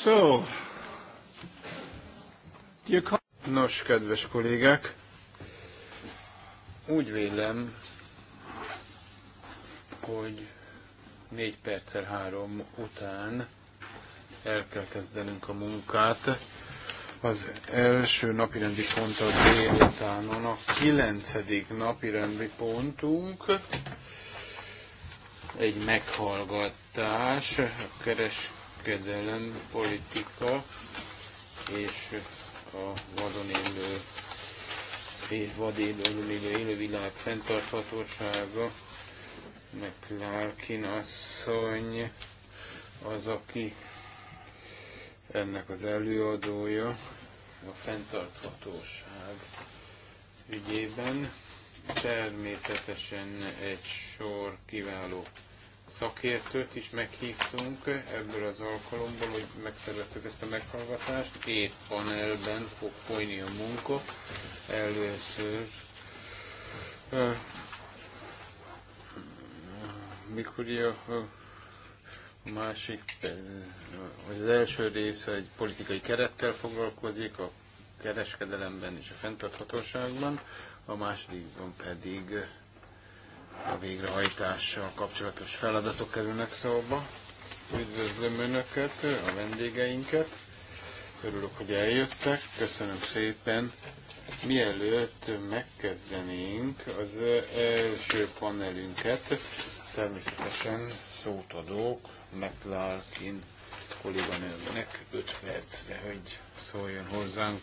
So, Nos, kedves kollégák, úgy vélem, hogy négy perccel három után el kell kezdenünk a munkát. Az első napirendi pont a délutánon, a kilencedik napirendi pontunk egy meghallgatás a keres kereskedelem politika és a vadon élő és vadélőről élő élővilág fenntarthatósága, meg Lárkin asszony az, aki ennek az előadója a fenntarthatóság ügyében. Természetesen egy sor kiváló szakértőt is meghívtunk ebből az alkalomból, hogy megszerveztük ezt a meghallgatást. Két panelben fog folyni a munka. Először uh, mikor a a másik, az első része egy politikai kerettel foglalkozik, a kereskedelemben és a fenntarthatóságban, a másodikban pedig a végrehajtással kapcsolatos feladatok kerülnek szóba. Üdvözlöm Önöket, a vendégeinket. Örülök, hogy eljöttek. Köszönöm szépen. Mielőtt megkezdenénk az első panelünket, természetesen szót adok McLarkin kolléganőmnek 5 percre, hogy szóljon hozzánk.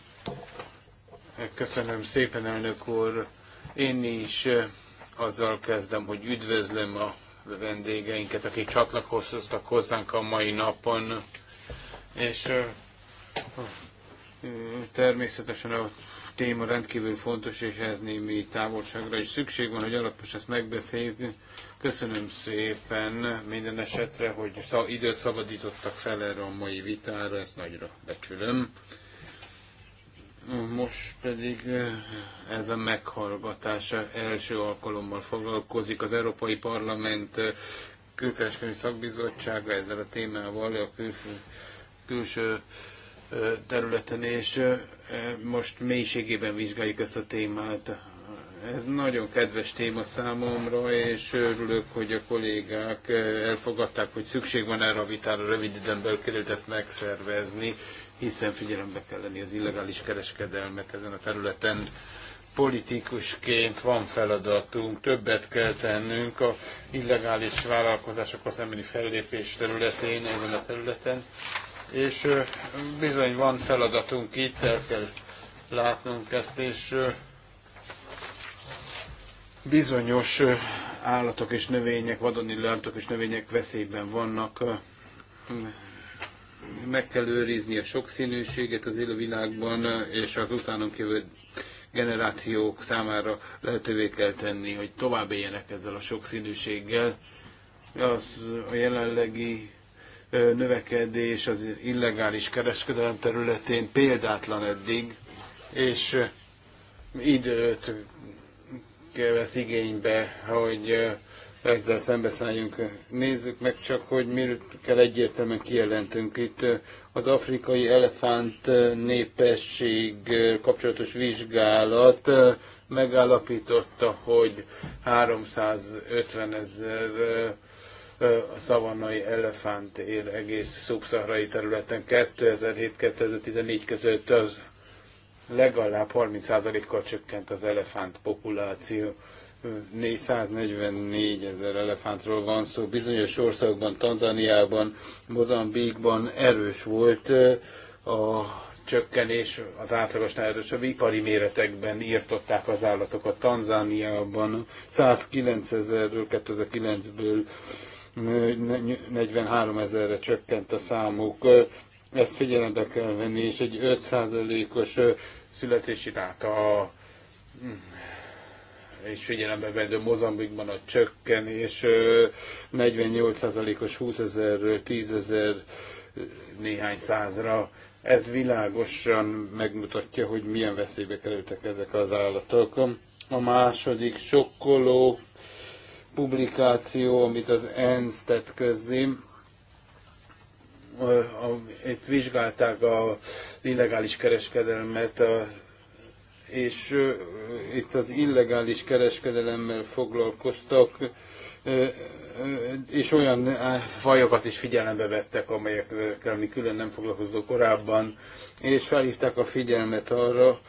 Köszönöm szépen, elnök úr. Én is azzal kezdem, hogy üdvözlöm a vendégeinket, akik csatlakoztak hozzánk a mai napon, és természetesen a téma rendkívül fontos, és ez némi távolságra is szükség van, hogy alapos ezt megbeszéljük. Köszönöm szépen minden esetre, hogy időt szabadítottak fel erre a mai vitára, ezt nagyra becsülöm. Most pedig eh, ez a meghallgatása első alkalommal foglalkozik az Európai Parlament eh, külkereskedelmi szakbizottsága ezzel a témával a külső, külső eh, területen, és most mélységében vizsgáljuk ezt a témát. Ez nagyon kedves téma számomra, és örülök, hogy a kollégák elfogadták, hogy szükség van erre a vitára, rövid időn belül került ezt megszervezni, hiszen figyelembe kell lenni az illegális kereskedelmet ezen a területen. Politikusként van feladatunk, többet kell tennünk a illegális vállalkozások az emberi fellépés területén, ezen a területen, és bizony van feladatunk itt, el kell látnunk ezt, és bizonyos állatok és növények, vadonillátok és növények veszélyben vannak meg kell őrizni a sokszínűséget az élővilágban, és az utánunk jövő generációk számára lehetővé kell tenni, hogy tovább éljenek ezzel a sokszínűséggel. Az a jelenlegi növekedés az illegális kereskedelem területén példátlan eddig, és időt vesz igénybe, hogy ezzel szembeszálljunk. Nézzük meg csak, hogy miért kell egyértelműen kijelentünk itt az afrikai elefánt népesség kapcsolatos vizsgálat megállapította, hogy 350 ezer a szavannai elefánt él egész szubszaharai területen 2007-2014 között az legalább 30%-kal csökkent az elefánt populáció 444 ezer elefántról van szó. Bizonyos országban, Tanzaniában, Mozambikban erős volt a csökkenés, az átlagosnál erősebb ipari méretekben írtották az állatokat. Tanzániában 109 ezerről 2009-ből 43 ezerre csökkent a számuk. Ezt figyelembe kell venni, és egy 5%-os születési ráta a és figyelembe vendő Mozambikban a csökkenés 48%-os 20 ezerről 10 ezer néhány százra. Ez világosan megmutatja, hogy milyen veszélybe kerültek ezek az állatok. A második sokkoló publikáció, amit az ENSZ tett közzé, itt vizsgálták az illegális kereskedelmet a és itt az illegális kereskedelemmel foglalkoztak, és olyan fajokat is figyelembe vettek, amelyekkel mi külön nem foglalkozó korábban, és felhívták a figyelmet arra,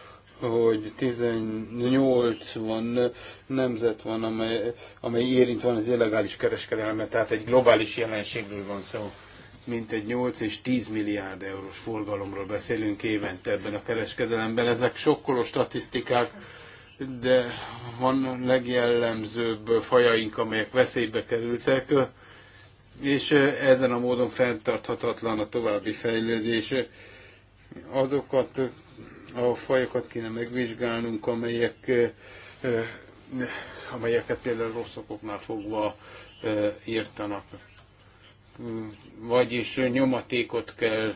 hogy 18 van nemzet van, amely, amely érint van az illegális kereskedelmet, tehát egy globális jelenségről van szó mintegy 8 és 10 milliárd eurós forgalomról beszélünk évente ebben a kereskedelemben. Ezek sokkoló statisztikák, de van legjellemzőbb fajaink, amelyek veszélybe kerültek, és ezen a módon fenntarthatatlan a további fejlődés. Azokat a fajokat kéne megvizsgálnunk, amelyek, eh, amelyeket például rossz okoknál fogva eh, írtanak vagyis nyomatékot kell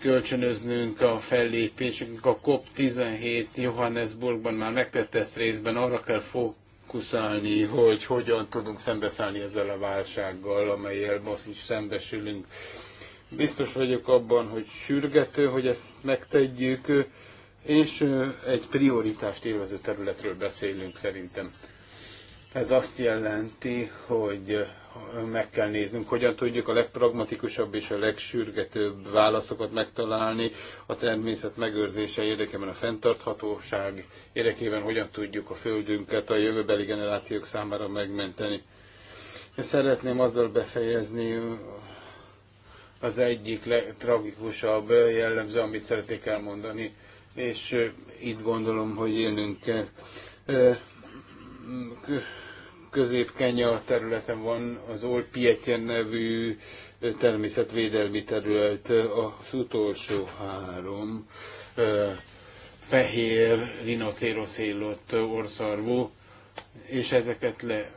kölcsönöznünk a fellépésünk. A COP17 Johannesburgban már megtett ezt részben, arra kell fókuszálni, hogy hogyan tudunk szembeszállni ezzel a válsággal, amelyel most is szembesülünk. Biztos vagyok abban, hogy sürgető, hogy ezt megtegyük, és egy prioritást élvező területről beszélünk szerintem. Ez azt jelenti, hogy meg kell néznünk, hogyan tudjuk a legpragmatikusabb és a legsürgetőbb válaszokat megtalálni a természet megőrzése érdekében, a fenntarthatóság érdekében, hogyan tudjuk a földünket a jövőbeli generációk számára megmenteni. Én szeretném azzal befejezni az egyik legtragikusabb jellemző, amit szeretnék elmondani, és itt gondolom, hogy élnünk kell közép-kenya területen van az Olpietjen nevű természetvédelmi terület, az utolsó három fehér rinocérosz orszarvú, és ezeket le,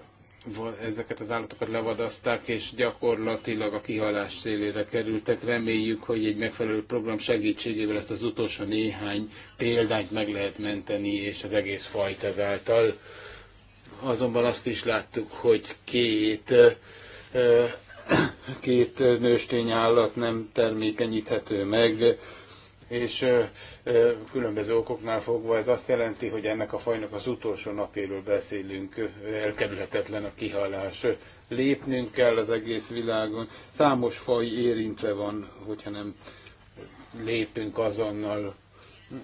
ezeket az állatokat levadaszták, és gyakorlatilag a kihalás szélére kerültek. Reméljük, hogy egy megfelelő program segítségével ezt az utolsó néhány példányt meg lehet menteni, és az egész fajt ezáltal. Azonban azt is láttuk, hogy két, két nőstény állat nem termékenyíthető meg, és különböző okoknál fogva ez azt jelenti, hogy ennek a fajnak az utolsó napjéről beszélünk, elkerülhetetlen a kihalás. Lépnünk kell az egész világon, számos faj érintve van, hogyha nem lépünk azonnal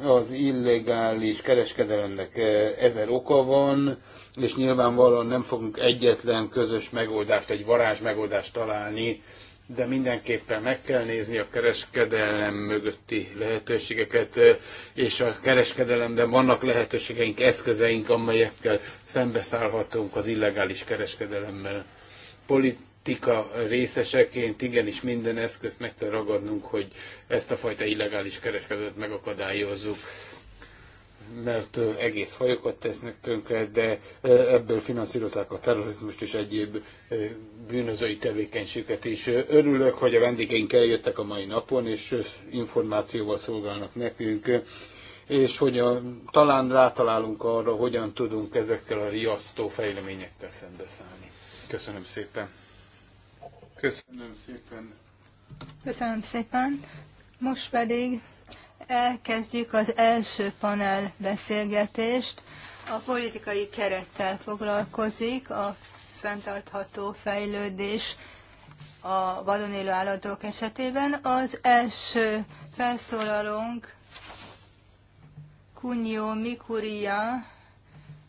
az illegális kereskedelemnek eh, ezer oka van, és nyilvánvalóan nem fogunk egyetlen közös megoldást, egy varázs megoldást találni, de mindenképpen meg kell nézni a kereskedelem mögötti lehetőségeket, eh, és a kereskedelemben vannak lehetőségeink, eszközeink, amelyekkel szembeszállhatunk az illegális kereskedelemmel. Polit- politika részeseként igenis minden eszközt meg kell ragadnunk, hogy ezt a fajta illegális kereskedet megakadályozzuk mert egész fajokat tesznek tönkre, de ebből finanszírozzák a terrorizmust és egyéb bűnözői tevékenységet is. Örülök, hogy a vendégeink eljöttek a mai napon, és információval szolgálnak nekünk, és hogy a, talán rátalálunk arra, hogyan tudunk ezekkel a riasztó fejleményekkel szembeszállni. Köszönöm szépen! Köszönöm szépen. Köszönöm szépen. Most pedig elkezdjük az első panel beszélgetést. A politikai kerettel foglalkozik a fenntartható fejlődés a vadon élő állatok esetében. Az első felszólalónk Kunyó Mikuria,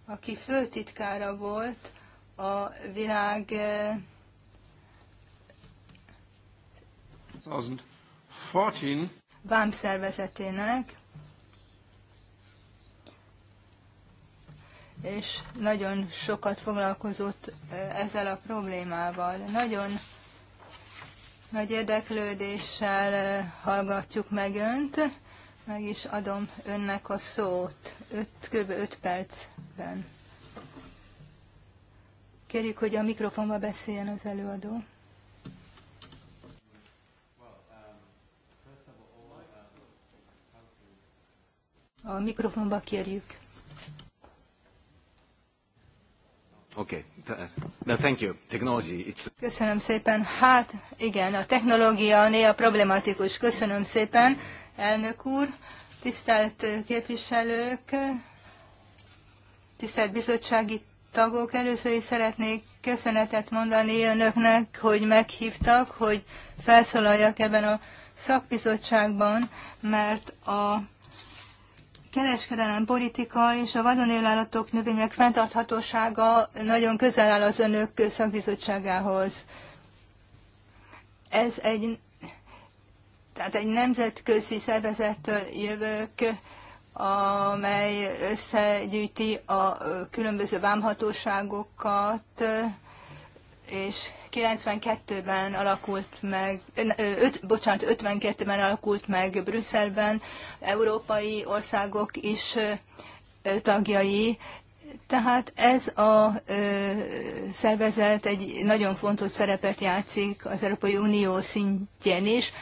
aki főtitkára volt a világ eh, 2014 szervezetének, és nagyon sokat foglalkozott ezzel a problémával. Nagyon nagy érdeklődéssel hallgatjuk meg Önt, meg is adom Önnek a szót, öt, kb. 5 percben. Kérjük, hogy a mikrofonba beszéljen az előadó. A mikrofonba kérjük. Okay. No, thank you. Technology, it's... Köszönöm szépen. Hát igen, a technológia néha problematikus. Köszönöm szépen, elnök úr, tisztelt képviselők, tisztelt bizottsági tagok, először is szeretnék köszönetet mondani önöknek, hogy meghívtak, hogy felszólaljak ebben a szakbizottságban, mert a kereskedelem politika és a vadonélállatok növények fenntarthatósága nagyon közel áll az önök szakbizottságához. Ez egy, tehát egy nemzetközi szervezettől jövök, amely összegyűjti a különböző vámhatóságokat, és 92-ben alakult meg, ö, bocsánat, 52-ben alakult meg Brüsszelben, európai országok is tagjai, tehát ez a ö, szervezet egy nagyon fontos szerepet játszik az Európai Unió szintjén is.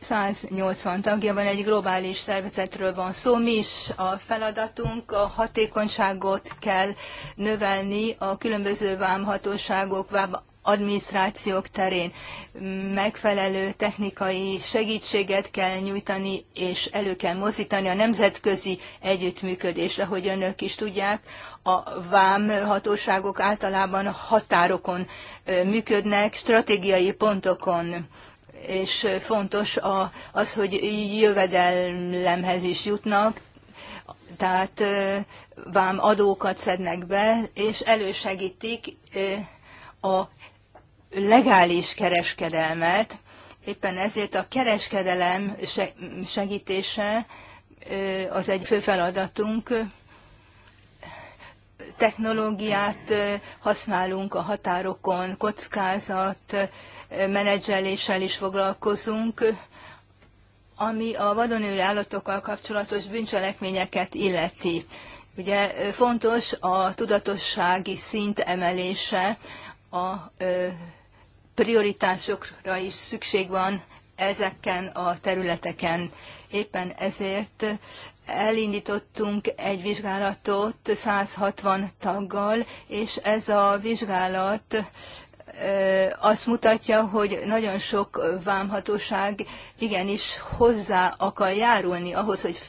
180 tagja van, egy globális szervezetről van szó. Mi is a feladatunk, a hatékonyságot kell növelni a különböző vámhatóságok, adminisztrációk terén megfelelő technikai segítséget kell nyújtani, és elő kell mozítani a nemzetközi együttműködést, ahogy önök is tudják. A vám hatóságok általában határokon működnek, stratégiai pontokon és fontos a, az, hogy jövedelemhez is jutnak, tehát vám adókat szednek be, és elősegítik a legális kereskedelmet, éppen ezért a kereskedelem segítése az egy fő feladatunk. Technológiát használunk a határokon, kockázat, menedzseléssel is foglalkozunk, ami a vadonőri állatokkal kapcsolatos bűncselekményeket illeti. Ugye fontos a tudatossági szint emelése a prioritásokra is szükség van ezeken a területeken. Éppen ezért elindítottunk egy vizsgálatot 160 taggal, és ez a vizsgálat azt mutatja, hogy nagyon sok vámhatóság igenis hozzá akar járulni ahhoz, hogy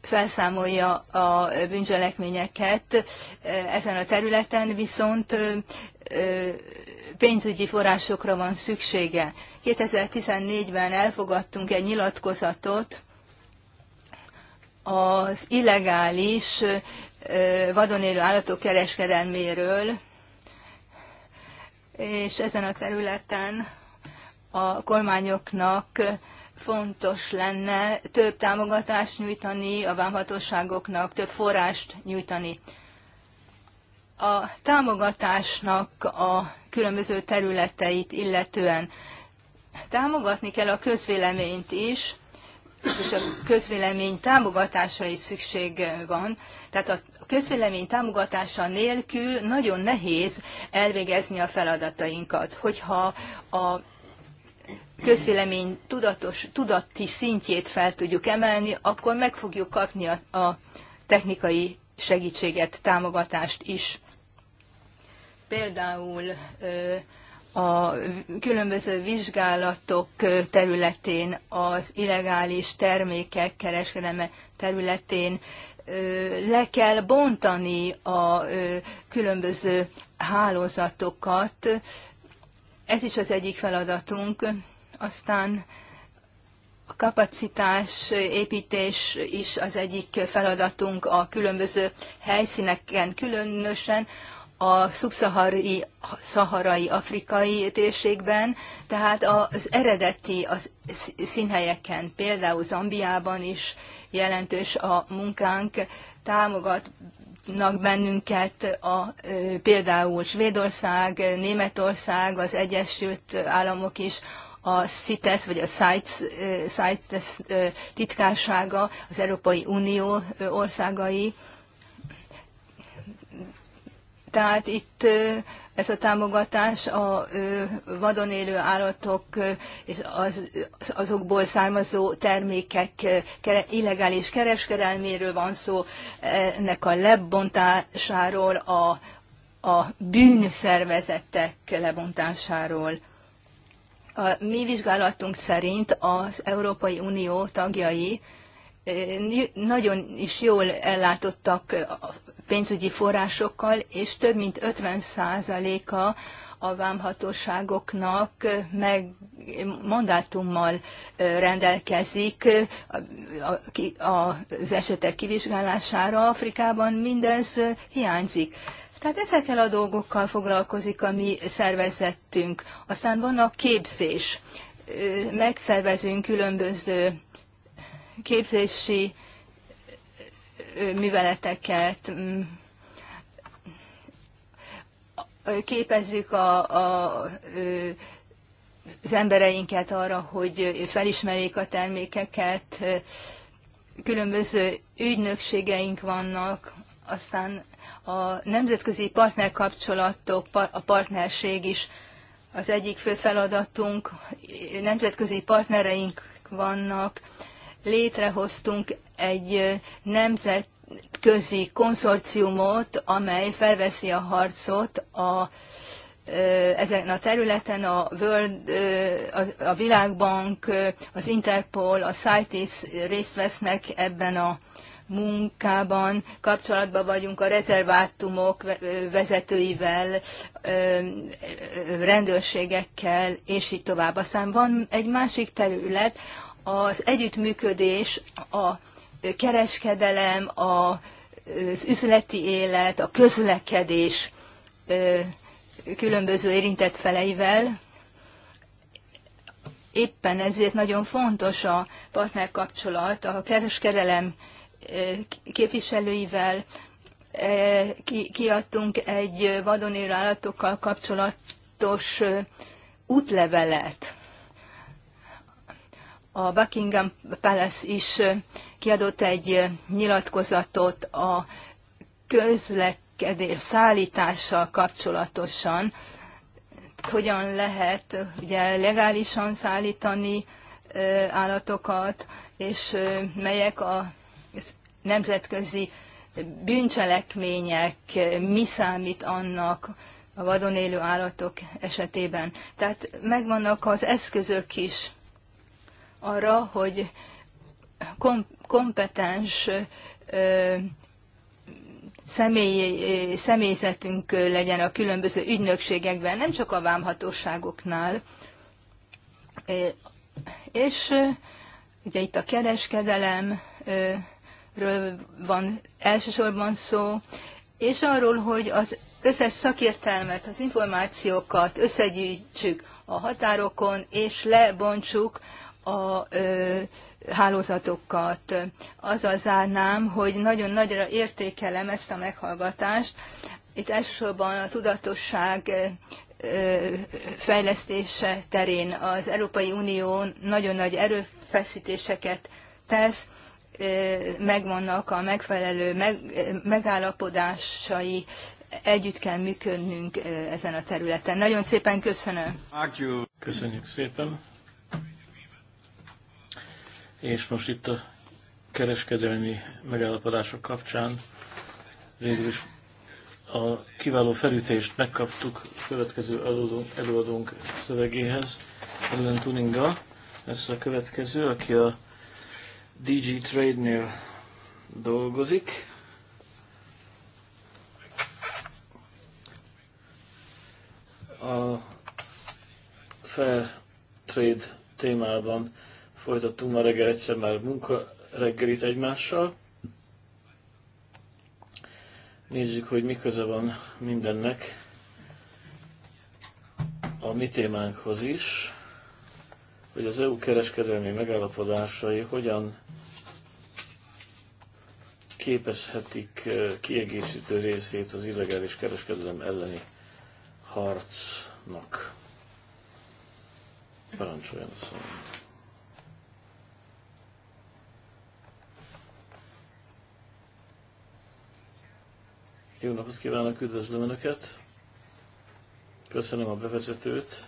felszámolja a bűncselekményeket ezen a területen, viszont pénzügyi forrásokra van szüksége. 2014-ben elfogadtunk egy nyilatkozatot az illegális vadon élő állatok kereskedelméről, és ezen a területen a kormányoknak fontos lenne több támogatást nyújtani, a vámhatóságoknak több forrást nyújtani a támogatásnak a különböző területeit illetően. Támogatni kell a közvéleményt is, és a közvélemény támogatásra is szükség van. Tehát a közvélemény támogatása nélkül nagyon nehéz elvégezni a feladatainkat. Hogyha a közvélemény tudatos, tudatti szintjét fel tudjuk emelni, akkor meg fogjuk kapni a, a technikai segítséget, támogatást is például a különböző vizsgálatok területén, az illegális termékek kereskedelme területén le kell bontani a különböző hálózatokat. Ez is az egyik feladatunk. Aztán a kapacitás építés is az egyik feladatunk a különböző helyszíneken, különösen a szubszaharai szaharai afrikai térségben, tehát az eredeti az színhelyeken, például Zambiában is jelentős a munkánk, támogatnak bennünket a, például Svédország, Németország, az Egyesült Államok is, a CITES, vagy a CITES, CITES titkársága, az Európai Unió országai, tehát itt ez a támogatás a vadon élő állatok és az, azokból származó termékek illegális kereskedelméről van szó, ennek a lebontásáról, a, a bűnszervezetek lebontásáról. A mi vizsgálatunk szerint az Európai Unió tagjai nagyon is jól ellátottak pénzügyi forrásokkal, és több mint 50%-a a vámhatóságoknak meg mandátummal rendelkezik az esetek kivizsgálására. Afrikában mindez hiányzik. Tehát ezekkel a dolgokkal foglalkozik a mi szervezetünk. Aztán van a képzés. Megszervezünk különböző képzési műveleteket, mm, képezzük a, a, az embereinket arra, hogy felismerjék a termékeket, különböző ügynökségeink vannak, aztán a nemzetközi partnerkapcsolatok, a partnerség is az egyik fő feladatunk, nemzetközi partnereink vannak, létrehoztunk egy nemzetközi konszorciumot, amely felveszi a harcot a ezen a területen a, World, a Világbank, az Interpol, a CITES részt vesznek ebben a munkában, kapcsolatban vagyunk a rezervátumok vezetőivel, rendőrségekkel, és így tovább. Aztán van egy másik terület, az együttműködés, a kereskedelem, az üzleti élet, a közlekedés különböző érintett feleivel. Éppen ezért nagyon fontos a partnerkapcsolat a kereskedelem képviselőivel. Kiadtunk egy vadonérő állatokkal kapcsolatos útlevelet a Buckingham Palace is kiadott egy nyilatkozatot a közlekedés szállítással kapcsolatosan, hogyan lehet ugye legálisan szállítani állatokat, és melyek a nemzetközi bűncselekmények, mi számít annak a vadon élő állatok esetében. Tehát megvannak az eszközök is arra, hogy kom- kompetens személy, személyzetünk legyen a különböző ügynökségekben, nem csak a vámhatóságoknál. És ugye itt a kereskedelemről van elsősorban szó, és arról, hogy az összes szakértelmet, az információkat összegyűjtsük a határokon, és lebontsuk a ö, hálózatokat. Azzal zárnám, hogy nagyon nagyra értékelem ezt a meghallgatást. Itt elsősorban a tudatosság fejlesztése terén az Európai Unió nagyon nagy erőfeszítéseket tesz, megvannak a megfelelő meg, megállapodásai, együtt kell működnünk ezen a területen. Nagyon szépen köszönöm. Köszönjük szépen és most itt a kereskedelmi megállapodások kapcsán végül is a kiváló felütést megkaptuk a következő előadónk, előadónk szövegéhez, Ellen Tuninga, lesz a következő, aki a DG Trade-nél dolgozik. A Fair Trade témában Folytattunk már reggel egyszer már munka reggelit egymással. Nézzük, hogy mi köze van mindennek a mi témánkhoz is, hogy az EU kereskedelmi megállapodásai hogyan képezhetik eh, kiegészítő részét az illegális kereskedelem elleni harcnak. Parancsoljon a szóval. Jó napot kívánok, üdvözlöm Önöket! Köszönöm a bevezetőt.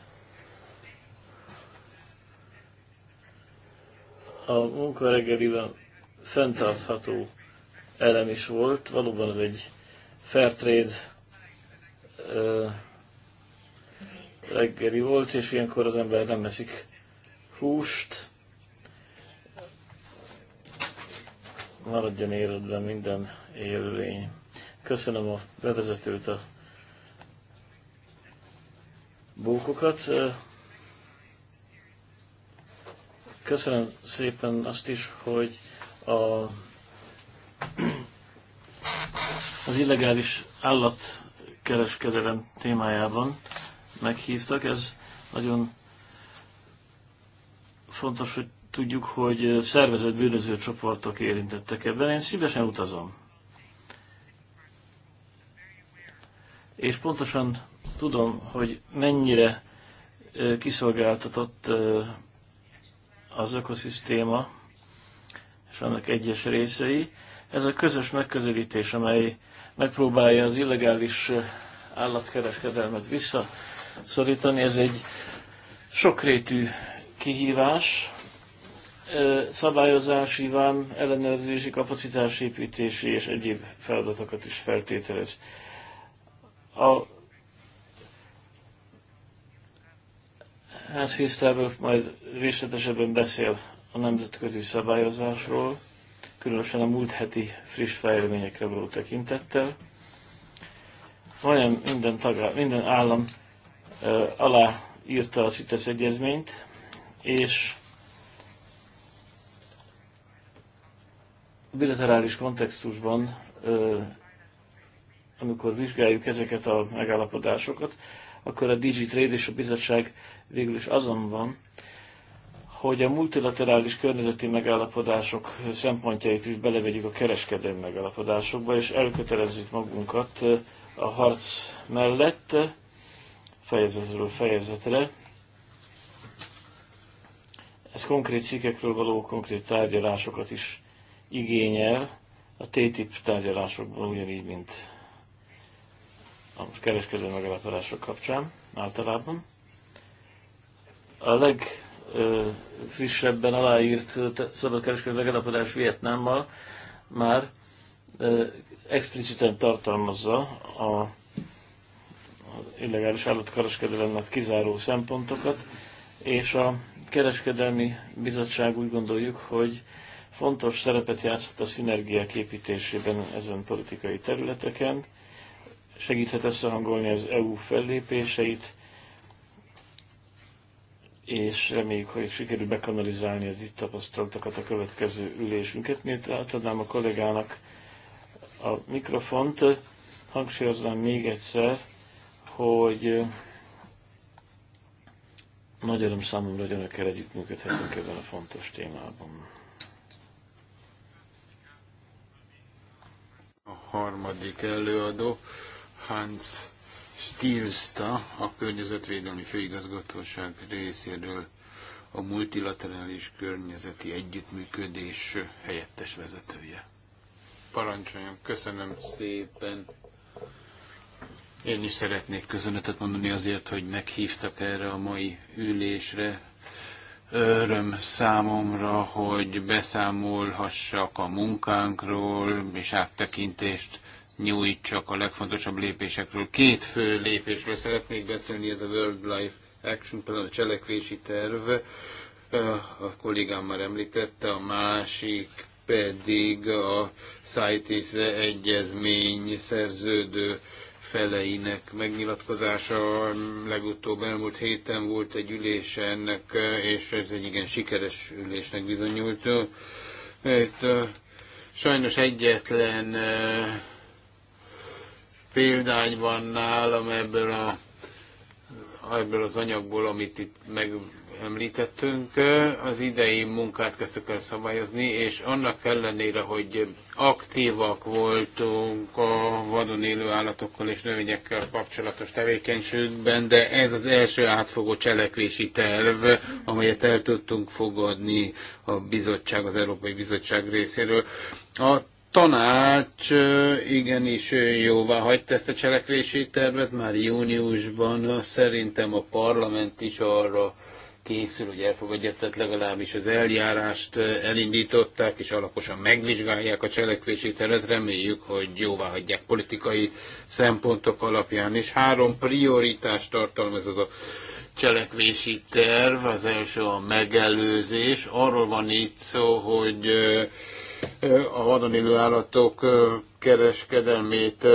A munka reggeliben fenntartható elem is volt. Valóban ez egy Fairtrade reggeli volt, és ilyenkor az ember nem eszik húst. Maradjon életben minden élőlény. Köszönöm a bevezetőt, a bókokat. Köszönöm szépen azt is, hogy a, az illegális állatkereskedelem témájában meghívtak. Ez nagyon fontos, hogy tudjuk, hogy szervezett bűnöző csoportok érintettek ebben. Én szívesen utazom és pontosan tudom, hogy mennyire kiszolgáltatott az ökoszisztéma és annak egyes részei. Ez a közös megközelítés, amely megpróbálja az illegális állatkereskedelmet visszaszorítani, ez egy sokrétű kihívás, szabályozási, van, ellenőrzési, kapacitásépítési és egyéb feladatokat is feltételez. A házhisztáról majd részletesebben beszél a nemzetközi szabályozásról, különösen a múlt heti friss fejleményekre való tekintettel. Majdnem minden, tagá, minden állam ö, alá írta a CITES egyezményt, és bilaterális kontextusban ö, amikor vizsgáljuk ezeket a megállapodásokat, akkor a DigiTrade és a bizottság végül is azon van, hogy a multilaterális környezeti megállapodások szempontjait is belevegyük a kereskedelmi megállapodásokba, és elkötelezzük magunkat a harc mellett fejezetről fejezetre. Ez konkrét cikkekről való konkrét tárgyalásokat is igényel, a TTIP tárgyalásokban ugyanígy, mint a kereskedő megállapodások kapcsán általában. A legfrissebben aláírt szabadkereskedő megállapodás Vietnámmal már expliciten tartalmazza a illegális állatkereskedelemnek kizáró szempontokat, és a kereskedelmi bizottság úgy gondoljuk, hogy fontos szerepet játszott a szinergiák építésében ezen politikai területeken, segíthet összehangolni az EU fellépéseit, és reméljük, hogy sikerül bekanalizálni az itt tapasztaltakat a következő ülésünket. Miért átadnám a kollégának a mikrofont, hangsúlyoznám még egyszer, hogy nagy öröm számomra, hogy önökkel együttműködhetünk ebben a fontos témában. A harmadik előadó Hans Stilsta, a Környezetvédelmi Főigazgatóság részéről a multilaterális környezeti együttműködés helyettes vezetője. Parancsoljon, köszönöm szépen. Én is szeretnék köszönetet mondani azért, hogy meghívtak erre a mai ülésre. Öröm számomra, hogy beszámolhassak a munkánkról, és áttekintést nyújtsak a legfontosabb lépésekről. Két fő lépésről szeretnék beszélni, ez a World Life Action Plan, a cselekvési terv, a kollégám már említette, a másik pedig a CITES egyezmény szerződő feleinek megnyilatkozása. Legutóbb elmúlt héten volt egy ülés ennek, és ez egy igen sikeres ülésnek bizonyult. Itt sajnos egyetlen példány van nálam ebből, a, ebből az anyagból, amit itt megemlítettünk. Az idei munkát kezdtük el szabályozni, és annak ellenére, hogy aktívak voltunk a vadon élő állatokkal és növényekkel kapcsolatos tevékenységben, de ez az első átfogó cselekvési terv, amelyet el tudtunk fogadni a bizottság, az Európai Bizottság részéről. A tanács igenis jóvá hagyta ezt a cselekvési tervet, már júniusban szerintem a parlament is arra készül, hogy elfogadja, tehát legalábbis az eljárást elindították, és alaposan megvizsgálják a cselekvési tervet, reméljük, hogy jóvá hagyják politikai szempontok alapján, és három prioritást tartalmaz az a cselekvési terv, az első a megelőzés, arról van itt szó, hogy a vadon élő állatok kereskedelmét,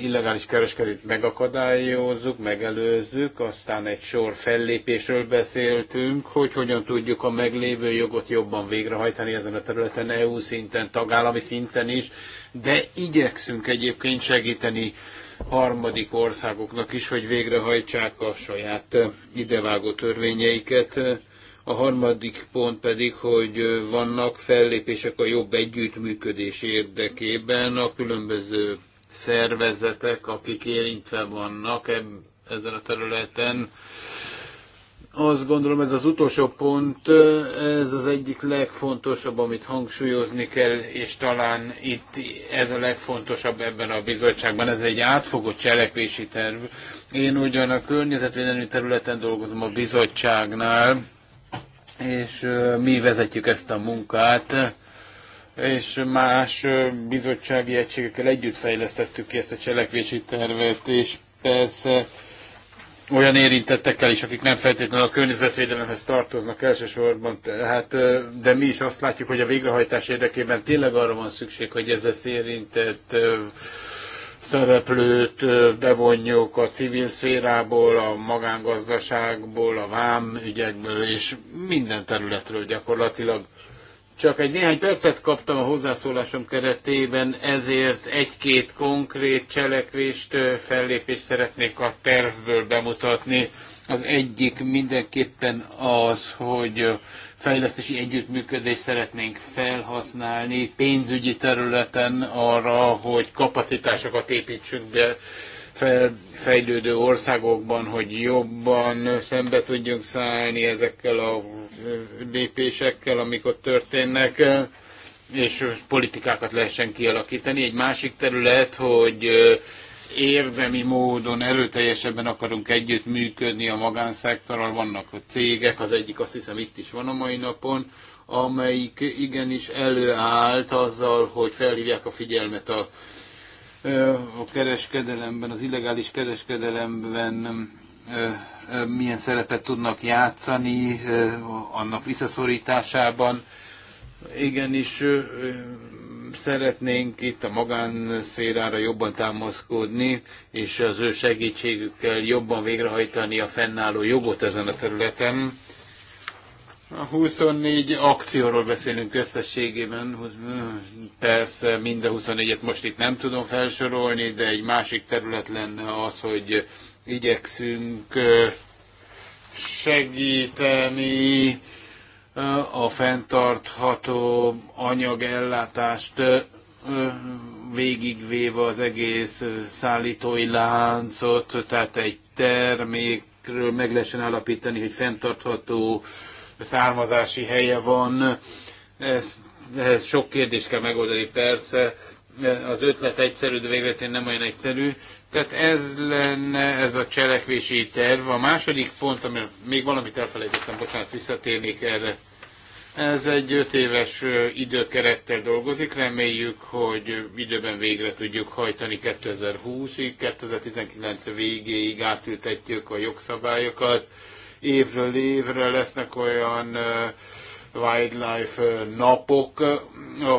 illegális kereskedelmét megakadályozzuk, megelőzzük, aztán egy sor fellépésről beszéltünk, hogy hogyan tudjuk a meglévő jogot jobban végrehajtani ezen a területen, EU szinten, tagállami szinten is, de igyekszünk egyébként segíteni harmadik országoknak is, hogy végrehajtsák a saját idevágó törvényeiket a harmadik pont pedig, hogy vannak fellépések a jobb együttműködés érdekében a különböző szervezetek, akik érintve vannak ezen a területen. Azt gondolom ez az utolsó pont, ez az egyik legfontosabb, amit hangsúlyozni kell, és talán itt ez a legfontosabb ebben a bizottságban, ez egy átfogó cselekvési terv. Én ugyan a környezetvédelmi területen dolgozom a bizottságnál, és mi vezetjük ezt a munkát, és más bizottsági egységekkel együtt fejlesztettük ki ezt a cselekvési tervet, és persze olyan érintettekkel is, akik nem feltétlenül a környezetvédelemhez tartoznak elsősorban, tehát, de mi is azt látjuk, hogy a végrehajtás érdekében tényleg arra van szükség, hogy ez az érintett szereplőt bevonjuk a civil szférából, a magángazdaságból, a vám ügyekből és minden területről gyakorlatilag. Csak egy néhány percet kaptam a hozzászólásom keretében, ezért egy-két konkrét cselekvést, fellépést szeretnék a tervből bemutatni. Az egyik mindenképpen az, hogy fejlesztési együttműködést szeretnénk felhasználni pénzügyi területen arra, hogy kapacitásokat építsünk be fejlődő országokban, hogy jobban szembe tudjunk szállni ezekkel a lépésekkel, ott történnek és politikákat lehessen kialakítani. Egy másik terület, hogy érdemi módon erőteljesebben akarunk együttműködni a magánszektorral. Vannak a cégek, az egyik azt hiszem itt is van a mai napon, amelyik igenis előállt azzal, hogy felhívják a figyelmet a, a kereskedelemben, az illegális kereskedelemben milyen szerepet tudnak játszani annak visszaszorításában. Igenis szeretnénk itt a magánszférára jobban támaszkodni, és az ő segítségükkel jobban végrehajtani a fennálló jogot ezen a területen. A 24 akcióról beszélünk összességében, persze mind a 24-et most itt nem tudom felsorolni, de egy másik terület lenne az, hogy igyekszünk segíteni a fenntartható anyagellátást végigvéve az egész szállítói láncot, tehát egy termékről meg lehessen állapítani, hogy fenntartható származási helye van. ez ehhez sok kérdést kell megoldani, persze. Az ötlet egyszerű, de végletén nem olyan egyszerű. Tehát ez lenne ez a cselekvési terv. A második pont, amire még valamit elfelejtettem, bocsánat, visszatérnék erre ez egy öt éves időkerettel dolgozik, reméljük, hogy időben végre tudjuk hajtani 2020-ig, 2019 végéig átültetjük a jogszabályokat. Évről évre lesznek olyan wildlife napok,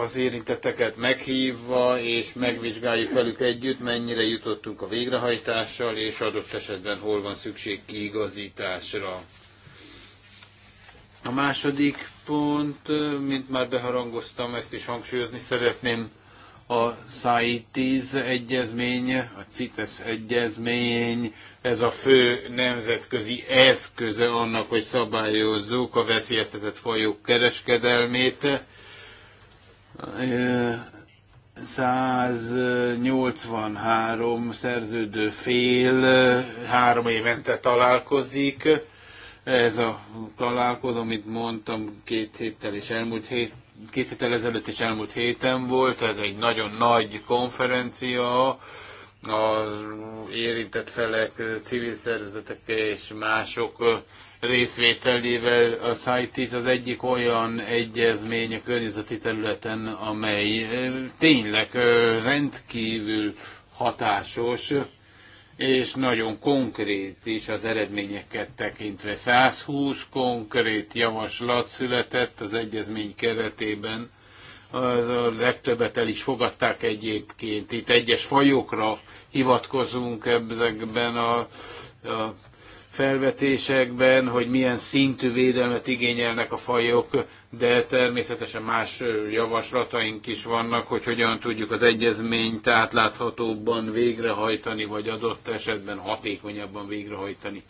az érintetteket meghívva, és megvizsgáljuk velük együtt, mennyire jutottunk a végrehajtással, és adott esetben hol van szükség kiigazításra. A második pont, mint már beharangoztam, ezt is hangsúlyozni szeretném, a CITES egyezmény, a CITES egyezmény, ez a fő nemzetközi eszköze annak, hogy szabályozzuk a veszélyeztetett fajok kereskedelmét. 183 szerződő fél három évente találkozik, ez a találkozó, amit mondtam, két héttel és elmúlt hét, két héttel ezelőtt és elmúlt héten volt, ez egy nagyon nagy konferencia, az érintett felek, civil szervezetek és mások részvételével a CITES az egyik olyan egyezmény a környezeti területen, amely tényleg rendkívül hatásos, és nagyon konkrét is az eredményeket tekintve. 120 konkrét javaslat született az egyezmény keretében, az a legtöbbet el is fogadták egyébként. Itt egyes fajokra hivatkozunk ezekben a, a felvetésekben, hogy milyen szintű védelmet igényelnek a fajok de természetesen más javaslataink is vannak, hogy hogyan tudjuk az egyezményt átláthatóbban végrehajtani, vagy adott esetben hatékonyabban végrehajtani.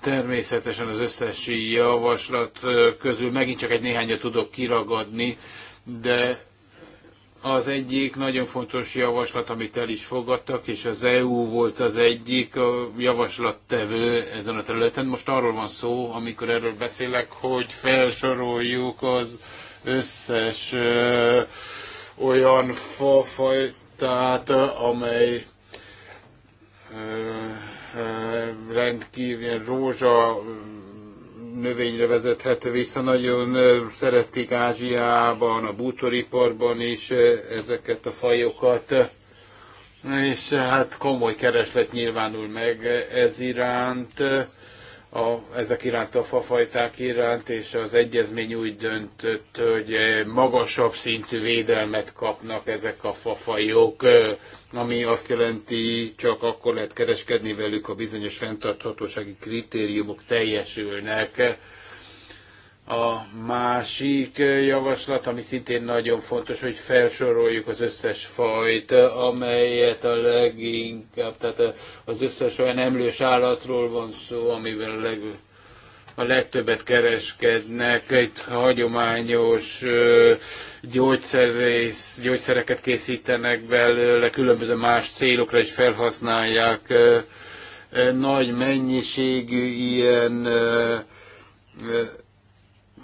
Természetesen az összes javaslat közül megint csak egy néhányat tudok kiragadni, de az egyik nagyon fontos javaslat, amit el is fogadtak, és az EU volt az egyik javaslattevő ezen a területen. Most arról van szó, amikor erről beszélek, hogy felsoroljuk az összes ö, olyan fafajtát, amely ö, ö, rendkívül rózsa növényre vezethet vissza. Nagyon szeretik Ázsiában, a bútoriparban is ezeket a fajokat. És hát komoly kereslet nyilvánul meg ez iránt a, ezek iránt a fafajták iránt, és az egyezmény úgy döntött, hogy magasabb szintű védelmet kapnak ezek a fafajok, ami azt jelenti, csak akkor lehet kereskedni velük, ha bizonyos fenntarthatósági kritériumok teljesülnek. A másik eh, javaslat, ami szintén nagyon fontos, hogy felsoroljuk az összes fajt, amelyet a leginkább, tehát eh, az összes olyan emlős állatról van szó, amivel a, leg, a legtöbbet kereskednek. egy hagyományos eh, gyógyszerész, gyógyszereket készítenek belőle, különböző más célokra is felhasználják. Nagy mennyiségű ilyen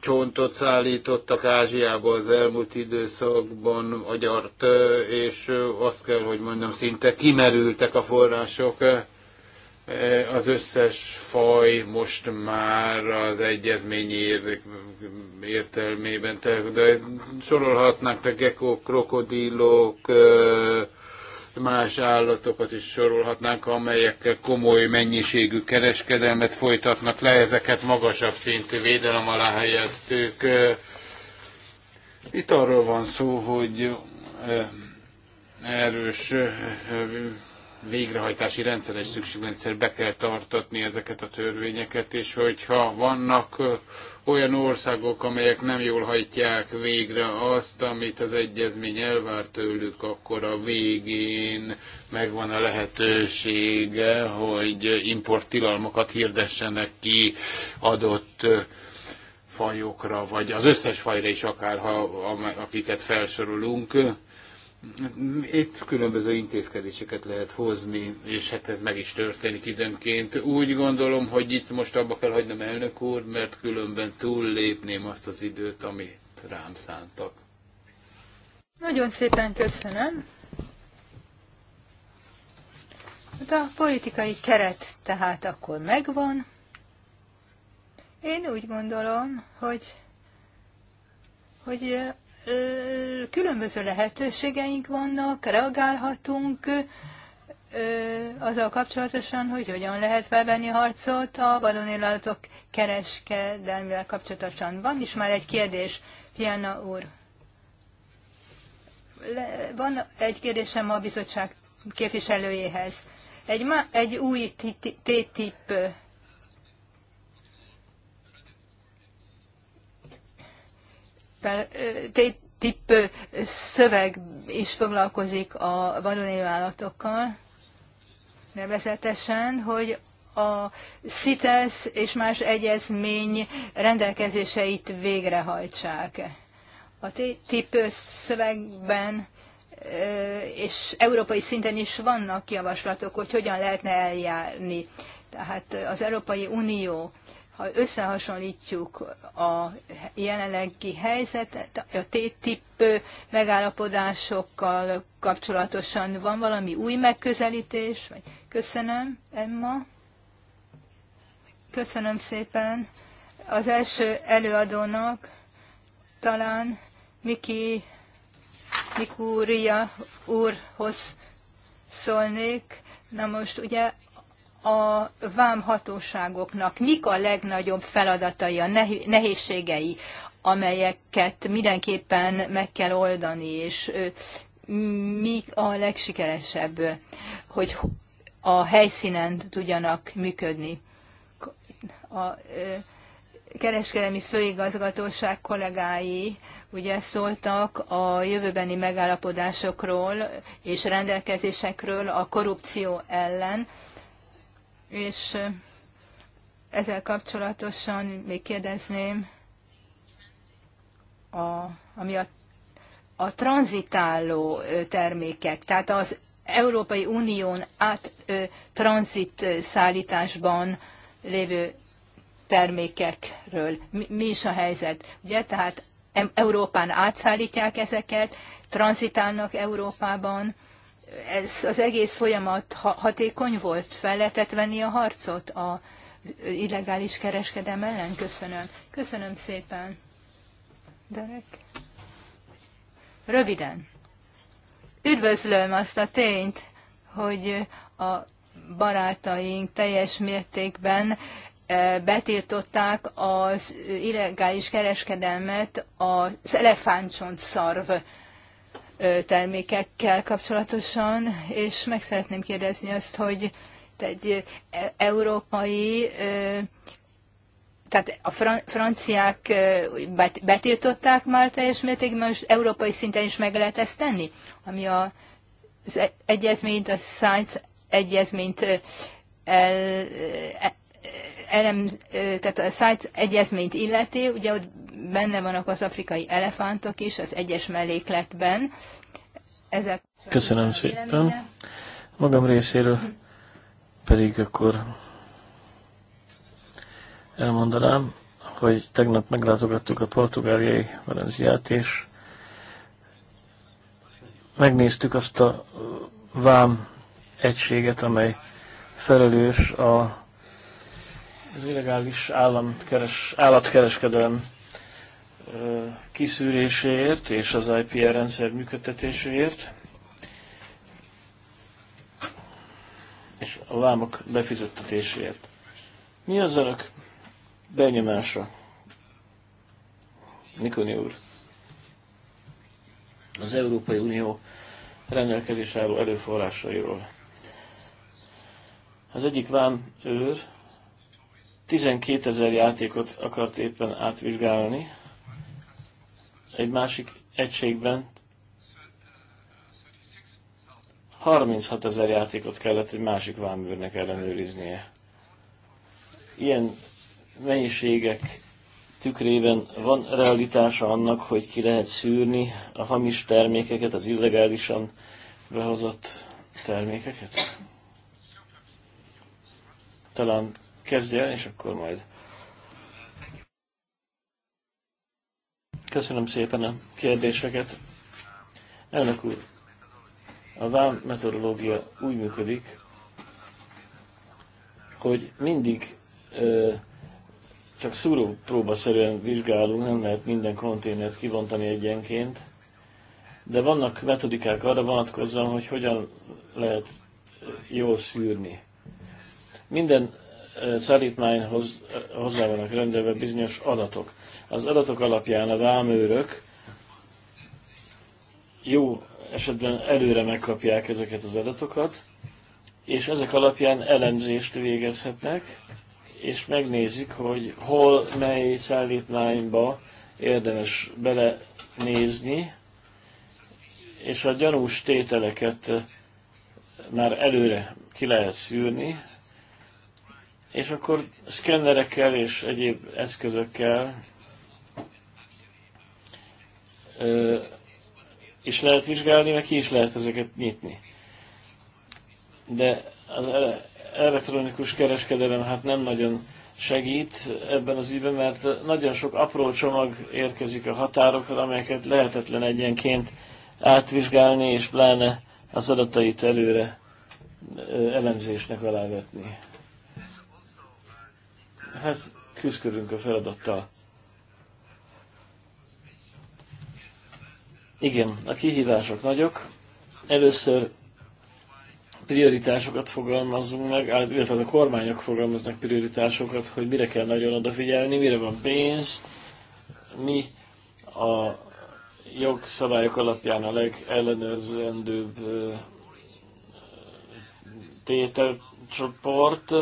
csontot szállítottak Ázsiába az elmúlt időszakban, agyart, és azt kell, hogy mondjam, szinte kimerültek a források. Az összes faj most már az egyezményi értelmében, de sorolhatnánk a gekók, krokodilok, más állatokat is sorolhatnánk, amelyek komoly mennyiségű kereskedelmet folytatnak le, ezeket magasabb szintű védelem alá helyeztük. Itt arról van szó, hogy eh, erős eh, végrehajtási rendszeres szükségrendszer be kell tartatni ezeket a törvényeket, és hogyha vannak olyan országok, amelyek nem jól hajtják végre azt, amit az egyezmény elvár tőlük, akkor a végén megvan a lehetősége, hogy importtilalmakat hirdessenek ki adott fajokra, vagy az összes fajra is akár, ha, akiket felsorolunk itt különböző intézkedéseket lehet hozni, és hát ez meg is történik időnként. Úgy gondolom, hogy itt most abba kell hagynom elnök úr, mert különben túllépném azt az időt, amit rám szántak. Nagyon szépen köszönöm. Hát a politikai keret tehát akkor megvan. Én úgy gondolom, hogy, hogy különböző lehetőségeink vannak, reagálhatunk azzal kapcsolatosan, hogy hogyan lehet felvenni harcot a vadonérlátok kereskedelmével kapcsolatosan. Van is már egy kérdés, Piana úr. Le, van egy kérdésem a bizottság képviselőjéhez. Egy, ma, egy új TTIP tipp szöveg is foglalkozik a vadon élő állatokkal, nevezetesen, hogy a CITES és más egyezmény rendelkezéseit végrehajtsák. A TTIP szövegben és európai szinten is vannak javaslatok, hogy hogyan lehetne eljárni. Tehát az Európai Unió ha összehasonlítjuk a jelenlegi helyzetet, a TTIP megállapodásokkal kapcsolatosan van valami új megközelítés? Köszönöm, Emma. Köszönöm szépen az első előadónak, talán Miki Mikúria úrhoz szólnék. Na most ugye a vámhatóságoknak mik a legnagyobb feladatai, a nehézségei, amelyeket mindenképpen meg kell oldani, és mi a legsikeresebb, hogy a helyszínen tudjanak működni. A kereskedelmi főigazgatóság kollégái ugye szóltak a jövőbeni megállapodásokról és rendelkezésekről a korrupció ellen, és ezzel kapcsolatosan még kérdezném, a, ami a, a tranzitáló termékek, tehát az Európai Unión át ö, tranzit szállításban lévő termékekről. Mi, mi is a helyzet? Ugye, tehát Európán átszállítják ezeket, tranzitálnak Európában, ez az egész folyamat hatékony volt? Fel lehetett venni a harcot az illegális kereskedelem ellen? Köszönöm. Köszönöm szépen. Derek? Röviden. Üdvözlöm azt a tényt, hogy a barátaink teljes mértékben eh, betiltották az illegális kereskedelmet az elefántcsont szarv termékekkel kapcsolatosan, és meg szeretném kérdezni azt, hogy egy európai, tehát a franciák betiltották már teljes mértékben, most európai szinten is meg lehet ezt tenni, ami a, az e-, egyezményt, a Science egyezményt el, e, elem, tehát a SZÁJC egyezményt illeti, ugye ott benne vannak az afrikai elefántok is az egyes mellékletben. Ezek Köszönöm szépen. Magam részéről pedig akkor elmondanám, hogy tegnap meglátogattuk a portugáliai Valenciát, és megnéztük azt a vám egységet, amely felelős a az illegális államkeres, állatkereskedelem kiszűréséért és az IPR rendszer működtetéséért, és a vámok befizettetéséért. Mi az önök benyomása, Mikoni úr? Az Európai Unió rendelkezés álló erőforrásairól. Az egyik vám őr 12 ezer játékot akart éppen átvizsgálni egy másik egységben 36 ezer játékot kellett egy másik vámbőrnek ellenőriznie. Ilyen mennyiségek tükrében van realitása annak, hogy ki lehet szűrni a hamis termékeket, az illegálisan behozott termékeket? Talán kezdje el, és akkor majd. Köszönöm szépen a kérdéseket. Elnök úr, a vám metodológia úgy működik, hogy mindig ö, csak szúró próbaszerűen vizsgálunk, nem lehet minden konténert kivontani egyenként, de vannak metodikák arra vonatkozóan, hogy hogyan lehet jól szűrni. Minden szállítmányhoz eh, hozzá vannak rendelve bizonyos adatok. Az adatok alapján a vámőrök jó esetben előre megkapják ezeket az adatokat, és ezek alapján elemzést végezhetnek, és megnézik, hogy hol, mely szállítmányba érdemes belenézni, és a gyanús tételeket eh, már előre ki lehet szűrni, és akkor szkennerekkel és egyéb eszközökkel ö, is lehet vizsgálni, meg ki is lehet ezeket nyitni. De az elektronikus kereskedelem hát nem nagyon segít ebben az ügyben, mert nagyon sok apró csomag érkezik a határokra, amelyeket lehetetlen egyenként átvizsgálni, és pláne az adatait előre elemzésnek alávetni hát küzdködünk a feladattal. Igen, a kihívások nagyok. Először prioritásokat fogalmazunk meg, illetve a kormányok fogalmaznak prioritásokat, hogy mire kell nagyon odafigyelni, mire van pénz, mi a jogszabályok alapján a legellenőrzendőbb tételcsoport,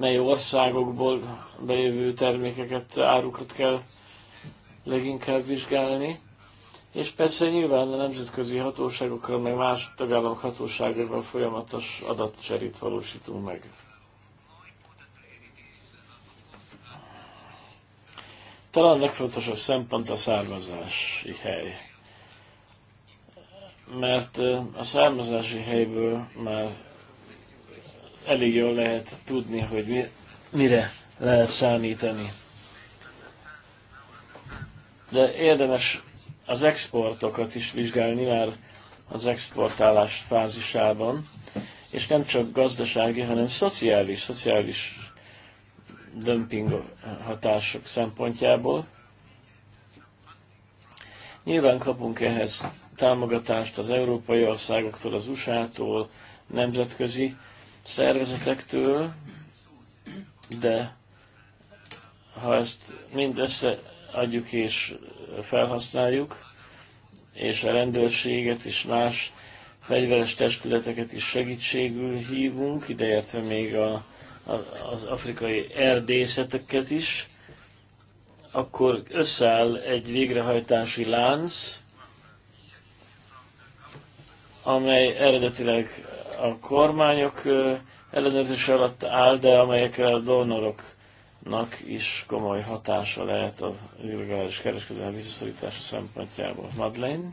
mely országokból bejövő termékeket, árukat kell leginkább vizsgálni. És persze nyilván a nemzetközi hatóságokkal, meg más tagállamok hatóságokkal folyamatos adatcserét valósítunk meg. Talán legfontosabb szempont a származási hely. Mert a származási helyből már elég jól lehet tudni, hogy mi, mire lehet számítani. De érdemes az exportokat is vizsgálni már az exportálás fázisában, és nem csak gazdasági, hanem szociális, szociális dömping hatások szempontjából. Nyilván kapunk ehhez támogatást az európai országoktól, az USA-tól, nemzetközi szervezetektől, de ha ezt mind összeadjuk és felhasználjuk, és a rendőrséget és más fegyveres testületeket is segítségül hívunk, ideértve még a, a, az afrikai erdészeteket is, akkor összeáll egy végrehajtási lánc, amely eredetileg a kormányok ellenőrzés alatt áll, de amelyekre a donoroknak is komoly hatása lehet a illegális kereskedelmi visszaszorítása szempontjából. Madeleine?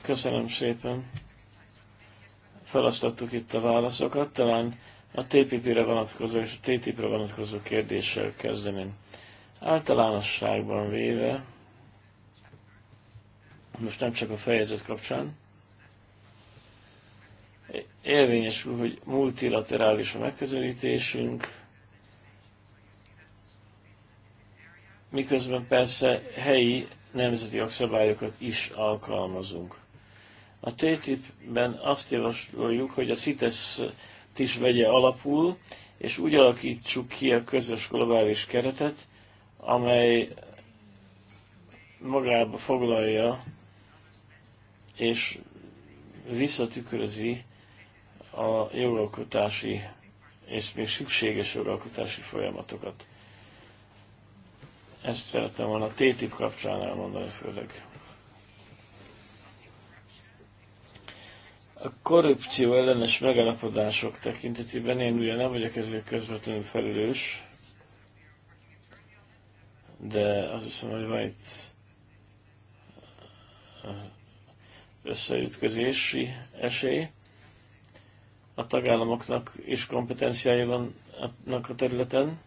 Köszönöm szépen. Felasztottuk itt a válaszokat. Talán a TPP-re vonatkozó és a TTIP-re vonatkozó kérdéssel kezdeném. Általánosságban véve, most nem csak a fejezet kapcsán, érvényesül, hogy multilaterális a megközelítésünk, miközben persze helyi nemzeti jogszabályokat is alkalmazunk. A TTIP-ben azt javasoljuk, hogy a CITES is vegye alapul, és úgy alakítsuk ki a közös globális keretet, amely magába foglalja és visszatükrözi a jogalkotási és még szükséges jogalkotási folyamatokat. Ezt szerettem volna a TTIP kapcsán elmondani főleg. A korrupció ellenes megállapodások tekintetében én ugye nem vagyok ezért közvetlenül felelős, de azt hiszem, hogy van itt eh, összeütközési esély a tagállamoknak is kompetenciája van a területen,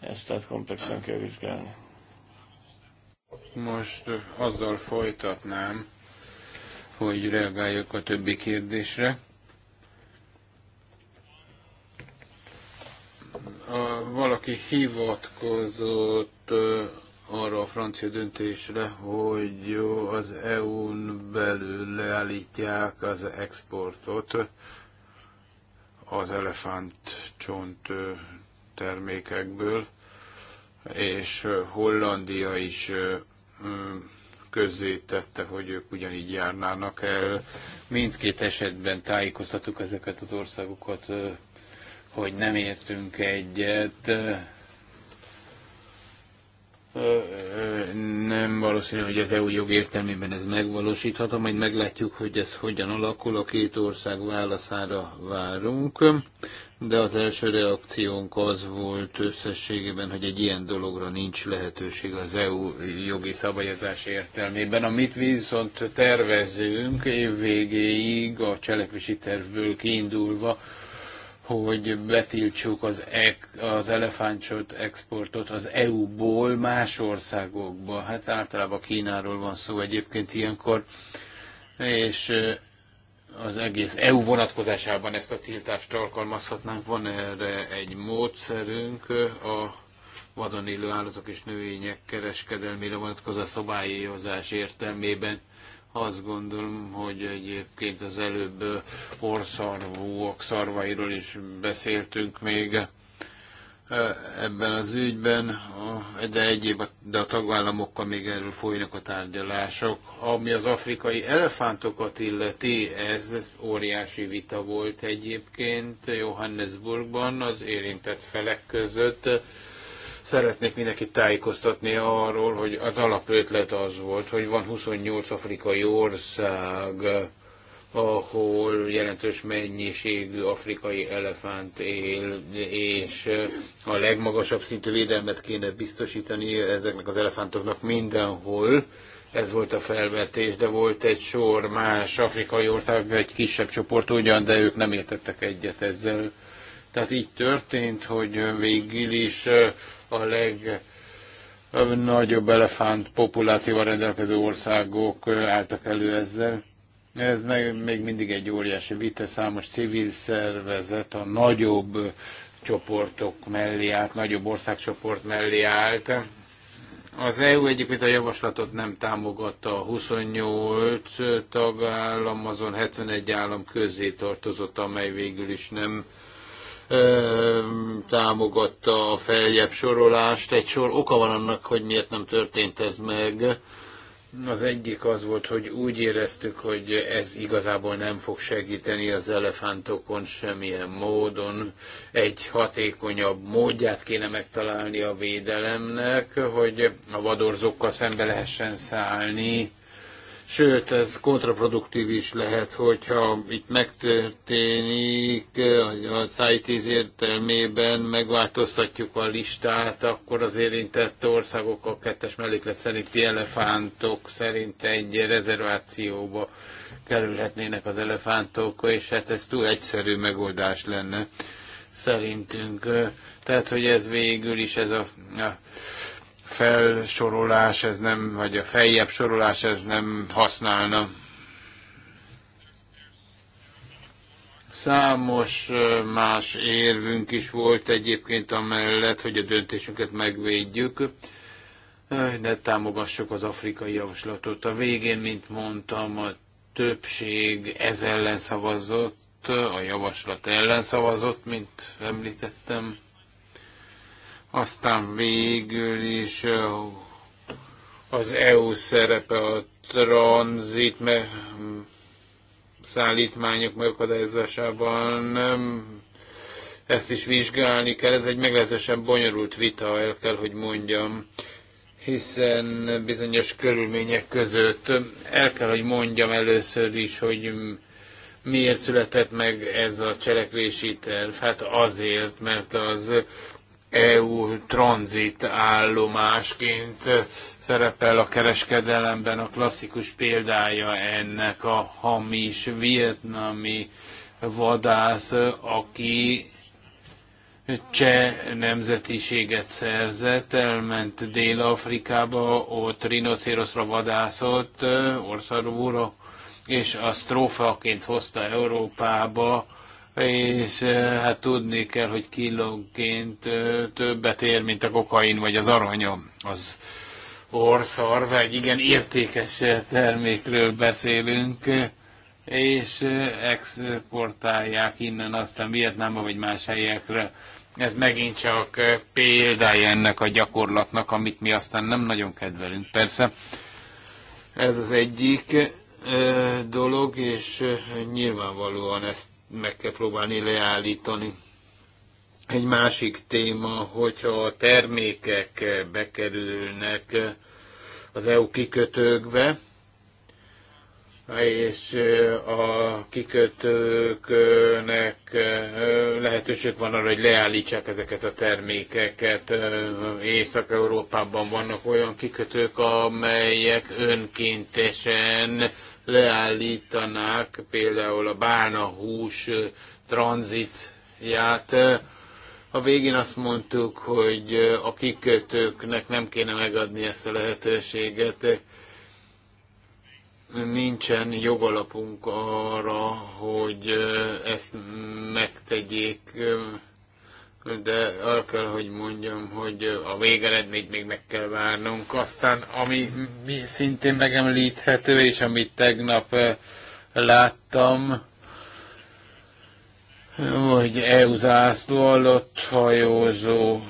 ezt tehát komplexen kell vizsgálni. Most azzal folytatnám, hogy reagáljak a többi kérdésre. A, valaki hivatkozott arra a francia döntésre, hogy az EU-n belül leállítják az exportot az elefánt csont termékekből, és Hollandia is közzé tette, hogy ők ugyanígy járnának el. Mindkét esetben tájékoztattuk ezeket az országokat, hogy nem értünk egyet nem valószínű, hogy az EU jog értelmében ez megvalósítható, majd meglátjuk, hogy ez hogyan alakul, a két ország válaszára várunk, de az első reakciónk az volt összességében, hogy egy ilyen dologra nincs lehetőség az EU jogi szabályozás értelmében, amit viszont tervezünk évvégéig a cselekvési tervből kiindulva, hogy betiltsuk az, ek, az elefántsot exportot az EU-ból más országokba. Hát általában Kínáról van szó egyébként ilyenkor, és az egész EU vonatkozásában ezt a tiltást alkalmazhatnánk. Van erre egy módszerünk, a vadon élő állatok és növények kereskedelmére vonatkozó szabályozás értelmében azt gondolom, hogy egyébként az előbb orszarvúak szarvairól is beszéltünk még ebben az ügyben, de egyéb de a tagállamokkal még erről folynak a tárgyalások. Ami az afrikai elefántokat illeti, ez óriási vita volt egyébként Johannesburgban az érintett felek között Szeretnék mindenkit tájékoztatni arról, hogy az alapötlet az volt, hogy van 28 afrikai ország, ahol jelentős mennyiségű afrikai elefánt él, és a legmagasabb szintű védelmet kéne biztosítani ezeknek az elefántoknak mindenhol. Ez volt a felvetés, de volt egy sor más afrikai ország, egy kisebb csoport ugyan, de ők nem értettek egyet ezzel. Tehát így történt, hogy végül is a leg nagyobb elefánt populációval rendelkező országok álltak elő ezzel. Ez meg, még mindig egy óriási vita, számos civil szervezet a nagyobb csoportok mellé állt, nagyobb országcsoport mellé állt. Az EU egyébként a javaslatot nem támogatta, 28 tagállam azon 71 állam közé tartozott, amely végül is nem támogatta a feljebb sorolást. Egy sor oka van annak, hogy miért nem történt ez meg. Az egyik az volt, hogy úgy éreztük, hogy ez igazából nem fog segíteni az elefántokon semmilyen módon. Egy hatékonyabb módját kéne megtalálni a védelemnek, hogy a vadorzókkal szembe lehessen szállni Sőt, ez kontraproduktív is lehet, hogyha itt megtörténik a CITES értelmében, megváltoztatjuk a listát, akkor az érintett országok a kettes melléklet szerinti elefántok szerint egy rezervációba kerülhetnének az elefántok, és hát ez túl egyszerű megoldás lenne szerintünk. Tehát, hogy ez végül is ez a, a felsorolás, ez nem, vagy a feljebb sorolás, ez nem használna. Számos más érvünk is volt egyébként amellett, hogy a döntésünket megvédjük, de támogassuk az afrikai javaslatot. A végén, mint mondtam, a többség ez ellen szavazott, a javaslat ellen szavazott, mint említettem aztán végül is az EU szerepe a tranzit me- szállítmányok megakadályozásában nem ezt is vizsgálni kell. Ez egy meglehetősen bonyolult vita, el kell, hogy mondjam, hiszen bizonyos körülmények között el kell, hogy mondjam először is, hogy miért született meg ez a cselekvési terv? Hát azért, mert az EU tranzit állomásként szerepel a kereskedelemben a klasszikus példája ennek a hamis vietnami vadász, aki cseh nemzetiséget szerzett, elment Dél-Afrikába, ott rinocéroszra vadászott, orszarúra, és azt trófaként hozta Európába, és eh, hát tudni kell, hogy kilóként eh, többet ér, mint a kokain vagy az aranyom. Az orszarv, egy igen értékes termékről beszélünk, és eh, exportálják innen aztán Vietnámba vagy más helyekre. Ez megint csak példája ennek a gyakorlatnak, amit mi aztán nem nagyon kedvelünk. Persze ez az egyik dolog, és nyilvánvalóan ezt meg kell próbálni leállítani. Egy másik téma, hogyha a termékek bekerülnek az EU kikötőkbe, és a kikötőknek lehetőség van arra, hogy leállítsák ezeket a termékeket. Észak-Európában vannak olyan kikötők, amelyek önkéntesen leállítanák például a bána hús tranzitját. A végén azt mondtuk, hogy a kikötőknek nem kéne megadni ezt a lehetőséget. Nincsen jogalapunk arra, hogy ezt megtegyék de arra kell, hogy mondjam, hogy a végeredményt még meg kell várnunk. Aztán, ami mi szintén megemlíthető, és amit tegnap eh, láttam, vagy EU zászló alatt hajózó,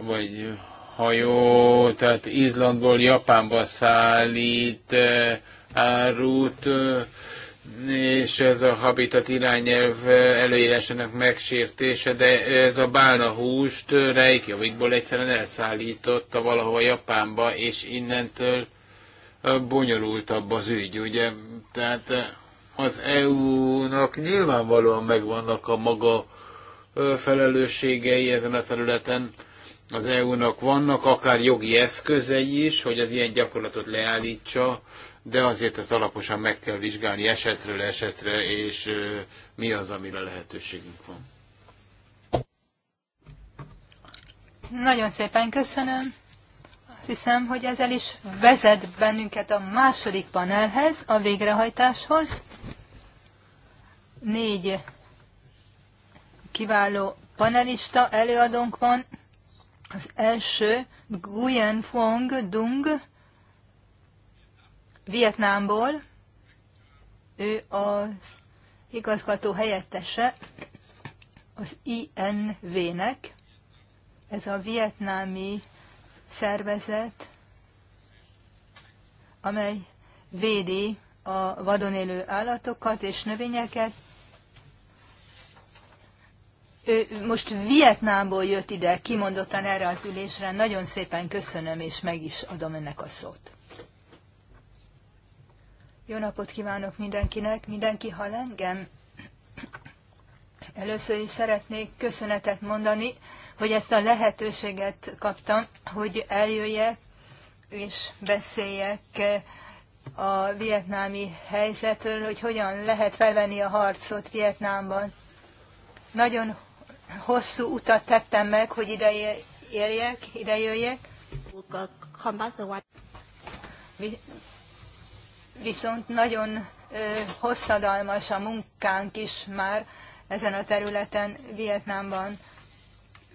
vagy hajó, tehát Izlandból Japánba szállít eh, árut, eh, és ez a habitat irányelv előírásának megsértése, de ez a bálna húst Reykjavikból egyszerűen elszállította valahova Japánba, és innentől bonyolultabb az ügy, ugye? Tehát az EU-nak nyilvánvalóan megvannak a maga felelősségei ezen a területen. Az EU-nak vannak akár jogi eszközei is, hogy az ilyen gyakorlatot leállítsa, de azért ezt alaposan meg kell vizsgálni esetről esetre, és mi az, amire lehetőségünk van. Nagyon szépen köszönöm. Azt hiszem, hogy ezzel is vezet bennünket a második panelhez, a végrehajtáshoz. Négy kiváló panelista előadónk van. Az első Guyen Fong Dung, Vietnámból, ő az igazgató helyettese az INV-nek, ez a vietnámi szervezet, amely védi a vadon élő állatokat és növényeket. Ő most Vietnámból jött ide, kimondottan erre az ülésre. Nagyon szépen köszönöm, és meg is adom ennek a szót. Jó napot kívánok mindenkinek. Mindenki hall engem? Először is szeretnék köszönetet mondani, hogy ezt a lehetőséget kaptam, hogy eljöjjek és beszéljek a vietnámi helyzetről, hogy hogyan lehet felvenni a harcot Vietnámban. Nagyon hosszú utat tettem meg, hogy ide érjek, ide jöjjek viszont nagyon hosszadalmas a munkánk is már ezen a területen Vietnámban.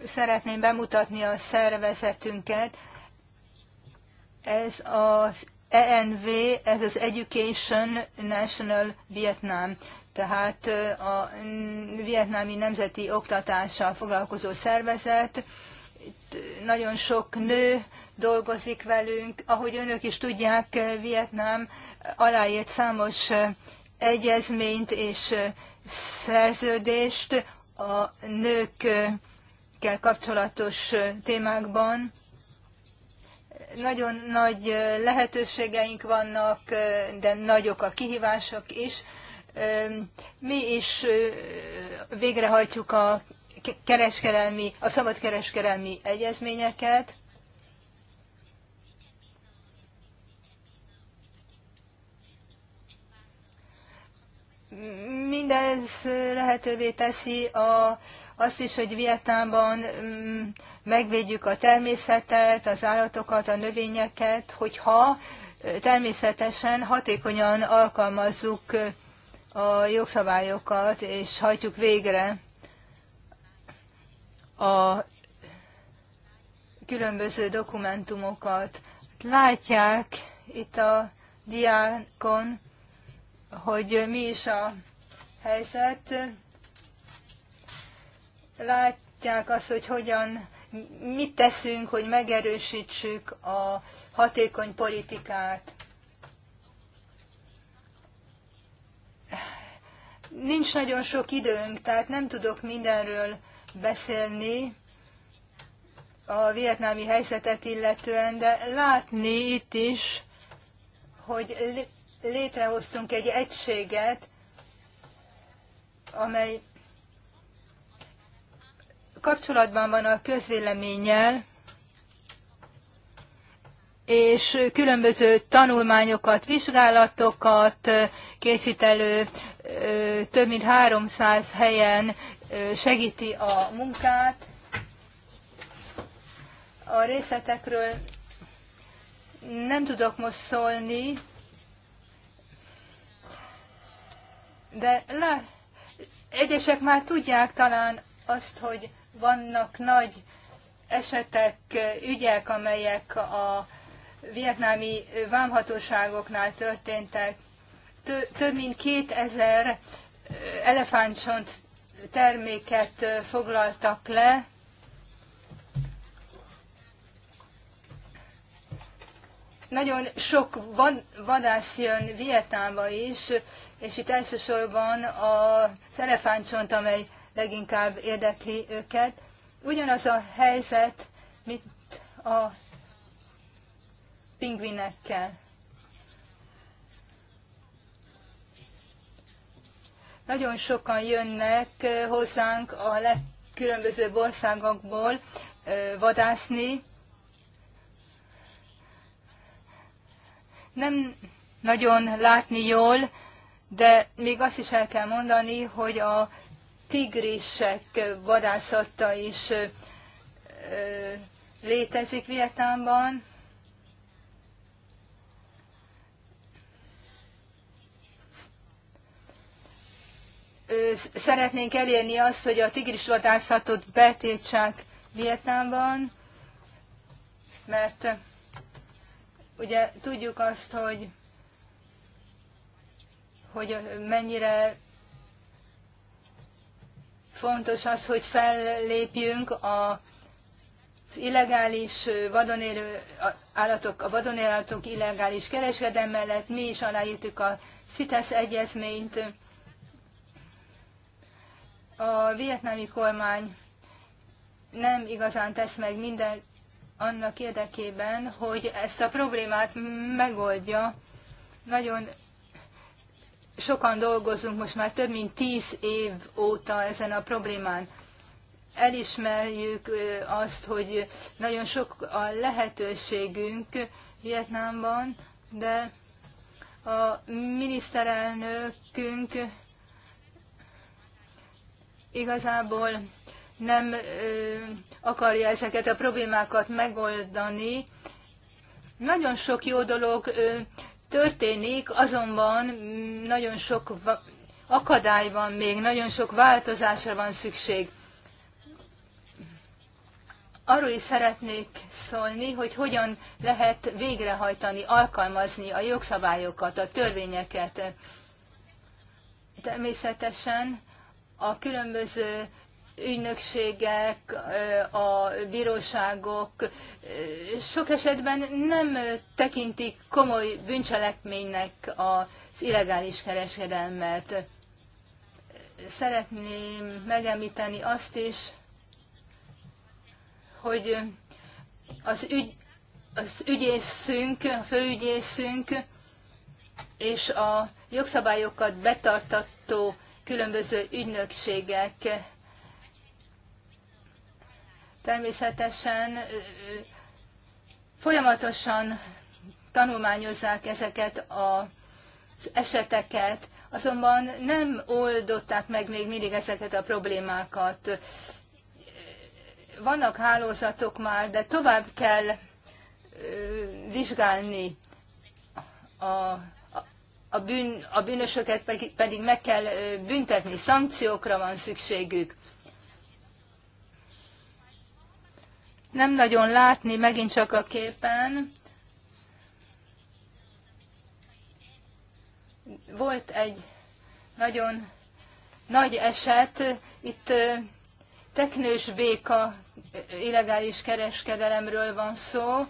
Szeretném bemutatni a szervezetünket. Ez az ENV, ez az Education National Vietnam, tehát a vietnámi nemzeti oktatással foglalkozó szervezet. Itt nagyon sok nő dolgozik velünk. Ahogy önök is tudják, Vietnám aláírt számos egyezményt és szerződést a nőkkel kapcsolatos témákban. Nagyon nagy lehetőségeink vannak, de nagyok a kihívások is. Mi is végrehajtjuk a kereskedelmi, a szabadkereskedelmi egyezményeket. Mindez lehetővé teszi a, azt is, hogy Vietnámban mm, megvédjük a természetet, az állatokat, a növényeket, hogyha természetesen hatékonyan alkalmazzuk a jogszabályokat, és hajtjuk végre a különböző dokumentumokat. Látják itt a diákon, hogy mi is a helyzet. Látják azt, hogy hogyan, mit teszünk, hogy megerősítsük a hatékony politikát. Nincs nagyon sok időnk, tehát nem tudok mindenről beszélni a vietnámi helyzetet illetően, de látni itt is, hogy létrehoztunk egy egységet, amely kapcsolatban van a közvéleménnyel, és különböző tanulmányokat, vizsgálatokat készít elő, több mint 300 helyen segíti a munkát. A részletekről nem tudok most szólni, de lá, egyesek már tudják talán azt, hogy vannak nagy esetek, ügyek, amelyek a vietnámi vámhatóságoknál történtek. Tö- több mint kétezer elefántcsont terméket foglaltak le, nagyon sok vadász jön Vietnámba is, és itt elsősorban a elefántcsont, amely leginkább érdekli őket. Ugyanaz a helyzet, mint a pingvinekkel. Nagyon sokan jönnek eh, hozzánk a legkülönbözőbb országokból eh, vadászni. Nem nagyon látni jól de még azt is el kell mondani, hogy a tigrisek vadászata is létezik Vietnámban. Szeretnénk elérni azt, hogy a tigris vadászatot betétsák Vietnámban, mert ugye tudjuk azt, hogy hogy mennyire fontos az, hogy fellépjünk a az illegális vadonérő állatok, a állatok illegális kereskedem mellett mi is aláírtuk a CITES egyezményt. A vietnámi kormány nem igazán tesz meg minden annak érdekében, hogy ezt a problémát megoldja. Nagyon sokan dolgozunk most már több mint tíz év óta ezen a problémán. Elismerjük azt, hogy nagyon sok a lehetőségünk Vietnámban, de a miniszterelnökünk igazából nem akarja ezeket a problémákat megoldani. Nagyon sok jó dolog történik, azonban nagyon sok akadály van még, nagyon sok változásra van szükség. Arról is szeretnék szólni, hogy hogyan lehet végrehajtani, alkalmazni a jogszabályokat, a törvényeket. Természetesen a különböző ügynökségek, a bíróságok sok esetben nem tekintik komoly bűncselekménynek az illegális kereskedelmet. Szeretném megemlíteni azt is, hogy az, ügy, az ügyészünk, a főügyészünk és a jogszabályokat betartató különböző ügynökségek Természetesen folyamatosan tanulmányozzák ezeket az eseteket, azonban nem oldották meg még mindig ezeket a problémákat. Vannak hálózatok már, de tovább kell vizsgálni a, a, bűn, a bűnösöket pedig meg kell büntetni, szankciókra van szükségük. nem nagyon látni megint csak a képen. Volt egy nagyon nagy eset, itt teknős béka illegális kereskedelemről van szó.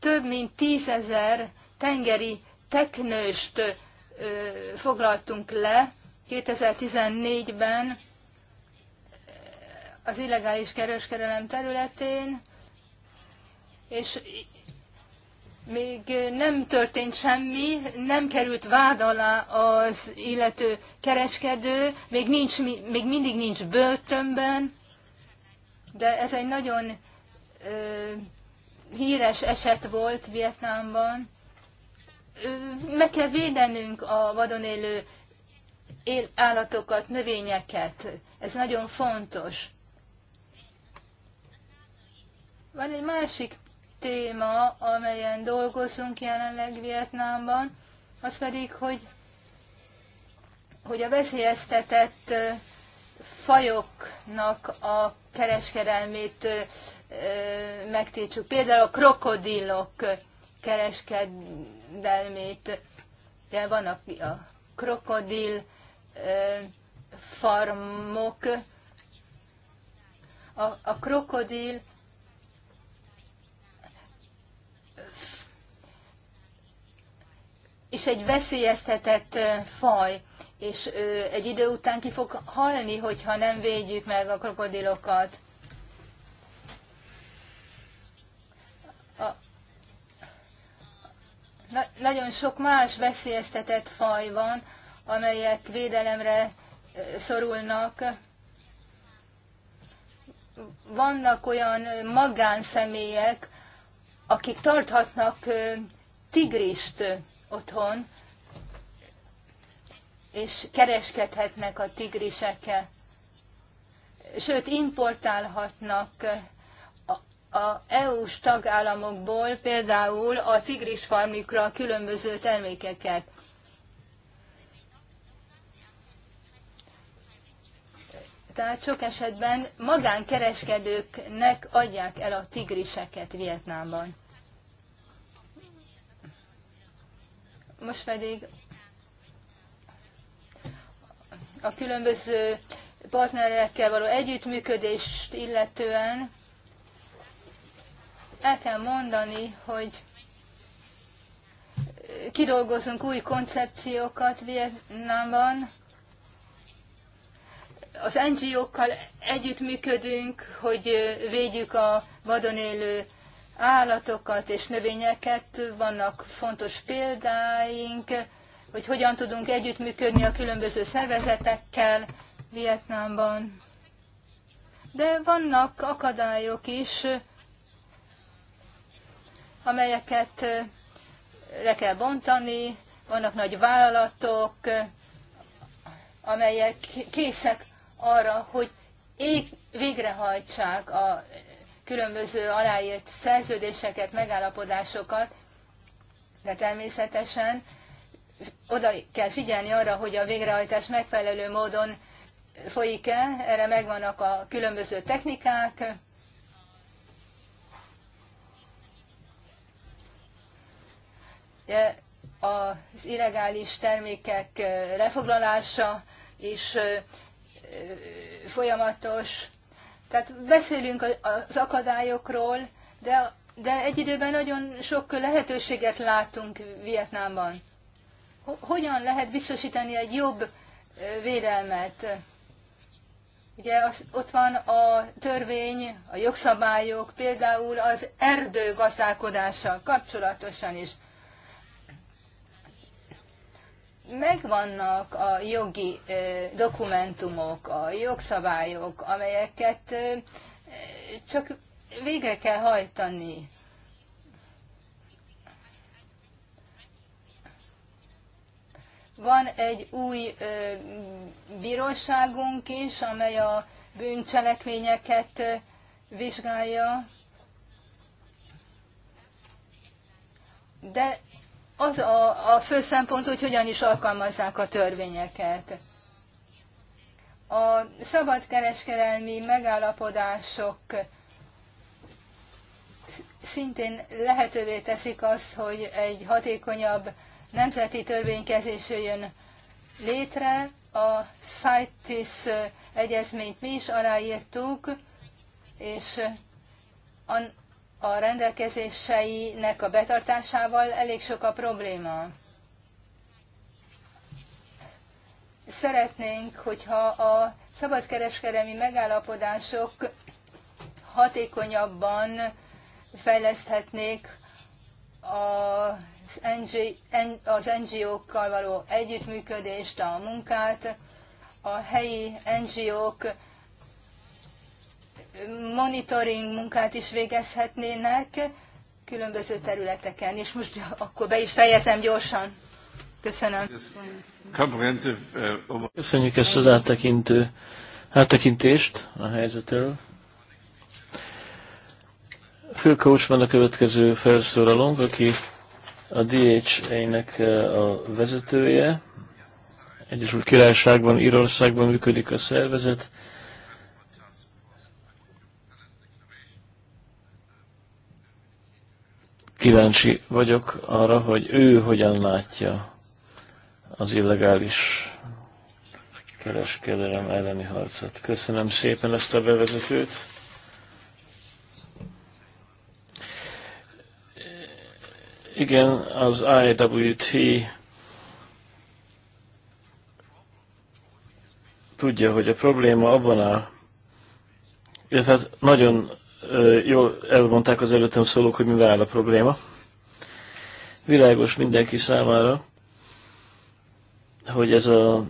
Több mint tízezer tengeri teknőst foglaltunk le 2014-ben, az illegális kereskedelem területén, és még nem történt semmi, nem került vád alá az illető kereskedő, még, nincs, még mindig nincs börtönben, de ez egy nagyon ö, híres eset volt Vietnámban. Ö, meg kell védenünk a vadon élő állatokat, növényeket. Ez nagyon fontos. Van egy másik téma, amelyen dolgozunk jelenleg Vietnámban, az pedig, hogy, hogy a veszélyeztetett fajoknak a kereskedelmét megtiltsuk. Például a krokodilok kereskedelmét. De vannak a krokodil farmok. A, a krokodil és egy veszélyeztetett faj, és egy idő után ki fog halni, hogyha nem védjük meg a krokodilokat. A, na, nagyon sok más veszélyeztetett faj van, amelyek védelemre szorulnak. Vannak olyan magánszemélyek, akik tarthatnak tigrist otthon, és kereskedhetnek a tigrisekkel. Sőt, importálhatnak a EU-s tagállamokból például a tigris farmjukra különböző termékeket. Tehát sok esetben magánkereskedőknek adják el a tigriseket Vietnámban. Most pedig a különböző partnerekkel való együttműködést illetően el kell mondani, hogy kidolgozunk új koncepciókat Vietnámban, az NGO-kkal együttműködünk, hogy védjük a vadon élő állatokat és növényeket, vannak fontos példáink, hogy hogyan tudunk együttműködni a különböző szervezetekkel Vietnámban. De vannak akadályok is, amelyeket le kell bontani, vannak nagy vállalatok, amelyek készek arra, hogy ég, végrehajtsák a különböző aláírt szerződéseket, megállapodásokat, de természetesen oda kell figyelni arra, hogy a végrehajtás megfelelő módon folyik el, erre megvannak a különböző technikák. Az illegális termékek lefoglalása is folyamatos, tehát beszélünk az akadályokról, de, de egy időben nagyon sok lehetőséget látunk Vietnámban. Hogyan lehet biztosítani egy jobb védelmet? Ugye az, ott van a törvény, a jogszabályok, például az erdő gazdálkodással kapcsolatosan is megvannak a jogi dokumentumok, a jogszabályok, amelyeket csak végre kell hajtani. Van egy új ö, bíróságunk is, amely a bűncselekményeket ö, vizsgálja, de az a, a fő szempont, hogy hogyan is alkalmazzák a törvényeket. A szabadkereskedelmi megállapodások szintén lehetővé teszik azt, hogy egy hatékonyabb nemzeti törvénykezés jön létre. A CITES egyezményt mi is aláírtuk, és a rendelkezéseinek a betartásával elég sok a probléma. Szeretnénk, hogyha a szabadkereskedelmi megállapodások hatékonyabban fejleszthetnék az, az NGO-kkal való együttműködést, a munkát, a helyi NGO-k monitoring munkát is végezhetnének különböző területeken. És most akkor be is fejezem gyorsan. Köszönöm. Uh, Köszönjük ezt az áttekintő, áttekintést a helyzetről. Fülka van a következő felszólalónk, aki a DHA-nek uh, a vezetője. Egyesült Királyságban, Írországban működik a szervezet. kíváncsi vagyok arra, hogy ő hogyan látja az illegális kereskedelem elleni harcot. Köszönöm szépen ezt a bevezetőt. Igen, az IWT tudja, hogy a probléma abban áll, illetve hát nagyon jól elmondták az előttem szólók, hogy mivel áll a probléma. Világos mindenki számára, hogy ez a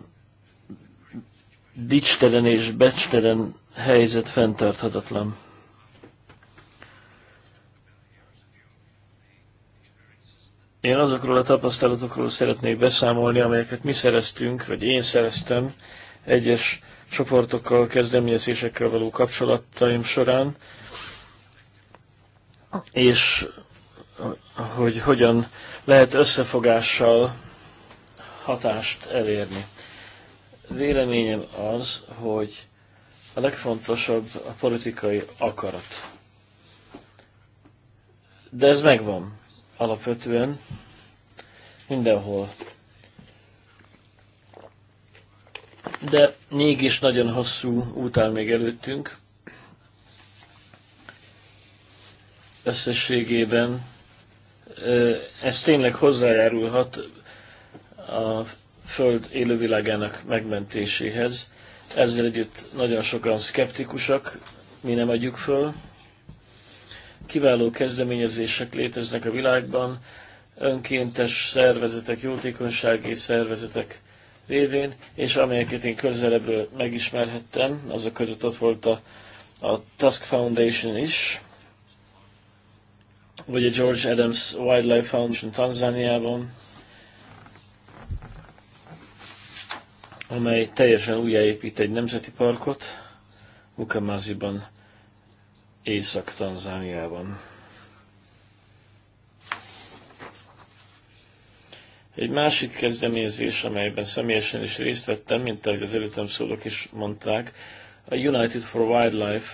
dicsteren és becsteren helyzet fenntarthatatlan. Én azokról a tapasztalatokról szeretnék beszámolni, amelyeket mi szereztünk, vagy én szereztem egyes csoportokkal, kezdeményezésekkel való kapcsolataim során, és hogy hogyan lehet összefogással hatást elérni. Véleményem az, hogy a legfontosabb a politikai akarat. De ez megvan alapvetően mindenhol. De mégis nagyon hosszú út áll még előttünk. összességében ez tényleg hozzájárulhat a Föld élővilágának megmentéséhez. Ezzel együtt nagyon sokan szkeptikusak, mi nem adjuk föl. Kiváló kezdeményezések léteznek a világban, önkéntes szervezetek, jótékonysági szervezetek révén, és amelyeket én közelebbről megismerhettem, azok között ott volt a, a Task Foundation is, vagy a George Adams Wildlife Foundation Tanzániában, amely teljesen újjáépít egy nemzeti parkot Mukamaziban, Észak-Tanzániában. Egy másik kezdeményezés, amelyben személyesen is részt vettem, mint ahogy az előttem szólók is mondták, a United for Wildlife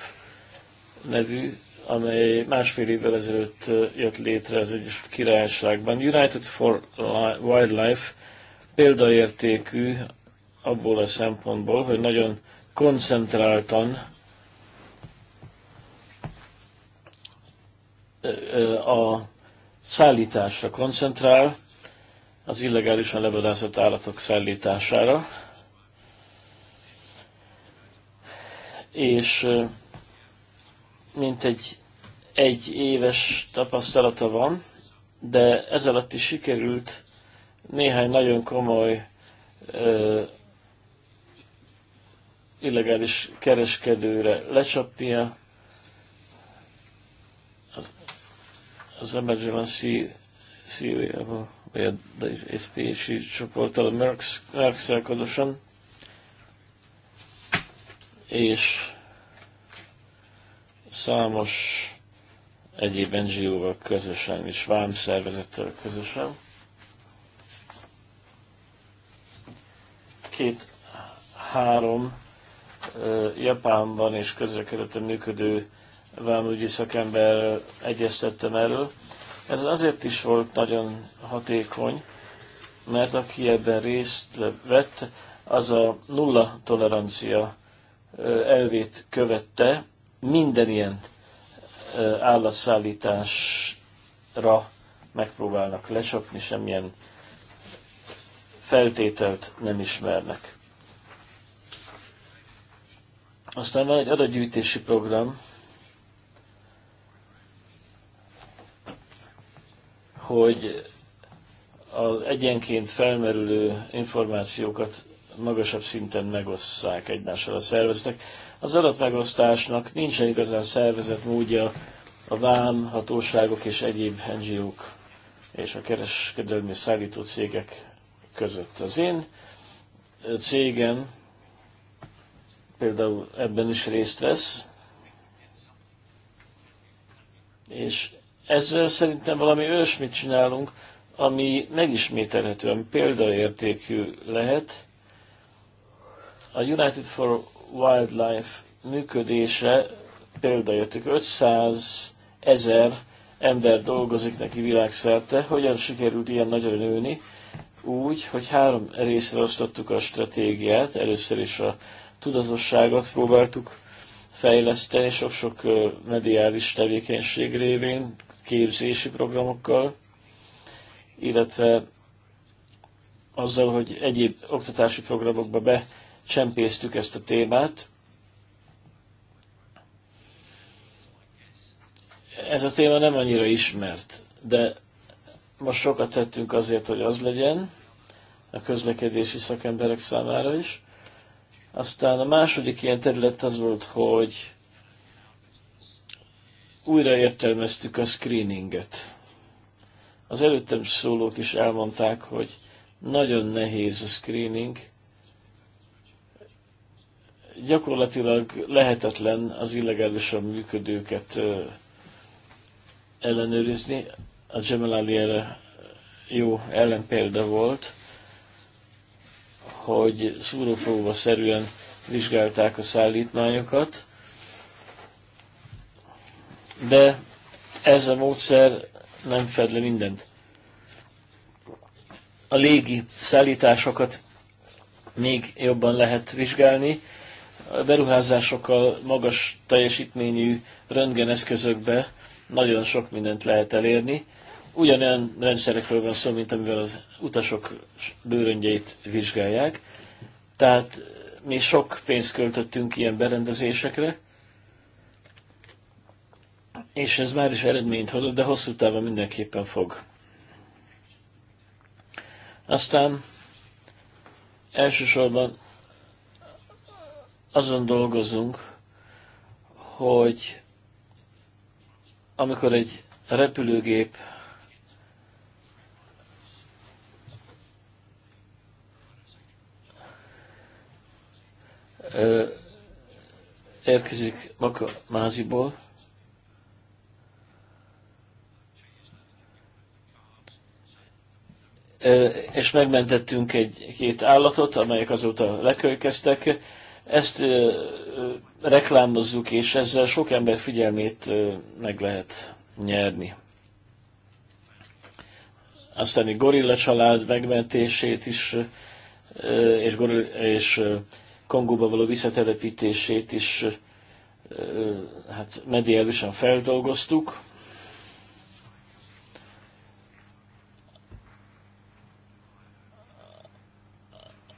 nevű amely másfél évvel ezelőtt jött létre az Egyesült Királyságban. United for Wildlife példaértékű abból a szempontból, hogy nagyon koncentráltan a szállításra koncentrál, az illegálisan levadászott állatok szállítására, és mint egy, egy éves tapasztalata van, de ez alatt is sikerült néhány nagyon komoly ö, illegális kereskedőre lecsapnia. Az Emergency Szíriával, e vagy a SPC csoporttal, a Merckx, szel és számos egyéb NGO-val közösen és vám szervezettel közösen. Két-három Japánban és közrekedeten működő vámügyi szakember egyeztettem erről. Ez azért is volt nagyon hatékony, mert aki ebben részt vett, az a nulla tolerancia elvét követte, minden ilyen állatszállításra megpróbálnak lecsapni, semmilyen feltételt nem ismernek. Aztán van egy adatgyűjtési program, hogy az egyenként felmerülő információkat magasabb szinten megosszák egymással a szervezetek. Az adatmegosztásnak nincsen igazán szervezett módja a vám, hatóságok és egyéb ngo és a kereskedelmi szállító cégek között. Az én cégem például ebben is részt vesz, és ezzel szerintem valami ősmit csinálunk, ami megismételhető, példaértékű lehet. A United for Wildlife működése példaérték 500 ezer ember dolgozik neki világszerte. Hogyan sikerült ilyen nagyra nőni? Úgy, hogy három részre osztottuk a stratégiát. Először is a tudatosságot próbáltuk fejleszteni sok-sok mediális tevékenység révén, képzési programokkal, illetve azzal, hogy egyéb oktatási programokba be csempésztük ezt a témát. Ez a téma nem annyira ismert, de most sokat tettünk azért, hogy az legyen, a közlekedési szakemberek számára is. Aztán a második ilyen terület az volt, hogy újraértelmeztük a screeninget. Az előttem szólók is elmondták, hogy nagyon nehéz a screening, gyakorlatilag lehetetlen az illegálisan működőket ellenőrizni. A Jamal Ali erre jó ellenpélda volt, hogy szúrópróba szerűen vizsgálták a szállítmányokat, de ez a módszer nem fed le mindent. A légi szállításokat még jobban lehet vizsgálni, beruházásokkal magas teljesítményű röntgeneszközökbe nagyon sok mindent lehet elérni. Ugyanolyan rendszerekről van szó, mint amivel az utasok bőröngyeit vizsgálják. Tehát mi sok pénzt költöttünk ilyen berendezésekre, és ez már is eredményt hozott, de hosszú távon mindenképpen fog. Aztán elsősorban azon dolgozunk, hogy amikor egy repülőgép érkezik maga Máziból, és megmentettünk egy-két állatot, amelyek azóta lekölykeztek, ezt ö, ö, reklámozzuk, és ezzel sok ember figyelmét ö, meg lehet nyerni. Aztán egy gorilla család megmentését is, ö, és, gorilla, és ö, Kongóba való visszatelepítését is hát mediálisan feldolgoztuk.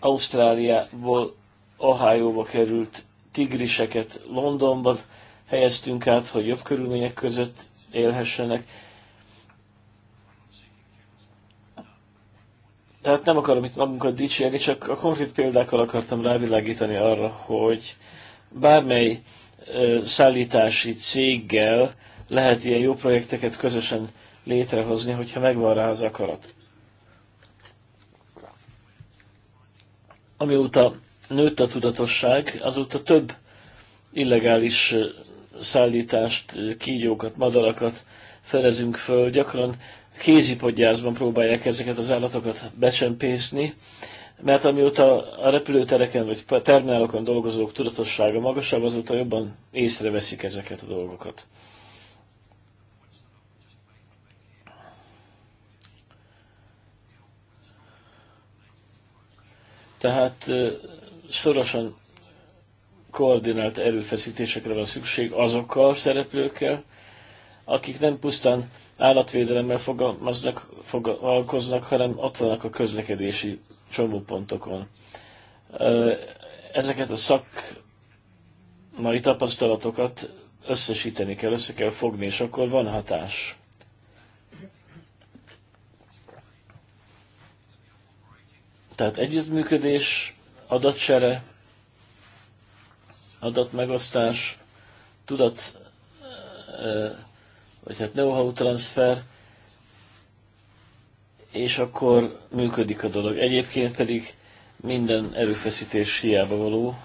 Ausztráliából Ohio-ba került tigriseket Londonban helyeztünk át, hogy jobb körülmények között élhessenek. Tehát nem akarom itt magunkat dicsérni, csak a konkrét példákkal akartam rávilágítani arra, hogy bármely szállítási céggel lehet ilyen jó projekteket közösen létrehozni, hogyha megvan rá az akarat. Amióta nőtt a tudatosság, azóta több illegális szállítást, kígyókat, madarakat felezünk föl, gyakran kézipodjázban próbálják ezeket az állatokat becsempészni, mert amióta a repülőtereken vagy terminálokon dolgozók tudatossága magasabb, azóta jobban észreveszik ezeket a dolgokat. Tehát szorosan koordinált erőfeszítésekre van szükség azokkal szereplőkkel, akik nem pusztán állatvédelemmel fogalmaznak, fogalkoznak, hanem ott vannak a közlekedési csomópontokon. Ezeket a szakmai tapasztalatokat összesíteni kell, össze kell fogni, és akkor van hatás. Tehát együttműködés adatsere, adatmegosztás, tudat, vagy hát know-how transfer, és akkor működik a dolog. Egyébként pedig minden erőfeszítés hiába való,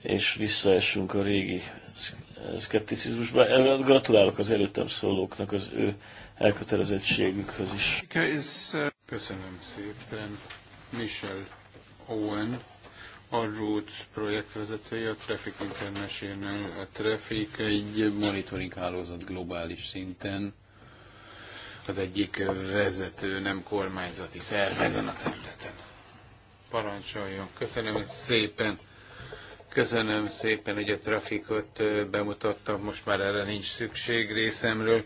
és visszaesünk a régi szkepticizmusba. Gratulálok az előttem szólóknak az ő elkötelezettségükhöz is. Köszönöm szépen. Michel Owen, a Roots projektvezetője a Traffic International. A Traffic egy monitoring hálózat globális szinten. Az egyik vezető nem kormányzati szervezen a területen. Parancsoljon. Köszönöm szépen. Köszönöm szépen, hogy a trafikot bemutattam, most már erre nincs szükség részemről.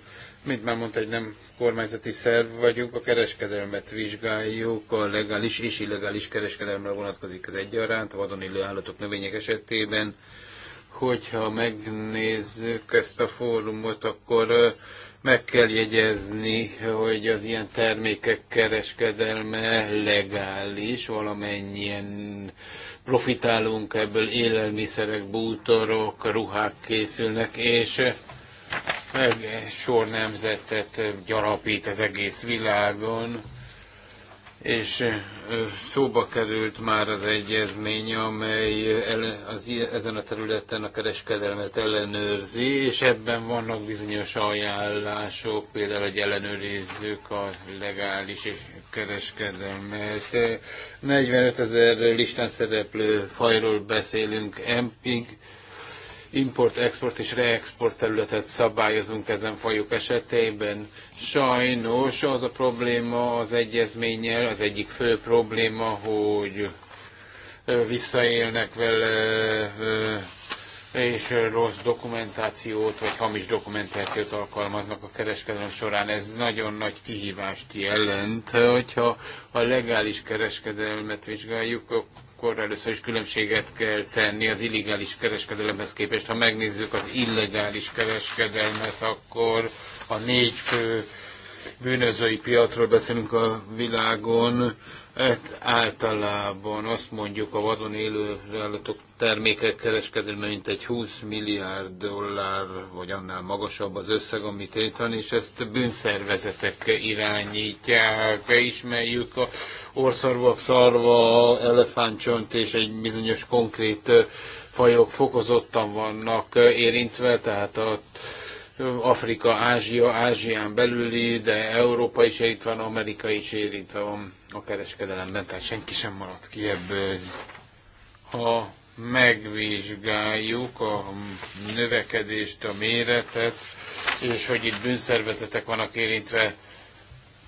Mint már mondta, egy nem kormányzati szerv vagyunk, a kereskedelmet vizsgáljuk, a legális és illegális kereskedelemre vonatkozik az egyaránt, a vadon élő állatok, növények esetében. Hogyha megnézzük ezt a fórumot, akkor meg kell jegyezni, hogy az ilyen termékek kereskedelme legális, valamennyien profitálunk ebből, élelmiszerek, bútorok, ruhák készülnek, és sor nemzetet gyarapít az egész világon, és szóba került már az egyezmény, amely az, ezen a területen a kereskedelmet ellenőrzi, és ebben vannak bizonyos ajánlások, például, hogy ellenőrizzük a legális és kereskedelmet. 45 ezer listán szereplő fajról beszélünk, empig import, export és reexport területet szabályozunk ezen fajok esetében. Sajnos az a probléma az egyezménnyel, az egyik fő probléma, hogy visszaélnek vele és rossz dokumentációt, vagy hamis dokumentációt alkalmaznak a kereskedelem során. Ez nagyon nagy kihívást jelent. Hogyha a legális kereskedelmet vizsgáljuk, akkor először is különbséget kell tenni az illegális kereskedelemhez képest. Ha megnézzük az illegális kereskedelmet, akkor a négy fő bűnözői piacról beszélünk a világon, Hát általában azt mondjuk a vadon élő állatok termékek kereskedelme egy 20 milliárd dollár, vagy annál magasabb az összeg, amit itt van, és ezt bűnszervezetek irányítják. Ismerjük a orszarvak, szarva, elefántcsont és egy bizonyos konkrét fajok fokozottan vannak érintve, tehát a Afrika, Ázsia, Ázsián belüli, de Európa is érintve van, Amerika is érintve van a kereskedelemben, tehát senki sem maradt ki ebből. A megvizsgáljuk a növekedést, a méretet, és hogy itt bűnszervezetek vannak érintve,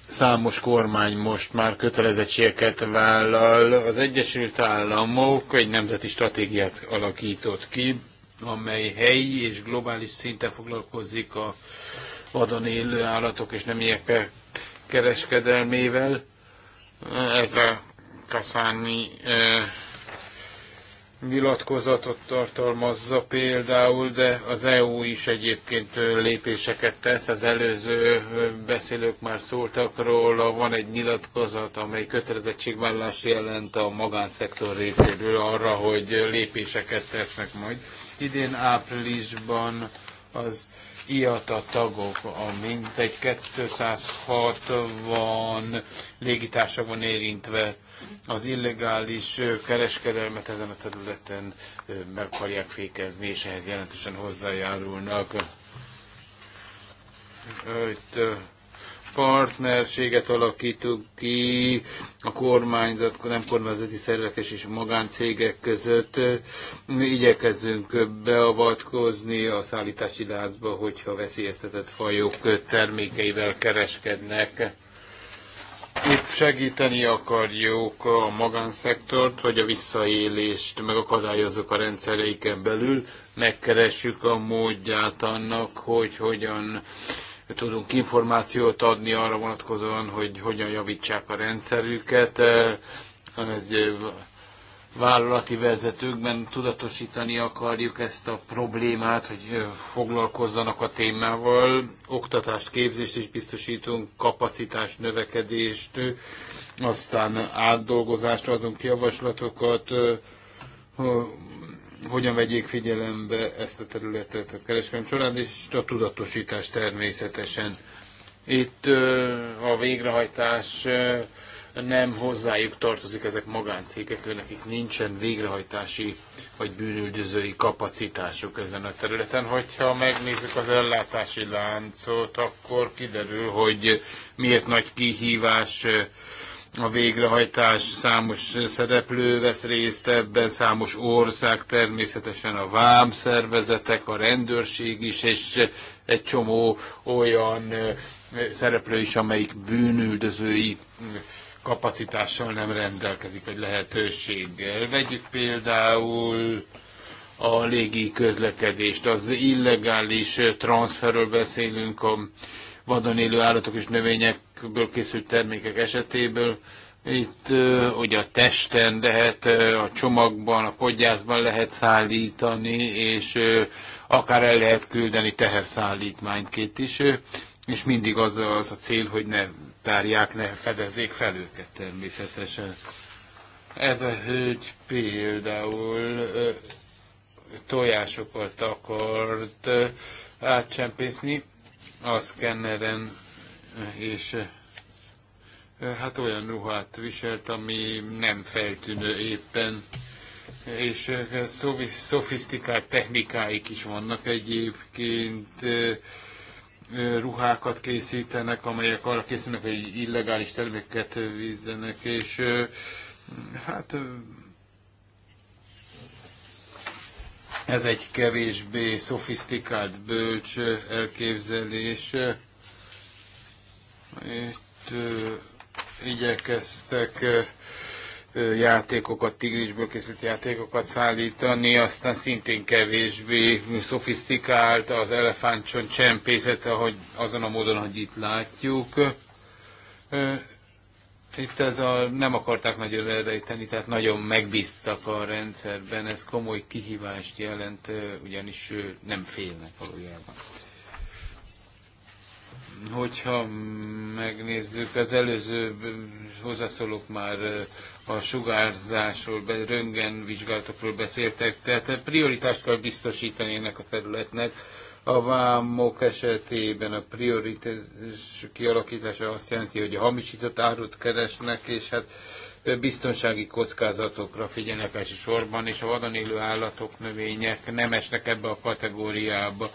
számos kormány most már kötelezettségeket vállal. Az Egyesült Államok egy nemzeti stratégiát alakított ki, amely helyi és globális szinten foglalkozik a vadon élő állatok és nemiek kereskedelmével. Ez a Kaszáni nyilatkozatot tartalmazza például, de az EU is egyébként lépéseket tesz. Az előző beszélők már szóltak róla, van egy nyilatkozat, amely kötelezettségvállás jelent a magánszektor részéről arra, hogy lépéseket tesznek majd. Idén áprilisban az IATA tagok, a egy 260 légitársa van érintve az illegális kereskedelmet ezen a területen meg akarják fékezni, és ehhez jelentősen hozzájárulnak. Itt partnerséget alakítunk ki a kormányzat, nem kormányzati szervek és magáncégek között. Mi igyekezzünk beavatkozni a szállítási láncba, hogyha veszélyeztetett fajok termékeivel kereskednek itt segíteni akarjuk a magánszektort, hogy a visszaélést megakadályozzuk a rendszereiken belül, megkeressük a módját annak, hogy hogyan tudunk információt adni arra vonatkozóan, hogy hogyan javítsák a rendszerüket. Ez vállalati vezetőkben tudatosítani akarjuk ezt a problémát, hogy foglalkozzanak a témával. Oktatást, képzést is biztosítunk, kapacitás növekedést, aztán átdolgozást adunk javaslatokat, hogyan vegyék figyelembe ezt a területet a kereskedelem során, és a tudatosítás természetesen. Itt a végrehajtás nem hozzájuk tartozik ezek magáncégek, nekik nincsen végrehajtási vagy bűnüldözői kapacitásuk ezen a területen. Hogyha megnézzük az ellátási láncot, akkor kiderül, hogy miért nagy kihívás a végrehajtás számos szereplő vesz részt ebben, számos ország, természetesen a vámszervezetek, a rendőrség is, és egy csomó olyan szereplő is, amelyik bűnüldözői kapacitással nem rendelkezik, vagy lehetőséggel. Vegyük például a légi közlekedést, az illegális transferről beszélünk, a vadon élő állatok és növényekből készült termékek esetéből. Itt ugye a testen lehet, a csomagban, a podgyászban lehet szállítani, és akár el lehet küldeni teherszállítmányként is, és mindig az az a cél, hogy ne tárják, ne fedezzék fel őket természetesen. Ez a hölgy például tojásokat akart átcsempészni a szkenneren, és hát olyan ruhát viselt, ami nem feltűnő éppen, és szofisztikált technikáik is vannak egyébként, ruhákat készítenek, amelyek arra készülnek, hogy illegális terméket vízzenek, és hát ez egy kevésbé szofisztikált, bölcs elképzelés. Itt igyekeztek játékokat, tigrisből készült játékokat szállítani, aztán szintén kevésbé szofisztikált az elefántson csempészet, ahogy azon a módon, hogy itt látjuk. Itt ez a, nem akarták nagyon elrejteni, tehát nagyon megbíztak a rendszerben, ez komoly kihívást jelent, ugyanis nem félnek valójában. Hogyha megnézzük, az előző hozzászólók már a sugárzásról, röntgen vizsgálatokról beszéltek, tehát prioritást kell biztosítani ennek a területnek. A vámok esetében a prioritás kialakítása azt jelenti, hogy a hamisított árut keresnek, és hát biztonsági kockázatokra figyelnek elsősorban, és a vadon élő állatok, növények nem esnek ebbe a kategóriába.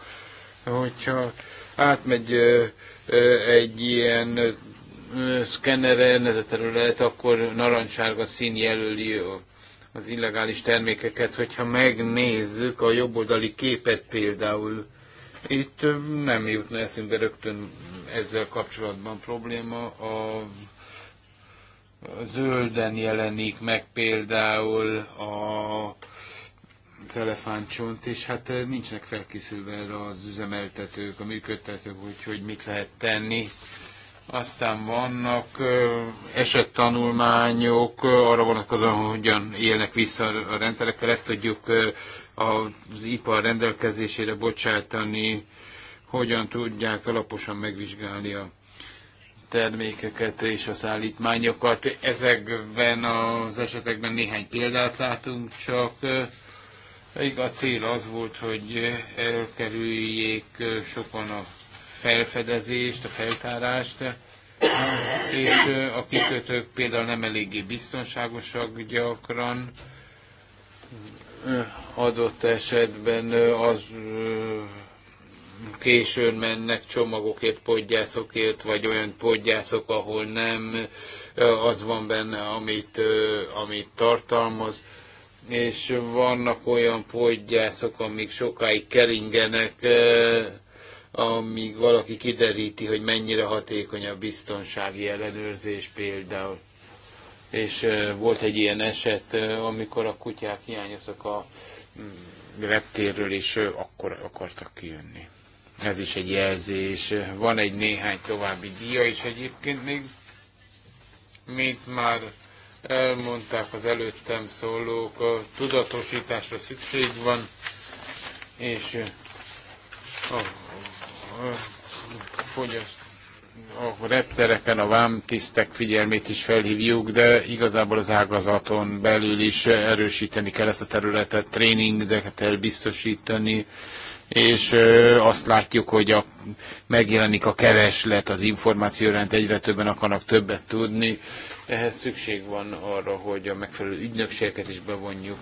Hogyha átmegy egy ilyen szkenneren ez a terület, akkor narancsárga szín jelöli az illegális termékeket. Hogyha megnézzük a jobboldali képet például, itt nem jutna eszünkbe rögtön ezzel kapcsolatban probléma. A zölden jelenik meg például a az elefántcsont, és hát eh, nincsenek felkészülve erre az üzemeltetők, a működtetők, úgyhogy mit lehet tenni. Aztán vannak eh, esettanulmányok eh, arra vonatkozóan, hogy hogyan élnek vissza a rendszerekkel, ezt tudjuk az ipar rendelkezésére bocsátani, hogyan tudják alaposan megvizsgálni a termékeket és a szállítmányokat. Ezekben az esetekben néhány példát látunk csak. A cél az volt, hogy elkerüljék sokan a felfedezést, a feltárást, és a kikötők például nem eléggé biztonságosak gyakran, adott esetben az későn mennek csomagokért, podgyászokért, vagy olyan podgyászok, ahol nem az van benne, amit, amit tartalmaz és vannak olyan podgyászok, amik sokáig keringenek, amíg valaki kideríti, hogy mennyire hatékony a biztonsági ellenőrzés például. És volt egy ilyen eset, amikor a kutyák hiányoztak a mm, reptérről, és akkor akartak kijönni. Ez is egy jelzés. Van egy néhány további díja, és egyébként még, mint már Elmondták az előttem szólók, a tudatosításra szükség van, és a, a, a, a reptereken a vámtisztek figyelmét is felhívjuk, de igazából az ágazaton belül is erősíteni kell ezt a területet, tréningeket hát kell biztosítani, és azt látjuk, hogy a, megjelenik a kereslet, az információ egyre többen akarnak többet tudni, ehhez szükség van arra, hogy a megfelelő ügynökségeket is bevonjuk.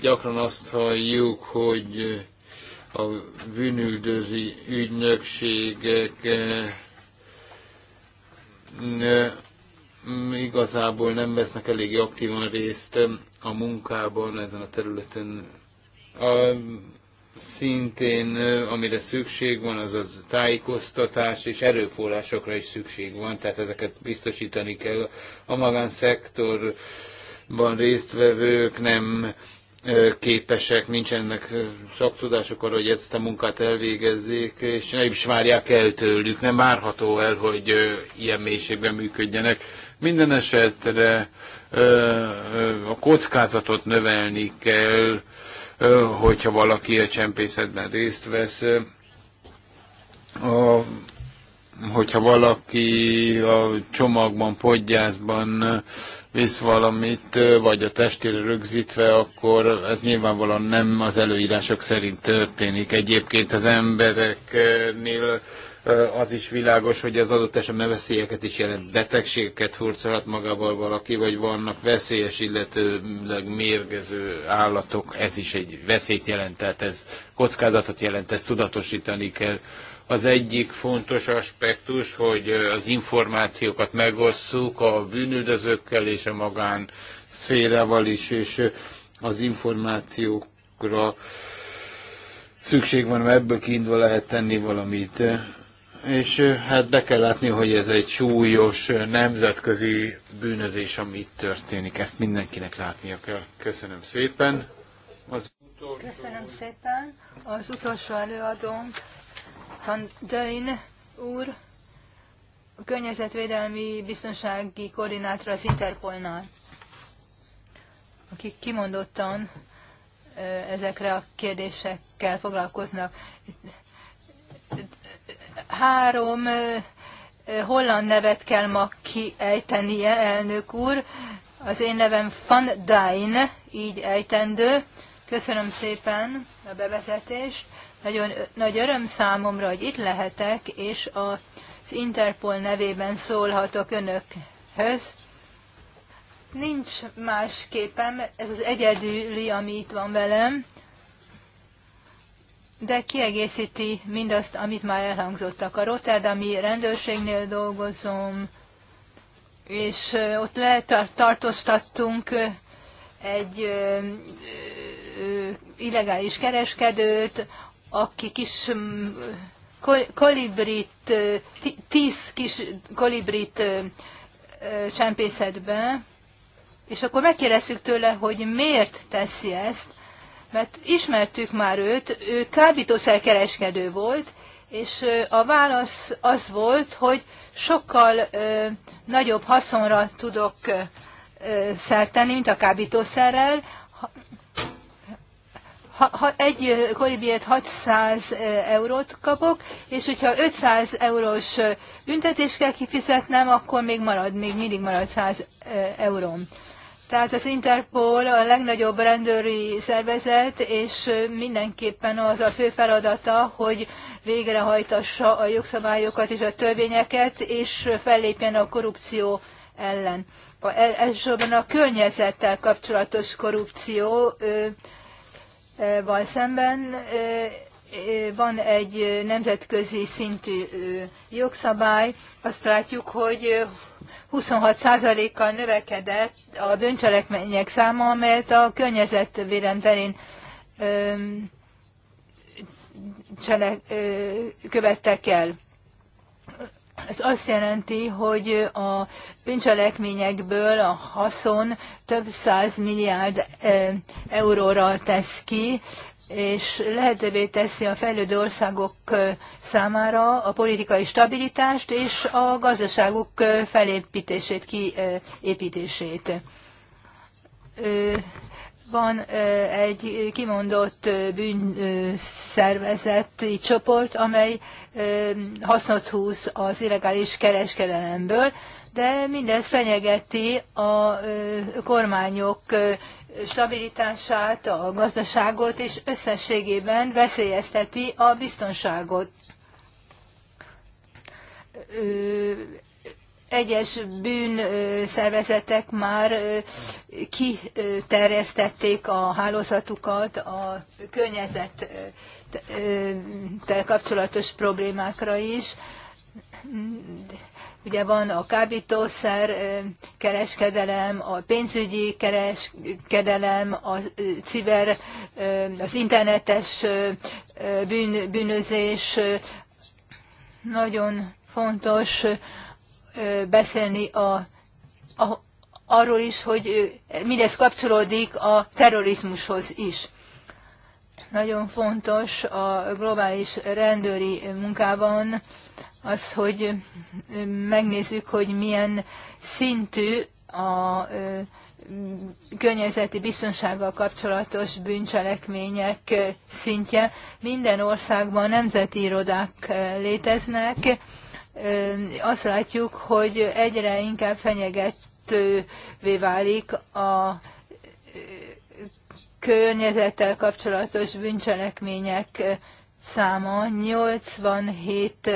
Gyakran azt halljuk, hogy a bűnüldözi ügynökségek eh, igazából nem vesznek eléggé aktívan részt a munkában ezen a területen. A szintén amire szükség van, az a tájékoztatás és erőforrásokra is szükség van, tehát ezeket biztosítani kell. A magánszektorban résztvevők nem képesek, nincsenek szaktudások arra, hogy ezt a munkát elvégezzék, és nem is várják el tőlük, nem várható el, hogy ilyen mélységben működjenek. Minden esetre a kockázatot növelni kell, hogyha valaki a csempészetben részt vesz, a, hogyha valaki a csomagban, podgyászban visz valamit, vagy a testére rögzítve, akkor ez nyilvánvalóan nem az előírások szerint történik. Egyébként az embereknél az is világos, hogy az adott esetben veszélyeket is jelent, betegségeket hurcolhat magával valaki, vagy vannak veszélyes, illetőleg mérgező állatok, ez is egy veszélyt jelent, tehát ez kockázatot jelent, ezt tudatosítani kell. Az egyik fontos aspektus, hogy az információkat megosszuk a bűnüldözőkkel és a magán szférával is, és az információkra szükség van, mert ebből kiindva lehet tenni valamit és hát be kell látni, hogy ez egy súlyos nemzetközi bűnözés, ami itt történik. Ezt mindenkinek látnia kell. Köszönöm szépen. Az utolsó... Köszönöm szépen. Az utolsó előadónk, Van Döin úr, a környezetvédelmi biztonsági koordinátor az Interpolnál, akik kimondottan ezekre a kérdésekkel foglalkoznak Három holland nevet kell ma kiejtenie, elnök úr. Az én nevem Van Dijn, így ejtendő. Köszönöm szépen a bevezetést. Nagyon nagy öröm számomra, hogy itt lehetek, és az Interpol nevében szólhatok önökhöz. Nincs más képem, ez az egyedüli, ami itt van velem de kiegészíti mindazt, amit már elhangzottak. A Rotterdami rendőrségnél dolgozom, és ott letartóztattunk egy illegális kereskedőt, aki kis kolibrit, tíz kis kolibrit csempészett be, és akkor megkérdeztük tőle, hogy miért teszi ezt, mert ismertük már őt, ő kábítószerkereskedő volt, és a válasz az volt, hogy sokkal ö, nagyobb haszonra tudok ö, mint a kábítószerrel. Ha, ha, egy kolibiét 600 eurót kapok, és hogyha 500 eurós büntetést kell kifizetnem, akkor még marad, még mindig marad 100 euróm. Tehát az Interpol a legnagyobb rendőri szervezet, és mindenképpen az a fő feladata, hogy végrehajtassa a jogszabályokat és a törvényeket, és fellépjen a korrupció ellen. A, e, elsősorban a környezettel kapcsolatos korrupció ö, ö, van szemben. Ö, van egy nemzetközi szintű jogszabály, azt látjuk, hogy 26%-kal növekedett a bűncselekmények száma, amelyet a környezetvédelem terén cselek, követtek el. Ez azt jelenti, hogy a bűncselekményekből a haszon több száz milliárd euróra tesz ki, és lehetővé teszi a fejlődő országok számára a politikai stabilitást és a gazdaságuk felépítését, kiépítését. Van egy kimondott bűnszervezeti csoport, amely hasznot húz az illegális kereskedelemből, de mindez fenyegeti a kormányok stabilitását, a gazdaságot, és összességében veszélyezteti a biztonságot. Egyes bűnszervezetek már kiterjesztették a hálózatukat a környezettel kapcsolatos problémákra is Ugye van a kábítószer kereskedelem, a pénzügyi kereskedelem, a ciber, az internetes bűn, bűnözés. Nagyon fontos beszélni a, a, arról is, hogy mindez kapcsolódik a terrorizmushoz is nagyon fontos a globális rendőri munkában az, hogy megnézzük, hogy milyen szintű a környezeti biztonsággal kapcsolatos bűncselekmények szintje. Minden országban nemzeti irodák léteznek. Azt látjuk, hogy egyre inkább fenyegetővé válik a környezettel kapcsolatos bűncselekmények száma. 87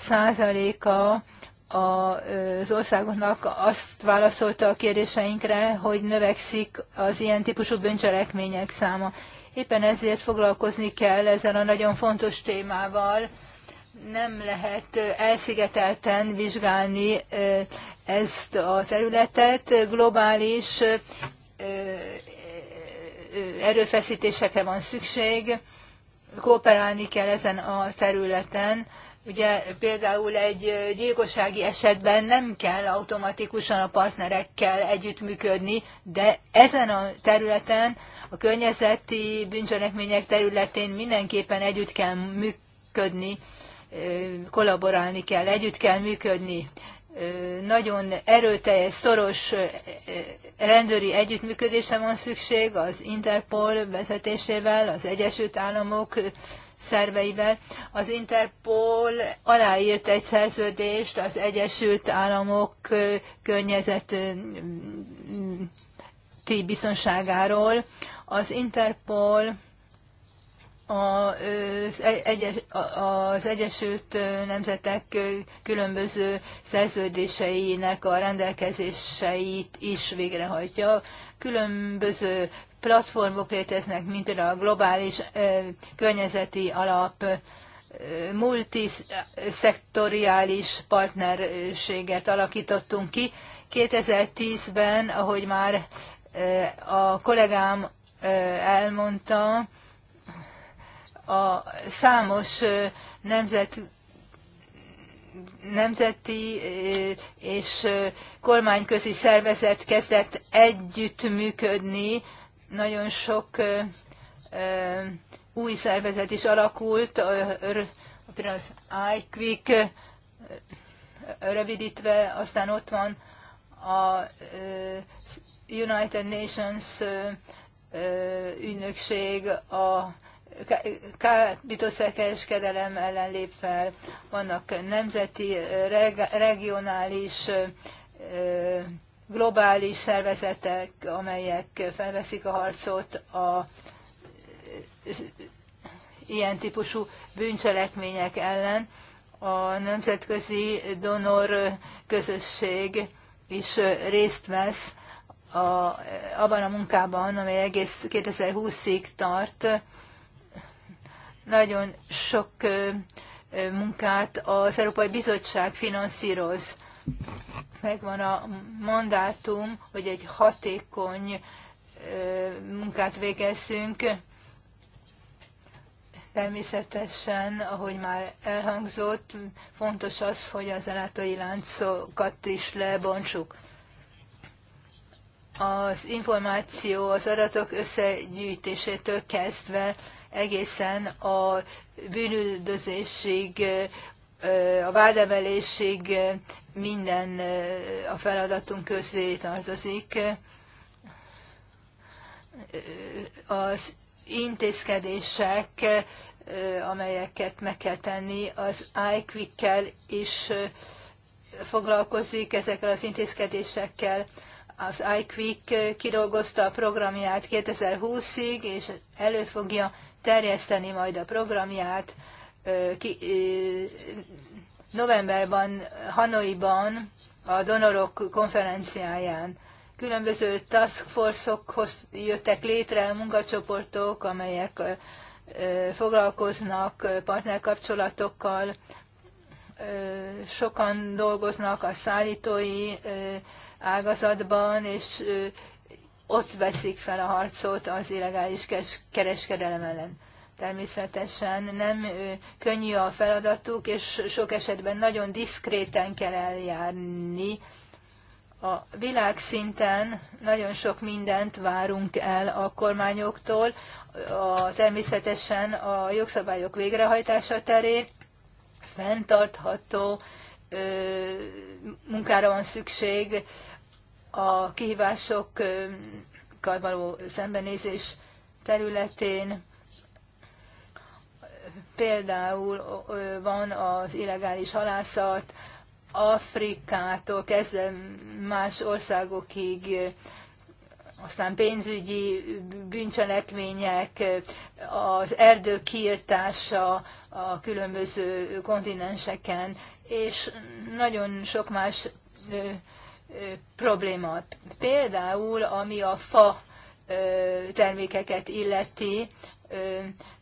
százaléka az országoknak azt válaszolta a kérdéseinkre, hogy növekszik az ilyen típusú bűncselekmények száma. Éppen ezért foglalkozni kell ezzel a nagyon fontos témával. Nem lehet elszigetelten vizsgálni ezt a területet. Globális erőfeszítésekre van szükség, kooperálni kell ezen a területen Ugye például egy gyilkossági esetben nem kell automatikusan a partnerekkel együttműködni, de ezen a területen, a környezeti bűncselekmények területén mindenképpen együtt kell működni, kollaborálni kell, együtt kell működni. Nagyon erőteljes, szoros rendőri együttműködésre van szükség az Interpol vezetésével, az Egyesült Államok szerveivel. Az Interpol aláírt egy szerződést az Egyesült Államok környezeti biztonságáról. Az Interpol e-, az Egyesült Nemzetek különböző szerződéseinek a rendelkezéseit is végrehajtja. Különböző platformok léteznek, mint például a globális környezeti alap, multiszektoriális partnerséget alakítottunk ki. 2010-ben, ahogy már a kollégám elmondta, a számos nemzet, nemzeti és kormányközi szervezet kezdett együttműködni nagyon sok új szervezet is alakult, az iQuick rövidítve, aztán ott van a United Nations ügynökség, a kábítószerkereskedelem ellen lép fel, vannak nemzeti, regionális globális szervezetek, amelyek felveszik a harcot a ilyen típusú bűncselekmények ellen. A nemzetközi donor közösség is részt vesz a, abban a munkában, amely egész 2020-ig tart. Nagyon sok munkát az Európai Bizottság finanszíroz megvan a mandátum, hogy egy hatékony munkát végezzünk. Természetesen, ahogy már elhangzott, fontos az, hogy az ellátói láncokat is lebontsuk. Az információ, az adatok összegyűjtésétől kezdve egészen a bűnüldözésig, a vádemelésig minden a feladatunk közé tartozik. Az intézkedések, amelyeket meg kell tenni, az iQuick-kel is foglalkozik ezekkel az intézkedésekkel. Az iQuick kidolgozta a programját 2020-ig, és elő fogja terjeszteni majd a programját, novemberben Hanoiban a donorok konferenciáján. Különböző task force-okhoz jöttek létre munkacsoportok, amelyek foglalkoznak partnerkapcsolatokkal, sokan dolgoznak a szállítói ágazatban, és ott veszik fel a harcot az illegális kereskedelem ellen. Természetesen nem könnyű a feladatuk, és sok esetben nagyon diszkréten kell eljárni. A világszinten nagyon sok mindent várunk el a kormányoktól, a, természetesen a jogszabályok végrehajtása terén fenntartható ö, munkára van szükség, a kihívásokkal való szembenézés területén Például van az illegális halászat, Afrikától kezdve más országokig, aztán pénzügyi bűncselekmények, az erdők kiirtása a különböző kontinenseken, és nagyon sok más probléma. Például, ami a fa termékeket illeti,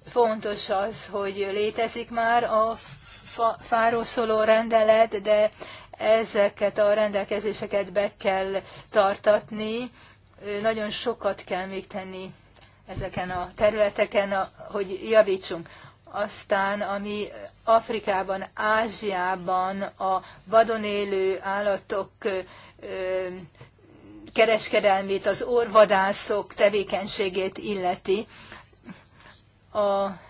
fontos az, hogy létezik már a fáról szóló rendelet, de ezeket a rendelkezéseket be kell tartatni. Nagyon sokat kell még tenni ezeken a területeken, hogy javítsunk. Aztán, ami Afrikában, Ázsiában a vadon élő állatok kereskedelmét, az orvadászok tevékenységét illeti, a,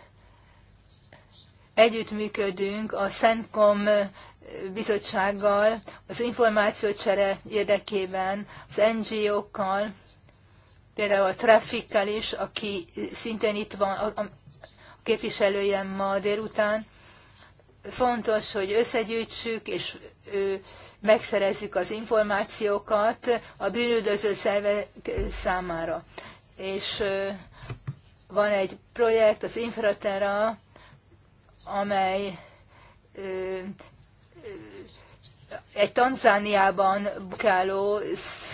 együttműködünk a Szentkom bizottsággal, az információcsere érdekében, az NGO-kkal, például a Traffikkal is, aki szintén itt van, a, a képviselőjem ma délután. Fontos, hogy összegyűjtsük és ő, megszerezzük az információkat a bűnüldöző szervek számára. És van egy projekt, az Infraterra, amely egy Tanzániában bukáló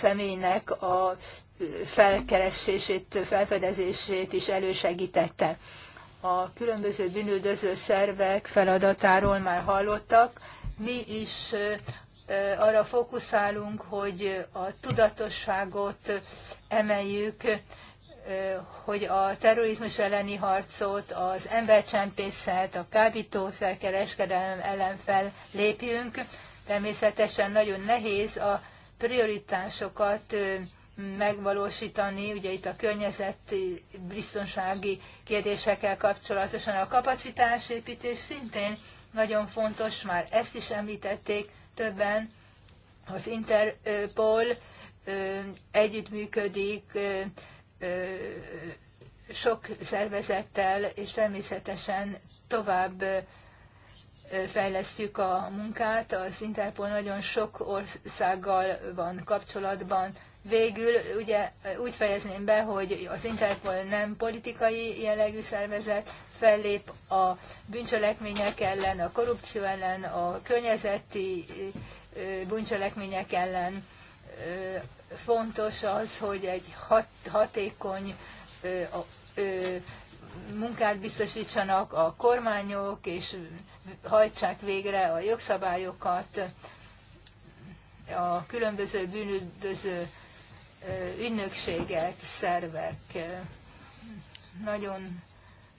személynek a felkeresését, felfedezését is elősegítette. A különböző bűnüldöző szervek feladatáról már hallottak. Mi is arra fókuszálunk, hogy a tudatosságot emeljük, hogy a terrorizmus elleni harcot, az embercsempészet, a kábítószer kereskedelem ellen fellépjünk. Természetesen nagyon nehéz a prioritásokat megvalósítani, ugye itt a környezet biztonsági kérdésekkel kapcsolatosan a kapacitásépítés szintén nagyon fontos, már ezt is említették többen, az Interpol együttműködik sok szervezettel, és természetesen tovább fejlesztjük a munkát. Az Interpol nagyon sok országgal van kapcsolatban. Végül ugye úgy fejezném be, hogy az Interpol nem politikai jellegű szervezet, fellép a bűncselekmények ellen, a korrupció ellen, a környezeti bűncselekmények ellen, fontos az, hogy egy hat, hatékony ö, ö, munkát biztosítsanak a kormányok, és hajtsák végre a jogszabályokat, a különböző bűnüldöző ügynökségek, szervek. Nagyon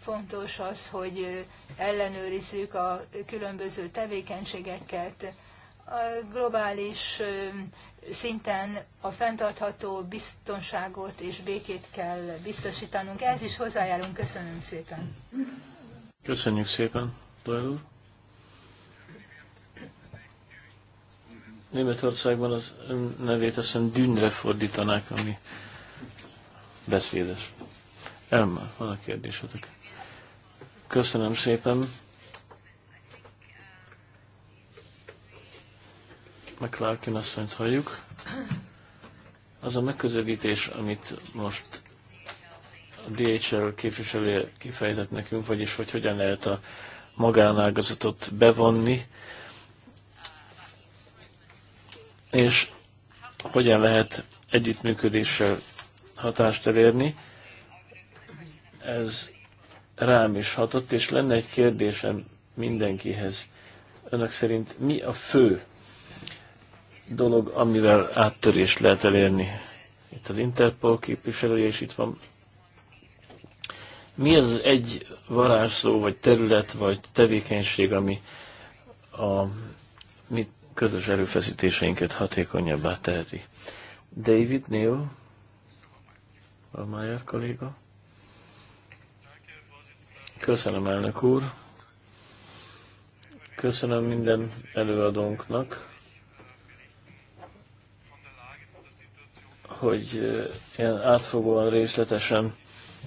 fontos az, hogy ellenőrizzük a különböző tevékenységeket, a globális szinten a fenntartható biztonságot és békét kell biztosítanunk. Ez is hozzájárunk. Köszönöm szépen. Köszönjük szépen, Doyle Németországban az ön nevét azt hiszem dűnre fordítanák, ami beszédes. Elmar, van a kérdésetek. Köszönöm szépen. McClarkin asszonyt halljuk. Az a megközelítés, amit most a DHL képviselője kifejezett nekünk, vagyis hogy hogyan lehet a magánágazatot bevonni, és hogyan lehet együttműködéssel hatást elérni. Ez rám is hatott, és lenne egy kérdésem mindenkihez. Önök szerint mi a fő dolog, amivel áttörést lehet elérni. Itt az Interpol képviselője is itt van. Mi az egy varázsszó, vagy terület, vagy tevékenység, ami a mi közös erőfeszítéseinket hatékonyabbá teheti? David Neil, a Mayer kolléga. Köszönöm, elnök úr. Köszönöm minden előadónknak hogy ilyen átfogóan, részletesen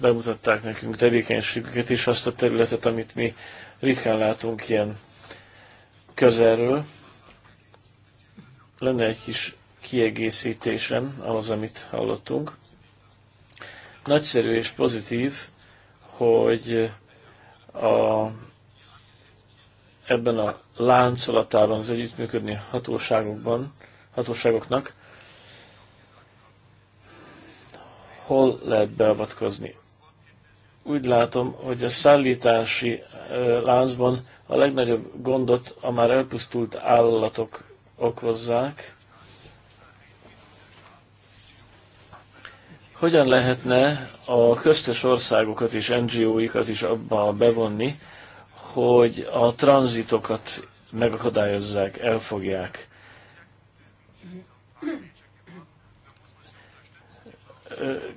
bemutatták nekünk tevékenységüket és azt a területet, amit mi ritkán látunk ilyen közelről. Lenne egy kis kiegészítésem ahhoz, amit hallottunk. Nagyszerű és pozitív, hogy a, ebben a láncolatában az együttműködni hatóságokban, hatóságoknak hol lehet beavatkozni. Úgy látom, hogy a szállítási láncban a legnagyobb gondot a már elpusztult állatok okozzák. Hogyan lehetne a köztes országokat és NGO-ikat is abba bevonni, hogy a tranzitokat megakadályozzák, elfogják?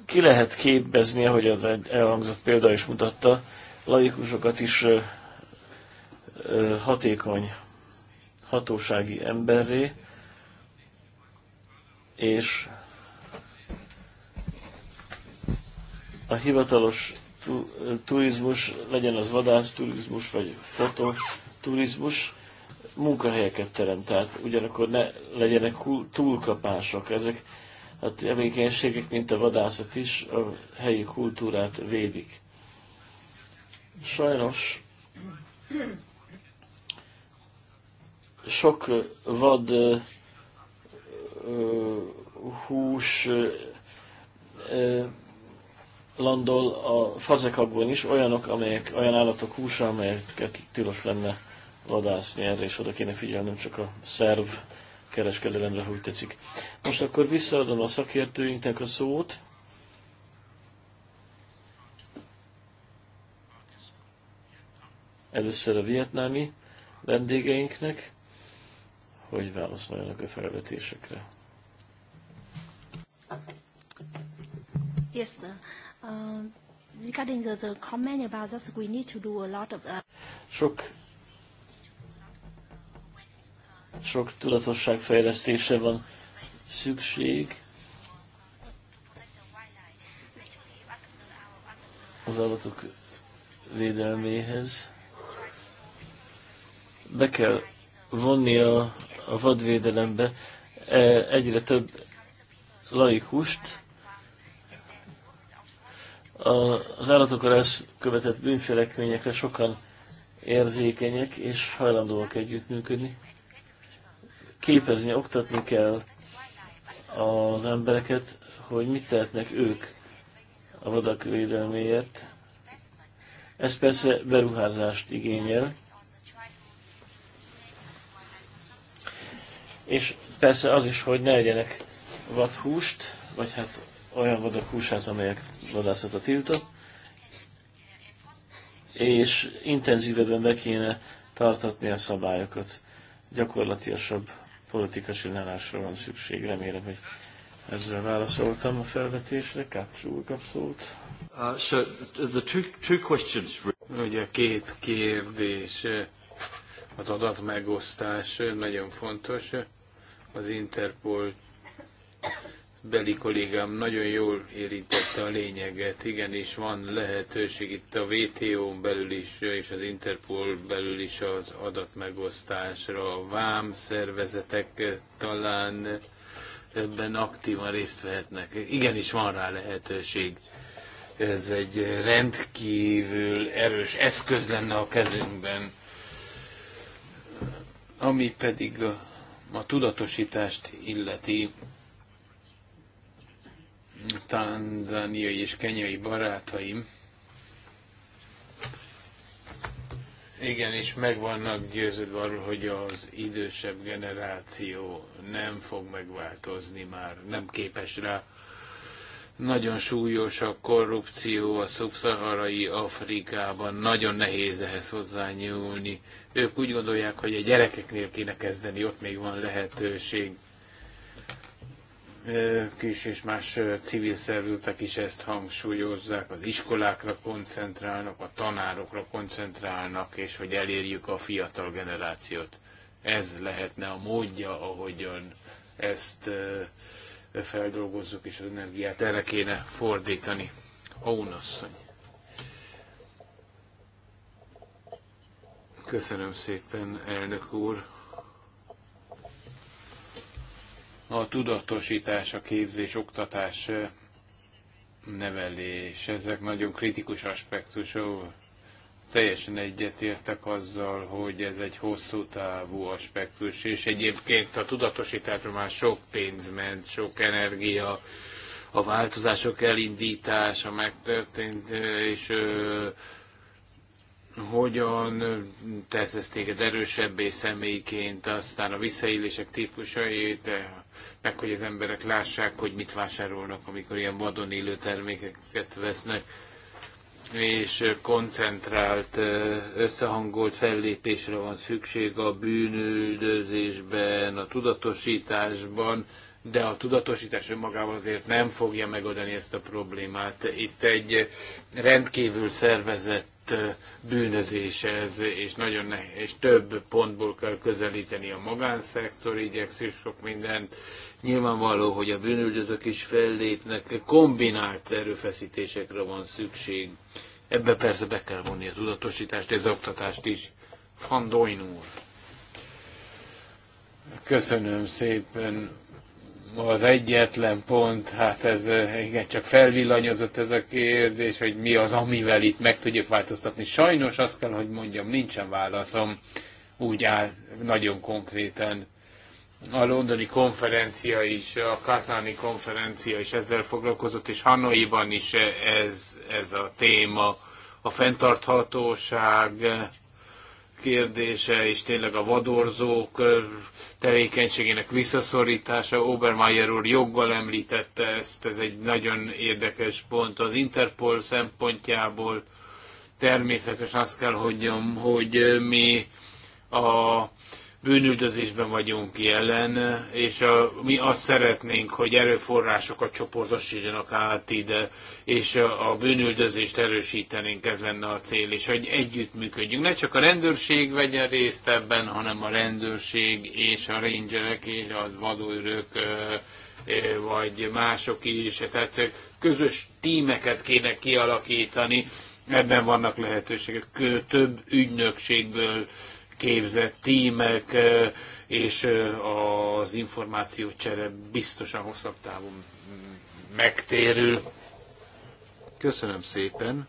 ki lehet képezni, ahogy az elhangzott példa is mutatta, laikusokat is hatékony hatósági emberré, és a hivatalos turizmus, legyen az vadászturizmus, vagy fototurizmus, munkahelyeket teremt, tehát ugyanakkor ne legyenek túlkapások. Ezek a tevékenységek, mint a vadászat is a helyi kultúrát védik. Sajnos sok vad hús landol a fazekakban is, olyanok, amelyek, olyan állatok húsa, amelyeket tilos lenne vadászni erre, és oda kéne figyelnünk csak a szerv kereskedelemre, ha úgy tetszik. Most akkor visszaadom a szakértőinknek a szót. Először a vietnámi vendégeinknek, hogy válaszoljanak a felvetésekre. Yes, sir. Uh, regarding the, the comment about us, we need to do a lot of... Uh... Sok sok fejlesztése van szükség. Az állatok védelméhez. Be kell vonni a, a vadvédelembe e, egyre több laikust. Az az ezt követett bűncselekményekre sokan érzékenyek és hajlandóak együttműködni képezni, oktatni kell az embereket, hogy mit tehetnek ők a vadak védelméért. Ez persze beruházást igényel. És persze az is, hogy ne legyenek vadhúst, vagy hát olyan vadak húsát, amelyek vadászata tiltott, és intenzívebben be kéne tartatni a szabályokat, gyakorlatiasabb politikai csinálásra van szükség. Remélem, hogy ezzel válaszoltam a felvetésre. Kápsul abszolút. szót. Uh, so the two, two questions. Ugye két kérdés. Az adatmegosztás nagyon fontos. Az Interpol beli kollégám nagyon jól érintette a lényeget. Igenis van lehetőség itt a WTO-n belül is, és az Interpol belül is az adatmegosztásra. A vám szervezetek talán ebben aktívan részt vehetnek. Igenis van rá lehetőség. Ez egy rendkívül erős eszköz lenne a kezünkben, ami pedig a, a tudatosítást illeti tanzániai és kenyai barátaim igen, és meg vannak győződve arról, hogy az idősebb generáció nem fog megváltozni már, nem képes rá. Nagyon súlyos a korrupció a szubszaharai Afrikában, nagyon nehéz ehhez hozzányúlni. Ők úgy gondolják, hogy a gyerekeknél kéne kezdeni, ott még van lehetőség kis és más civil szervezetek is ezt hangsúlyozzák, az iskolákra koncentrálnak, a tanárokra koncentrálnak, és hogy elérjük a fiatal generációt. Ez lehetne a módja, ahogyan ezt feldolgozzuk, és az energiát erre kéne fordítani. Aunasszony. Köszönöm szépen, elnök úr. A tudatosítás, a képzés, oktatás, nevelés, ezek nagyon kritikus aspektusok. Teljesen egyetértek azzal, hogy ez egy hosszú távú aspektus, és egyébként a tudatosításra már sok pénz ment, sok energia, a változások elindítása megtörtént, és hogyan tesz ezt téged erősebbé személyként, aztán a visszaélések típusai, meg hogy az emberek lássák, hogy mit vásárolnak, amikor ilyen vadon élő termékeket vesznek és koncentrált, összehangolt fellépésre van szükség a bűnüldözésben, a tudatosításban, de a tudatosítás önmagával azért nem fogja megoldani ezt a problémát. Itt egy rendkívül szervezett bűnözés ez, és nagyon nehéz, és több pontból kell közelíteni a magánszektor, igyekszik sok mindent. Nyilvánvaló, hogy a bűnüldözők is fellépnek, kombinált erőfeszítésekre van szükség. Ebbe persze be kell vonni a tudatosítást, ez oktatást is. Van úr. Köszönöm szépen az egyetlen pont, hát ez igen, csak felvillanyozott ez a kérdés, hogy mi az, amivel itt meg tudjuk változtatni. Sajnos azt kell, hogy mondjam, nincsen válaszom, úgy áll nagyon konkrétan. A londoni konferencia is, a kazáni konferencia is ezzel foglalkozott, és Hanoiban is ez, ez a téma, a fenntarthatóság, kérdése, és tényleg a vadorzók tevékenységének visszaszorítása. Obermeyer úr joggal említette ezt, ez egy nagyon érdekes pont az Interpol szempontjából. Természetesen azt kell mondjam, hogy mi a bűnüldözésben vagyunk jelen, és a, mi azt szeretnénk, hogy erőforrásokat csoportosítsanak át ide, és a, a bűnüldözést erősítenénk, ez lenne a cél, és hogy együttműködjünk. Ne csak a rendőrség vegyen részt ebben, hanem a rendőrség és a rangerek, és a vadőrök, vagy mások is, tehát közös tímeket kéne kialakítani, ebben vannak lehetőségek. Több ügynökségből képzett tímek és az információcsere biztosan hosszabb távon megtérül. Köszönöm szépen.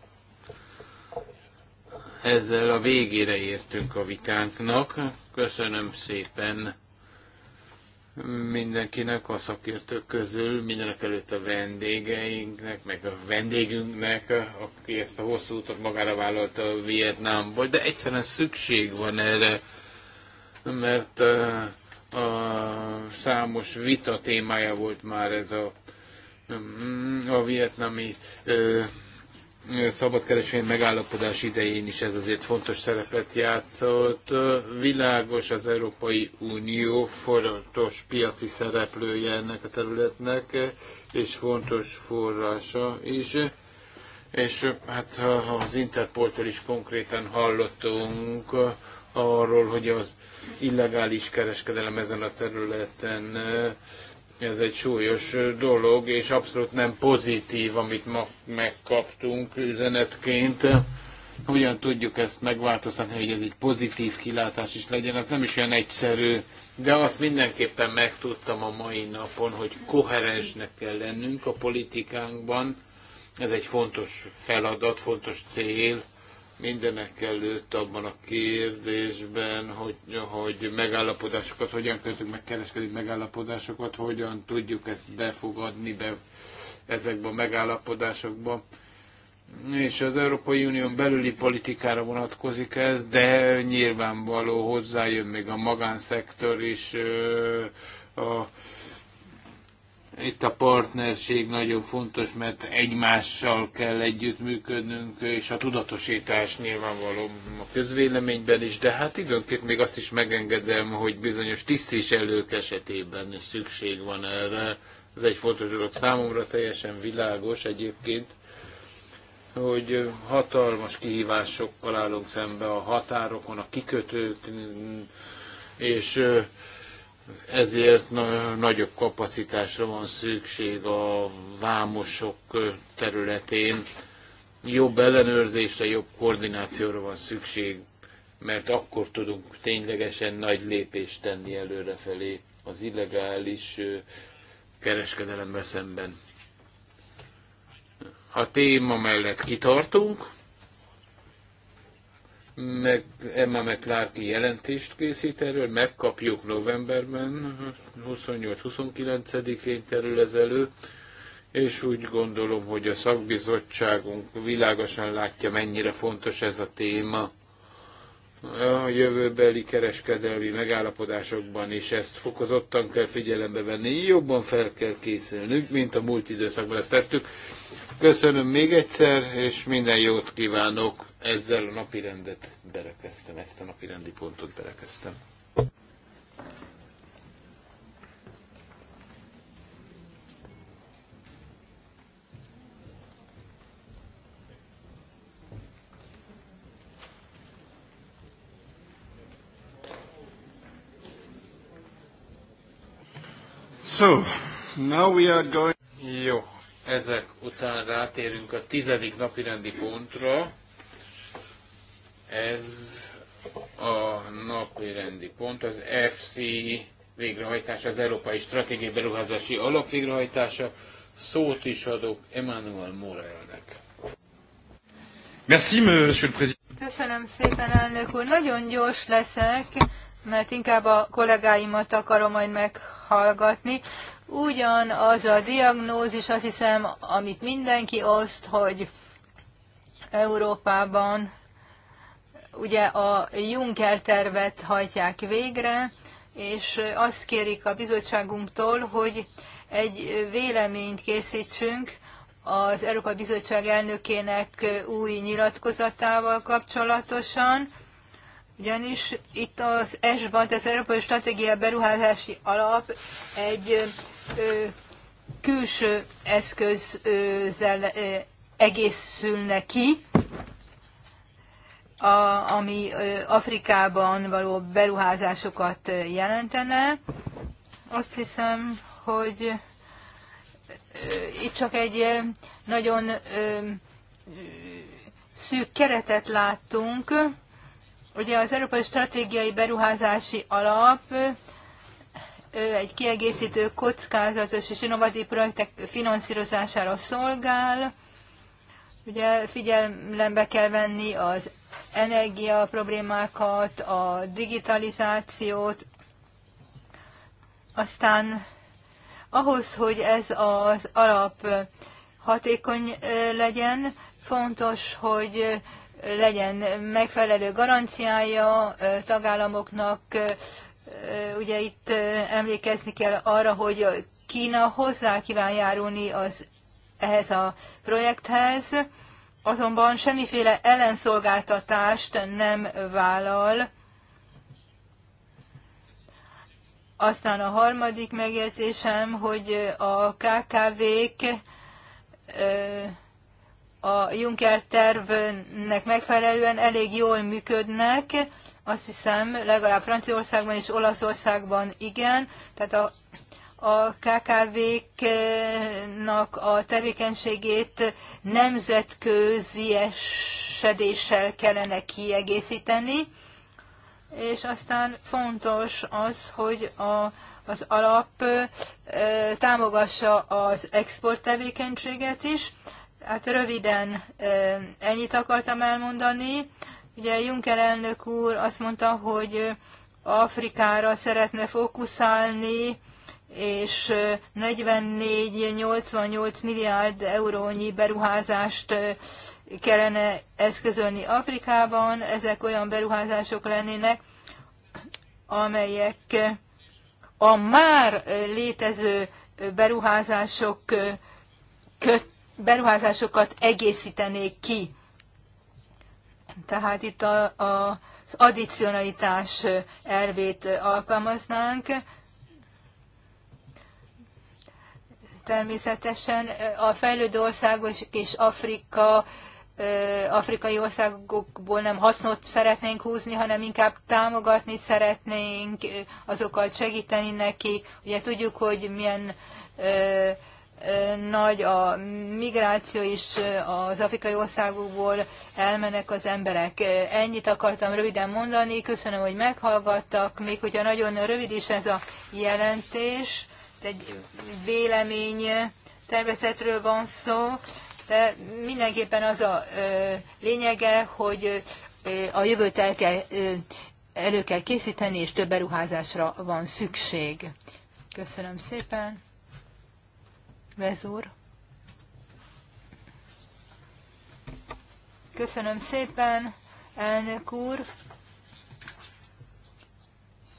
Ezzel a végére értünk a vitánknak. Köszönöm szépen mindenkinek, a szakértők közül, mindenek előtt a vendégeinknek, meg a vendégünknek, aki ezt a hosszú utat magára vállalta a Vietnámból, de egyszerűen szükség van erre, mert a, eh, a számos vita témája volt már ez a mm, a vietnami a, eh, szabadkereskedelmi megállapodás idején is ez azért fontos szerepet játszott. Világos az Európai Unió fontos piaci szereplője ennek a területnek, és fontos forrása is. És hát ha az Interpoltól is konkrétan hallottunk arról, hogy az illegális kereskedelem ezen a területen ez egy súlyos dolog, és abszolút nem pozitív, amit ma megkaptunk üzenetként. Hogyan tudjuk ezt megváltoztatni, hogy ez egy pozitív kilátás is legyen, az nem is olyan egyszerű. De azt mindenképpen megtudtam a mai napon, hogy koherensnek kell lennünk a politikánkban. Ez egy fontos feladat, fontos cél, mindenek előtt abban a kérdésben, hogy, hogy megállapodásokat hogyan kötünk, meg kereskedünk megállapodásokat, hogyan tudjuk ezt befogadni be ezekbe a megállapodásokba. És az Európai Unión belüli politikára vonatkozik ez, de nyilvánvaló hozzájön még a magánszektor is, a, itt a partnerség nagyon fontos, mert egymással kell együttműködnünk, és a tudatosítás nyilvánvaló a közvéleményben is, de hát időnként még azt is megengedem, hogy bizonyos tisztviselők esetében is szükség van erre. Ez egy fontos dolog számomra, teljesen világos egyébként hogy hatalmas kihívásokkal állunk szembe a határokon, a kikötők, mm, és ezért nagyobb kapacitásra van szükség a vámosok területén. Jobb ellenőrzésre, jobb koordinációra van szükség, mert akkor tudunk ténylegesen nagy lépést tenni előrefelé az illegális kereskedelemmel szemben. A téma mellett kitartunk, meg Emma McClarky jelentést készít erről, megkapjuk novemberben, 28-29-én kerül ez elő, és úgy gondolom, hogy a szakbizottságunk világosan látja, mennyire fontos ez a téma. A jövőbeli kereskedelmi megállapodásokban is ezt fokozottan kell figyelembe venni, jobban fel kell készülnünk, mint a múlt időszakban ezt tettük. Köszönöm még egyszer, és minden jót kívánok! ezzel a napi rendet berekeztem, ezt a napi rendi pontot berekeztem. So, now we are going... Jó, ezek után rátérünk a tizedik napi rendi pontra ez a napi rendi pont, az FC végrehajtása, az Európai Stratégiai Beruházási Alap végrehajtása. Szót is adok Emmanuel Morelnek. Merci, monsieur le président. Köszönöm szépen, elnök úr. Nagyon gyors leszek, mert inkább a kollégáimat akarom majd meghallgatni. Ugyan az a diagnózis, azt hiszem, amit mindenki oszt, hogy Európában ugye a Juncker tervet hajtják végre, és azt kérik a bizottságunktól, hogy egy véleményt készítsünk az Európai Bizottság elnökének új nyilatkozatával kapcsolatosan, ugyanis itt az ESBAN, az Európai Stratégia Beruházási Alap egy ö, külső eszközzel egészülne ki, a, ami Afrikában való beruházásokat jelentene. Azt hiszem, hogy itt csak egy nagyon szűk keretet láttunk. Ugye az Európai Stratégiai Beruházási Alap egy kiegészítő kockázatos és innovatív projektek finanszírozására szolgál. Ugye figyelembe kell venni az energia problémákat, a digitalizációt, aztán ahhoz, hogy ez az alap hatékony legyen, fontos, hogy legyen megfelelő garanciája tagállamoknak. Ugye itt emlékezni kell arra, hogy Kína hozzá kíván járulni az, ehhez a projekthez, azonban semmiféle ellenszolgáltatást nem vállal. Aztán a harmadik megjegyzésem, hogy a KKV-k a Juncker tervnek megfelelően elég jól működnek, azt hiszem legalább Franciaországban és Olaszországban igen, tehát a a KKV-knak a tevékenységét nemzetközi esedéssel kellene kiegészíteni, és aztán fontos az, hogy a, az alap támogassa az export tevékenységet is. Hát röviden ennyit akartam elmondani. Ugye Juncker elnök úr azt mondta, hogy Afrikára szeretne fókuszálni, és 44-88 milliárd eurónyi beruházást kellene eszközölni Afrikában. Ezek olyan beruházások lennének, amelyek a már létező beruházások, köt, beruházásokat egészítenék ki. Tehát itt a, a, az addicionalitás elvét alkalmaznánk, Természetesen a fejlődő országok és Afrika, afrikai országokból nem hasznot szeretnénk húzni, hanem inkább támogatni szeretnénk, azokat segíteni nekik. Ugye tudjuk, hogy milyen nagy a migráció is az afrikai országokból elmenek az emberek. Ennyit akartam röviden mondani, köszönöm, hogy meghallgattak, még hogyha nagyon rövid is ez a jelentés, egy vélemény tervezetről van szó, de mindenképpen az a lényege, hogy a jövőt el kell, elő kell készíteni, és több beruházásra van szükség. Köszönöm szépen. Vezúr. Köszönöm szépen, elnök úr.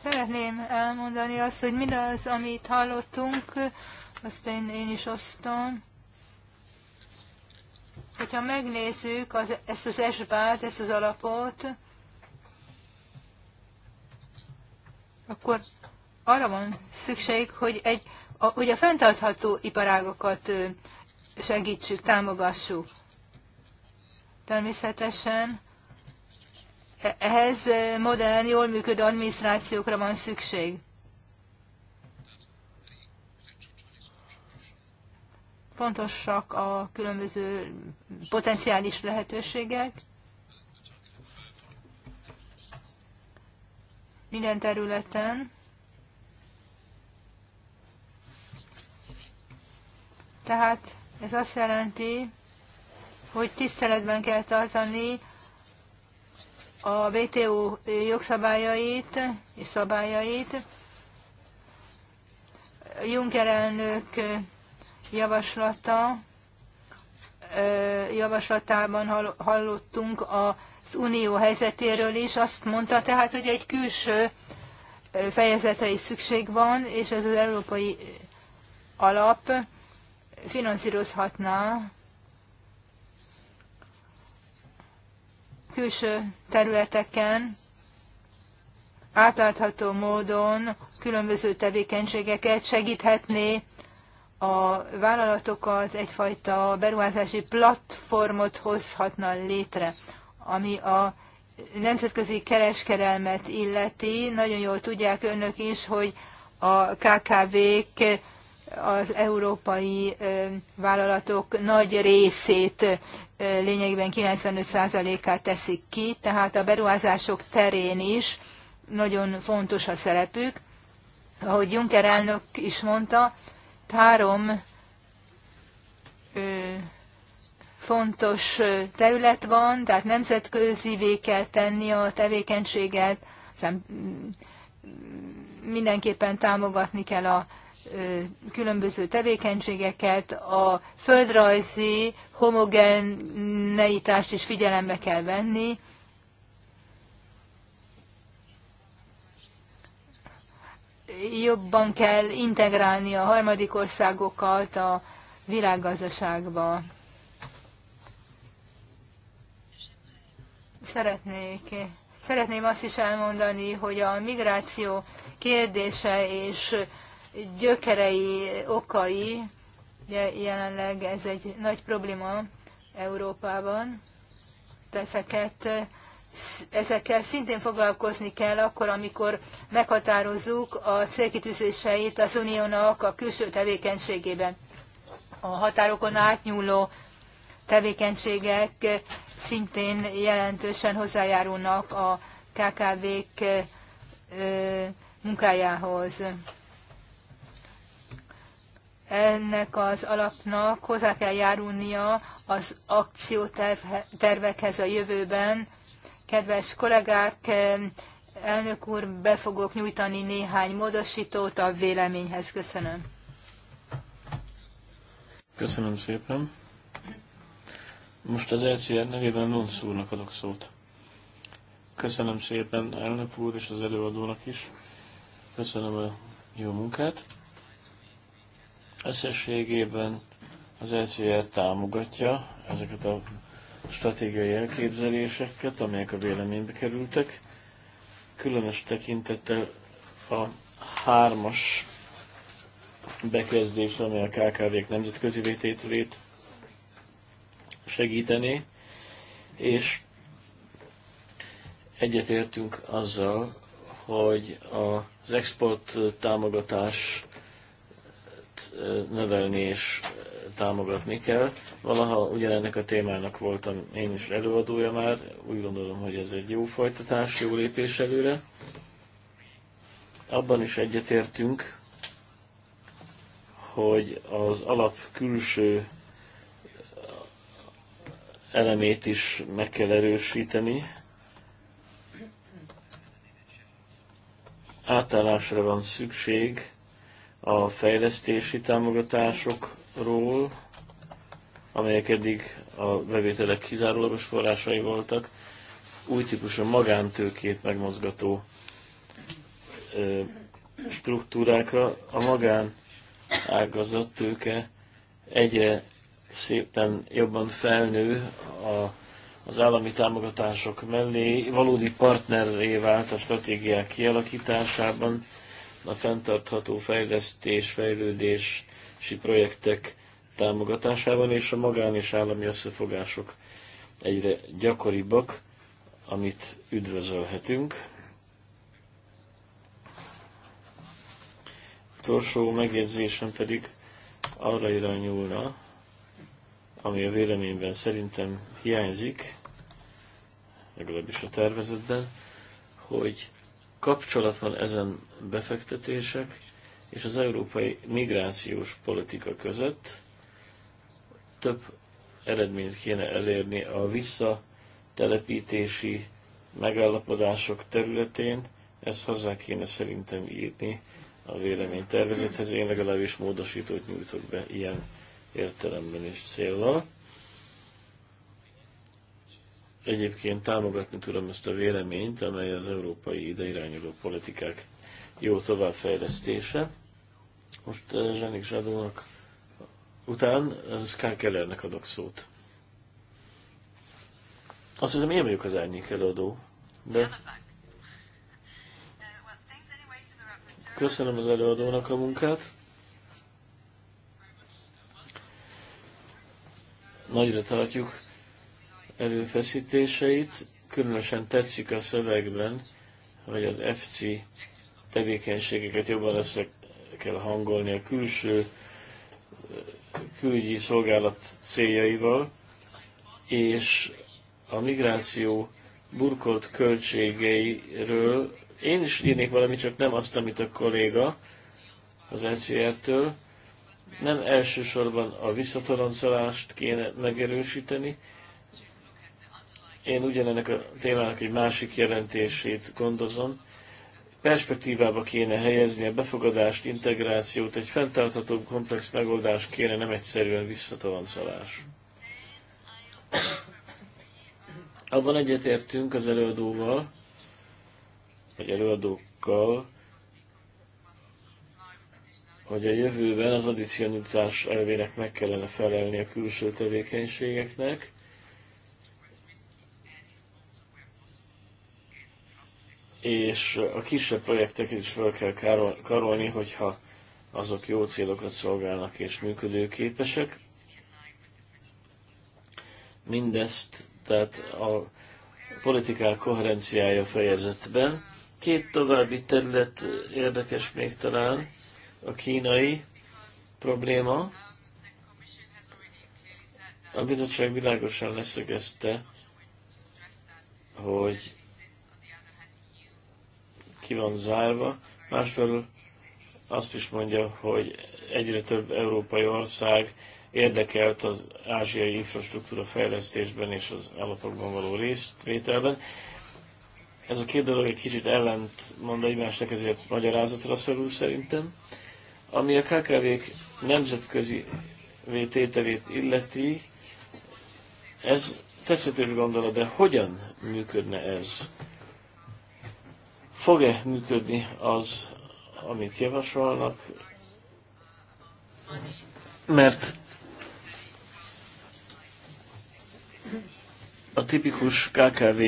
Szeretném elmondani azt, hogy mindaz, amit hallottunk, azt én, én is osztom. Hogyha megnézzük az, ezt az esbát, ezt az alapot, akkor arra van szükség, hogy, egy, a, hogy a fenntartható iparágokat segítsük, támogassuk. Természetesen ehhez modern, jól működő adminisztrációkra van szükség. Fontosak a különböző potenciális lehetőségek. Minden területen. Tehát ez azt jelenti, hogy tiszteletben kell tartani a WTO jogszabályait és szabályait. Juncker elnök javaslata, javaslatában hallottunk az unió helyzetéről is. Azt mondta tehát, hogy egy külső fejezetre is szükség van, és ez az európai alap finanszírozhatná külső területeken átlátható módon különböző tevékenységeket segíthetné a vállalatokat, egyfajta beruházási platformot hozhatna létre, ami a nemzetközi kereskedelmet illeti. Nagyon jól tudják önök is, hogy a KKV-k az európai vállalatok nagy részét lényegében 95%-át teszik ki, tehát a beruházások terén is nagyon fontos a szerepük. Ahogy Juncker elnök is mondta, három fontos terület van, tehát nemzetközivé kell tenni a tevékenységet, mm, mindenképpen támogatni kell a különböző tevékenységeket, a földrajzi homogeneitást is figyelembe kell venni. Jobban kell integrálni a harmadik országokat a világgazdaságba. Szeretnék Szeretném azt is elmondani, hogy a migráció kérdése és gyökerei, okai. Ugye jelenleg ez egy nagy probléma Európában. Ezeket, ezekkel szintén foglalkozni kell akkor, amikor meghatározzuk a célkitűzéseit az uniónak a külső tevékenységében. A határokon átnyúló tevékenységek szintén jelentősen hozzájárulnak a KKV-k munkájához ennek az alapnak hozzá kell járulnia az akciótervekhez a jövőben. Kedves kollégák, elnök úr, be fogok nyújtani néhány módosítót a véleményhez. Köszönöm. Köszönöm szépen. Most az LCR e nevében Lunc úrnak adok szót. Köszönöm szépen elnök úr és az előadónak is. Köszönöm a jó munkát. Összességében az LCR támogatja ezeket a stratégiai elképzeléseket, amelyek a véleménybe kerültek. Különös tekintettel a hármas bekezdés, amely a KKV-k nemzetközi vétételét segítené, és egyetértünk azzal, hogy az export támogatás növelni és támogatni kell. Valaha ugyanennek a témának voltam én is előadója már, úgy gondolom, hogy ez egy jó folytatás, jó lépés előre. Abban is egyetértünk, hogy az alap külső elemét is meg kell erősíteni. Átállásra van szükség a fejlesztési támogatásokról, amelyek eddig a bevételek kizárólagos forrásai voltak, új típusú magántőkét megmozgató ö, struktúrákra a magán ágazat tőke egyre szépen jobban felnő a, az állami támogatások mellé, valódi partnerré vált a stratégiák kialakításában, a fenntartható fejlesztés, fejlődési projektek támogatásában, és a magán és állami összefogások egyre gyakoribbak, amit üdvözölhetünk. Utolsó megjegyzésem pedig arra irányulna, ami a véleményben szerintem hiányzik, legalábbis a tervezetben, hogy kapcsolat van ezen befektetések és az európai migrációs politika között. Több eredményt kéne elérni a visszatelepítési megállapodások területén, ezt hozzá kéne szerintem írni a véleménytervezethez, én legalábbis módosítót nyújtok be ilyen értelemben és célval. Egyébként támogatni tudom ezt a véleményt, amely az európai ideirányuló politikák jó továbbfejlesztése. Most eh, Zsenik Zsadónak után kár Kellernek adok szót. Azt hiszem, én vagyok az árnyék előadó, de... Köszönöm az előadónak a munkát. Nagyra tartjuk előfeszítéseit. Különösen tetszik a szövegben, hogy az FC tevékenységeket jobban össze kell hangolni a külső eh, külügyi szolgálat céljaival, és a migráció burkolt költségeiről én is írnék valamit, csak nem azt, amit a kolléga az NCR-től. Nem elsősorban a visszatoloncolást kéne megerősíteni, én ugyanennek a témának egy másik jelentését gondozom. Perspektívába kéne helyezni a befogadást, integrációt, egy fenntartható komplex megoldás kéne, nem egyszerűen visszatoloncolás. Abban egyetértünk az előadóval, vagy előadókkal, hogy a jövőben az addicionitás elvének meg kellene felelni a külső tevékenységeknek, és a kisebb projekteket is fel kell karolni, hogyha azok jó célokat szolgálnak és működőképesek. Mindezt, tehát a politikák koherenciája fejezetben. Két további terület érdekes még talán, a kínai probléma. A bizottság világosan leszögezte, hogy ki van zárva, másfelől azt is mondja, hogy egyre több európai ország érdekelt az ázsiai infrastruktúra fejlesztésben és az alapokban való résztvételben. Ez a két dolog egy kicsit mond egymásnak, ezért magyarázatra szorul szerintem. Ami a kkv nemzetközi tételét illeti, ez teszhetős gondolat, de hogyan működne ez? Fog-e működni az, amit javasolnak? Mert a tipikus KKV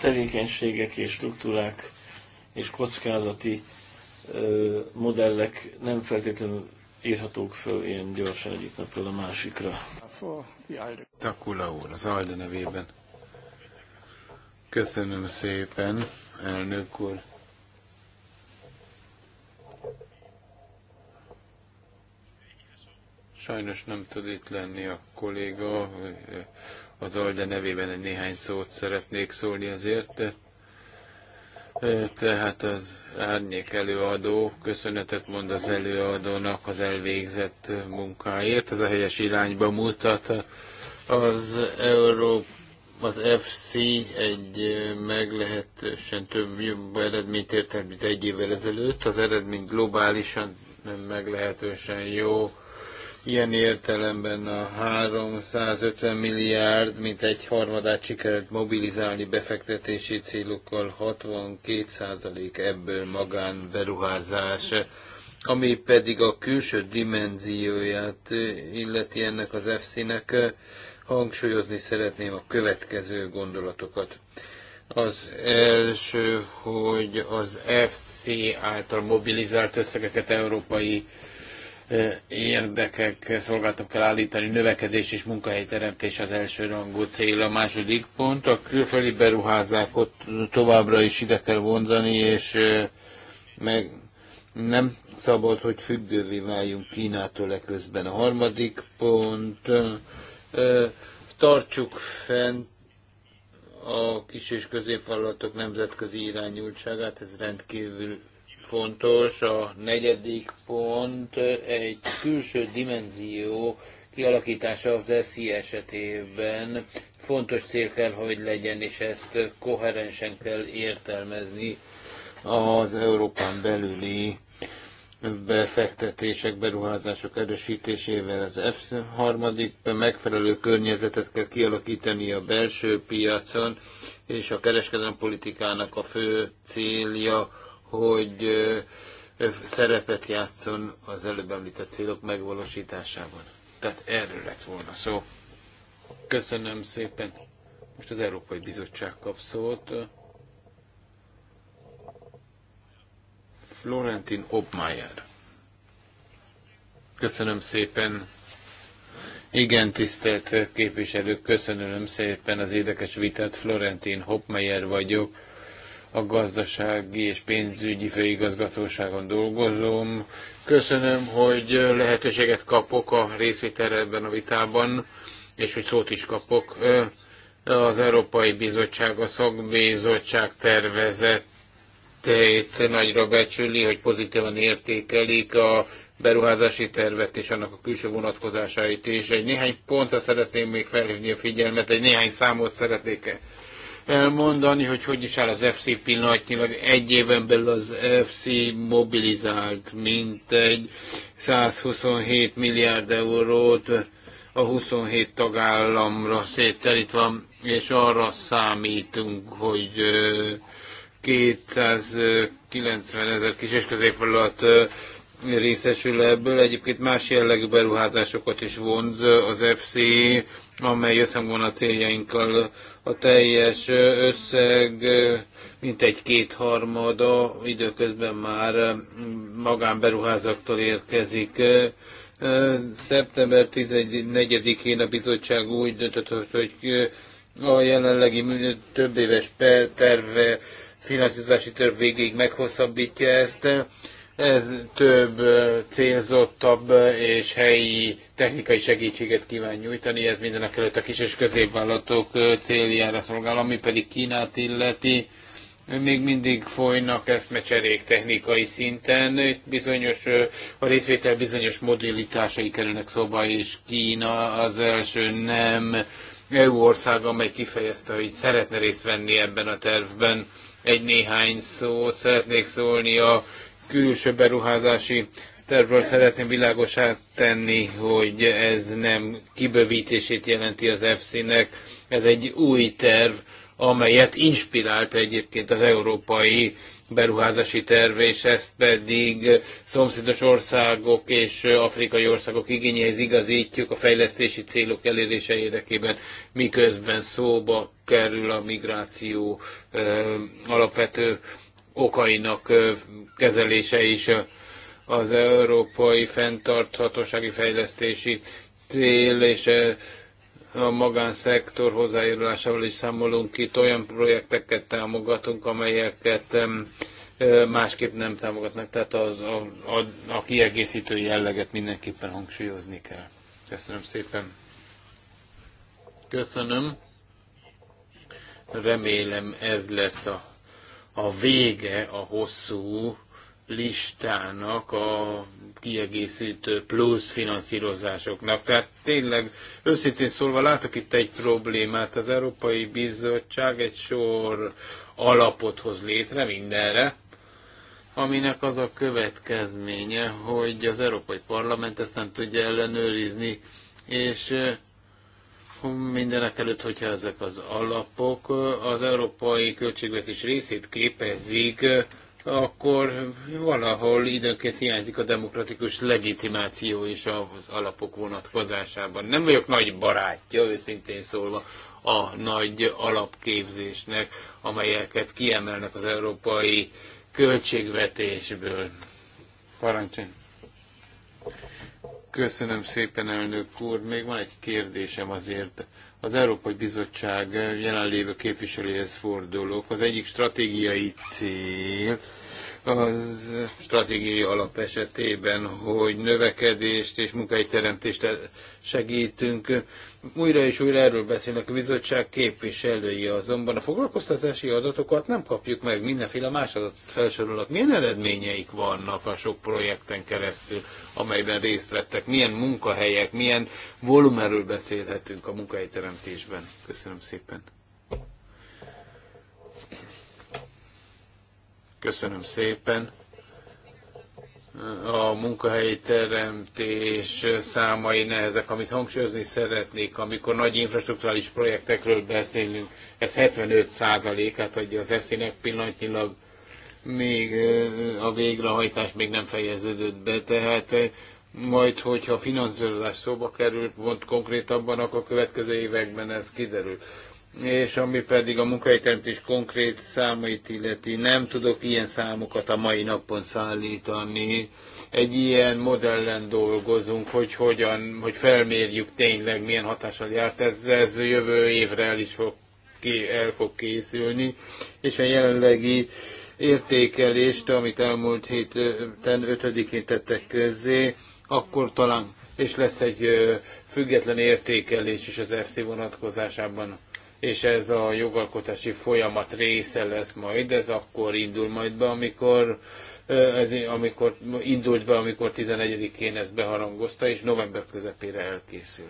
tevékenységek és struktúrák és kockázati ö, modellek nem feltétlenül írhatók föl ilyen gyorsan egyik napról a másikra. Takula úr, az Alde nevében. Köszönöm szépen, elnök úr. Sajnos nem tud itt lenni a kolléga, az Alde nevében egy néhány szót szeretnék szólni azért, tehát az árnyék előadó köszönetet mond az előadónak az elvégzett munkáért, ez a helyes irányba mutat. Az Európa az FC egy meglehetősen több jobb eredményt ért el, mint egy évvel ezelőtt. Az eredmény globálisan nem meglehetősen jó. Ilyen értelemben a 350 milliárd, mint egy harmadát sikerült mobilizálni befektetési célokkal, 62% ebből beruházás, ami pedig a külső dimenzióját illeti ennek az EFSZ-nek, hangsúlyozni szeretném a következő gondolatokat. Az első, hogy az FC által mobilizált összegeket európai érdekek szolgáltak kell állítani, növekedés és munkahelyteremtés az első rangú cél. A második pont, a külföldi beruházákat továbbra is ide kell vonzani, és meg nem szabad, hogy függővé váljunk Kínától közben A harmadik pont, tartsuk fent a kis és középvállalatok nemzetközi irányultságát, ez rendkívül fontos. A negyedik pont egy külső dimenzió kialakítása az SZI esetében. Fontos cél kell, hogy legyen, és ezt koherensen kell értelmezni az Európán belüli befektetések, beruházások erősítésével az F harmadik megfelelő környezetet kell kialakítani a belső piacon, és a kereskedelmi politikának a fő célja hogy szerepet játszon az előbb említett célok megvalósításában. Tehát erről lett volna szó. Köszönöm szépen. Most az Európai Bizottság kap szót. Florentin Obmeier. Köszönöm szépen. Igen, tisztelt képviselők, köszönöm szépen az érdekes vitát. Florentin Hopmeyer vagyok a gazdasági és pénzügyi főigazgatóságon dolgozom. Köszönöm, hogy lehetőséget kapok a részvételre ebben a vitában, és hogy szót is kapok. Az Európai Bizottság, a Szakbizottság tervezetét nagyra becsüli, hogy pozitívan értékelik a beruházási tervet és annak a külső vonatkozásait is. Egy néhány pontra szeretném még felhívni a figyelmet, egy néhány számot szeretnék elmondani, hogy hogy is áll az FC pillanatnyilag. Egy éven belül az FC mobilizált mint egy 127 milliárd eurót a 27 tagállamra szétterítve, és arra számítunk, hogy 290 ezer kis és középvállalat részesül ebből. Egyébként más jellegű beruházásokat is vonz az FC, amely összhangban a céljainkkal a teljes összeg mint egy kétharmada időközben már magánberuházaktól érkezik. Szeptember 14-én a bizottság úgy döntött, hogy a jelenlegi több éves terve finanszírozási terv végéig meghosszabbítja ezt ez több célzottabb és helyi technikai segítséget kíván nyújtani, ez mindenek előtt a kis és középvállalatok céljára szolgál, ami pedig Kínát illeti. Még mindig folynak eszmecserék technikai szinten, bizonyos, a részvétel bizonyos modellitásai kerülnek szóba, és Kína az első nem EU ország, amely kifejezte, hogy szeretne részt venni ebben a tervben. Egy néhány szót szeretnék szólni a külső beruházási tervről szeretném világosá tenni, hogy ez nem kibővítését jelenti az FC-nek, ez egy új terv, amelyet inspirált egyébként az európai beruházási terv, és ezt pedig szomszédos országok és afrikai országok igényeihez igazítjuk a fejlesztési célok elérése érdekében, miközben szóba kerül a migráció ö, alapvető okainak kezelése is az európai fenntarthatósági fejlesztési cél és a magánszektor hozzájárulásával is számolunk itt, olyan projekteket támogatunk, amelyeket másképp nem támogatnak, tehát az, a, a, a kiegészítő jelleget mindenképpen hangsúlyozni kell. Köszönöm szépen. Köszönöm. Remélem ez lesz a a vége a hosszú listának a kiegészítő plusz finanszírozásoknak. Tehát tényleg őszintén szólva látok itt egy problémát. Az Európai Bizottság egy sor alapot hoz létre mindenre, aminek az a következménye, hogy az Európai Parlament ezt nem tudja ellenőrizni, és mindenek előtt, hogyha ezek az alapok az európai költségvetés részét képezik, akkor valahol időnként hiányzik a demokratikus legitimáció is az alapok vonatkozásában. Nem vagyok nagy barátja, őszintén szólva, a nagy alapképzésnek, amelyeket kiemelnek az európai költségvetésből. Parancsolj! Köszönöm szépen, elnök úr. Még van egy kérdésem azért. Az Európai Bizottság jelenlévő képviselőhez fordulok. Az egyik stratégiai cél az stratégiai alap esetében, hogy növekedést és munkai teremtést segítünk. Újra és újra erről beszélnek a bizottság képviselői, azonban a foglalkoztatási adatokat nem kapjuk meg, mindenféle más adatot felsorolnak. Milyen eredményeik vannak a sok projekten keresztül, amelyben részt vettek? Milyen munkahelyek, milyen volumenről beszélhetünk a munkahelyteremtésben? Köszönöm szépen. Köszönöm szépen. A munkahelyi teremtés számai nehezek, amit hangsúlyozni szeretnék, amikor nagy infrastruktúrális projektekről beszélünk, ez 75 százalékát adja az fc nek pillanatnyilag még a végrehajtás még nem fejeződött be, tehát majd, hogyha a finanszírozás szóba kerül, mond konkrétabban, akkor a következő években ez kiderül és ami pedig a munkahelyteremtés konkrét számait illeti, nem tudok ilyen számokat a mai napon szállítani. Egy ilyen modellen dolgozunk, hogy hogyan, hogy felmérjük tényleg milyen hatással járt. Ez, ez jövő évre el is fog, el fog készülni, és a jelenlegi értékelést, amit elmúlt héten 5-én tettek közzé, akkor talán és lesz egy független értékelés is az FC vonatkozásában és ez a jogalkotási folyamat része lesz majd, ez akkor indul majd be, amikor ez, amikor indult be, amikor 11-én ezt beharangozta, és november közepére elkészül.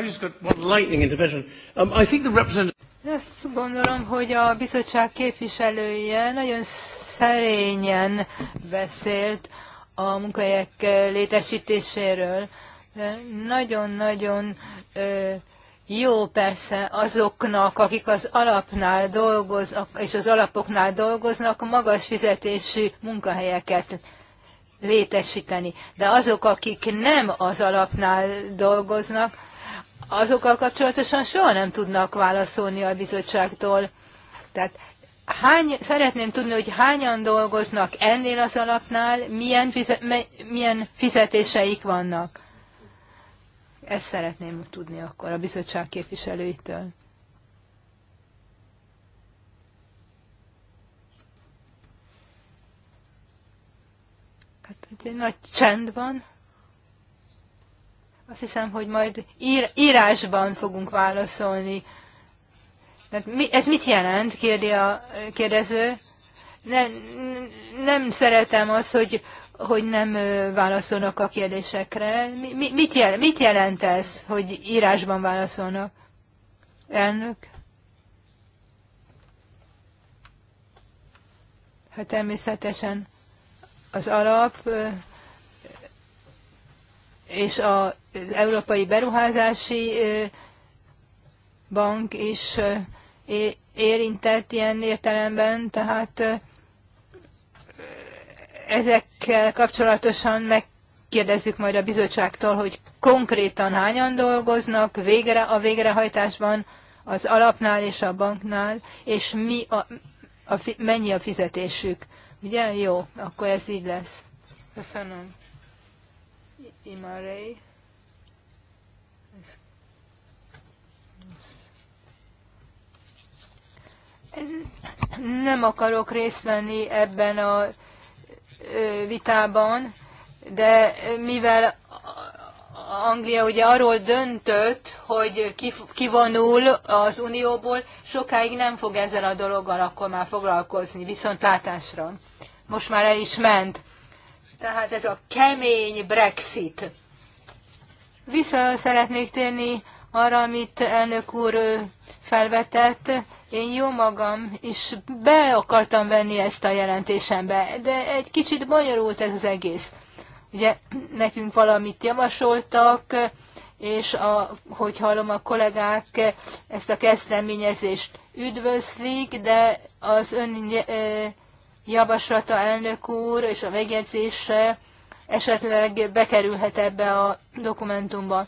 I just got one lightning intervention. Um, I think the representative... Azt gondolom, hogy a bizottság képviselője nagyon szerényen beszélt a munkahelyek létesítéséről nagyon-nagyon jó persze azoknak, akik az alapnál dolgoznak, és az alapoknál dolgoznak, magas fizetésű munkahelyeket létesíteni. De azok, akik nem az alapnál dolgoznak, azokkal kapcsolatosan soha nem tudnak válaszolni a bizottságtól. Tehát hány, szeretném tudni, hogy hányan dolgoznak ennél az alapnál, milyen, fizet, milyen fizetéseik vannak. Ezt szeretném tudni akkor a bizottság képviselőitől. Hát egy nagy csend van. Azt hiszem, hogy majd ír, írásban fogunk válaszolni. Mert hát mi, ez mit jelent, kérdi a kérdező. Nem, nem szeretem azt, hogy, hogy nem válaszolnak a kérdésekre. Mi, mit, jel, mit jelent ez, hogy írásban válaszolnak? Elnök? Hát természetesen az alap és az Európai Beruházási Bank is érintett ilyen értelemben, tehát Ezekkel kapcsolatosan megkérdezzük majd a bizottságtól, hogy konkrétan hányan dolgoznak végre a végrehajtásban, az alapnál és a banknál, és mi a, a, mennyi a fizetésük. Ugye? Jó, akkor ez így lesz. Köszönöm. Imarei. Nem akarok részt venni ebben a vitában, de mivel Anglia ugye arról döntött, hogy kivonul az Unióból, sokáig nem fog ezzel a dologgal akkor már foglalkozni, viszont látásra. Most már el is ment. Tehát ez a kemény Brexit. Vissza szeretnék térni arra, amit elnök úr felvetett, én jó magam is be akartam venni ezt a jelentésembe, de egy kicsit bonyolult ez az egész. Ugye nekünk valamit javasoltak, és a, hogy hallom, a kollégák ezt a kezdeményezést üdvözlik, de az ön eh, javaslata, elnök úr, és a megjegyzése esetleg bekerülhet ebbe a dokumentumba,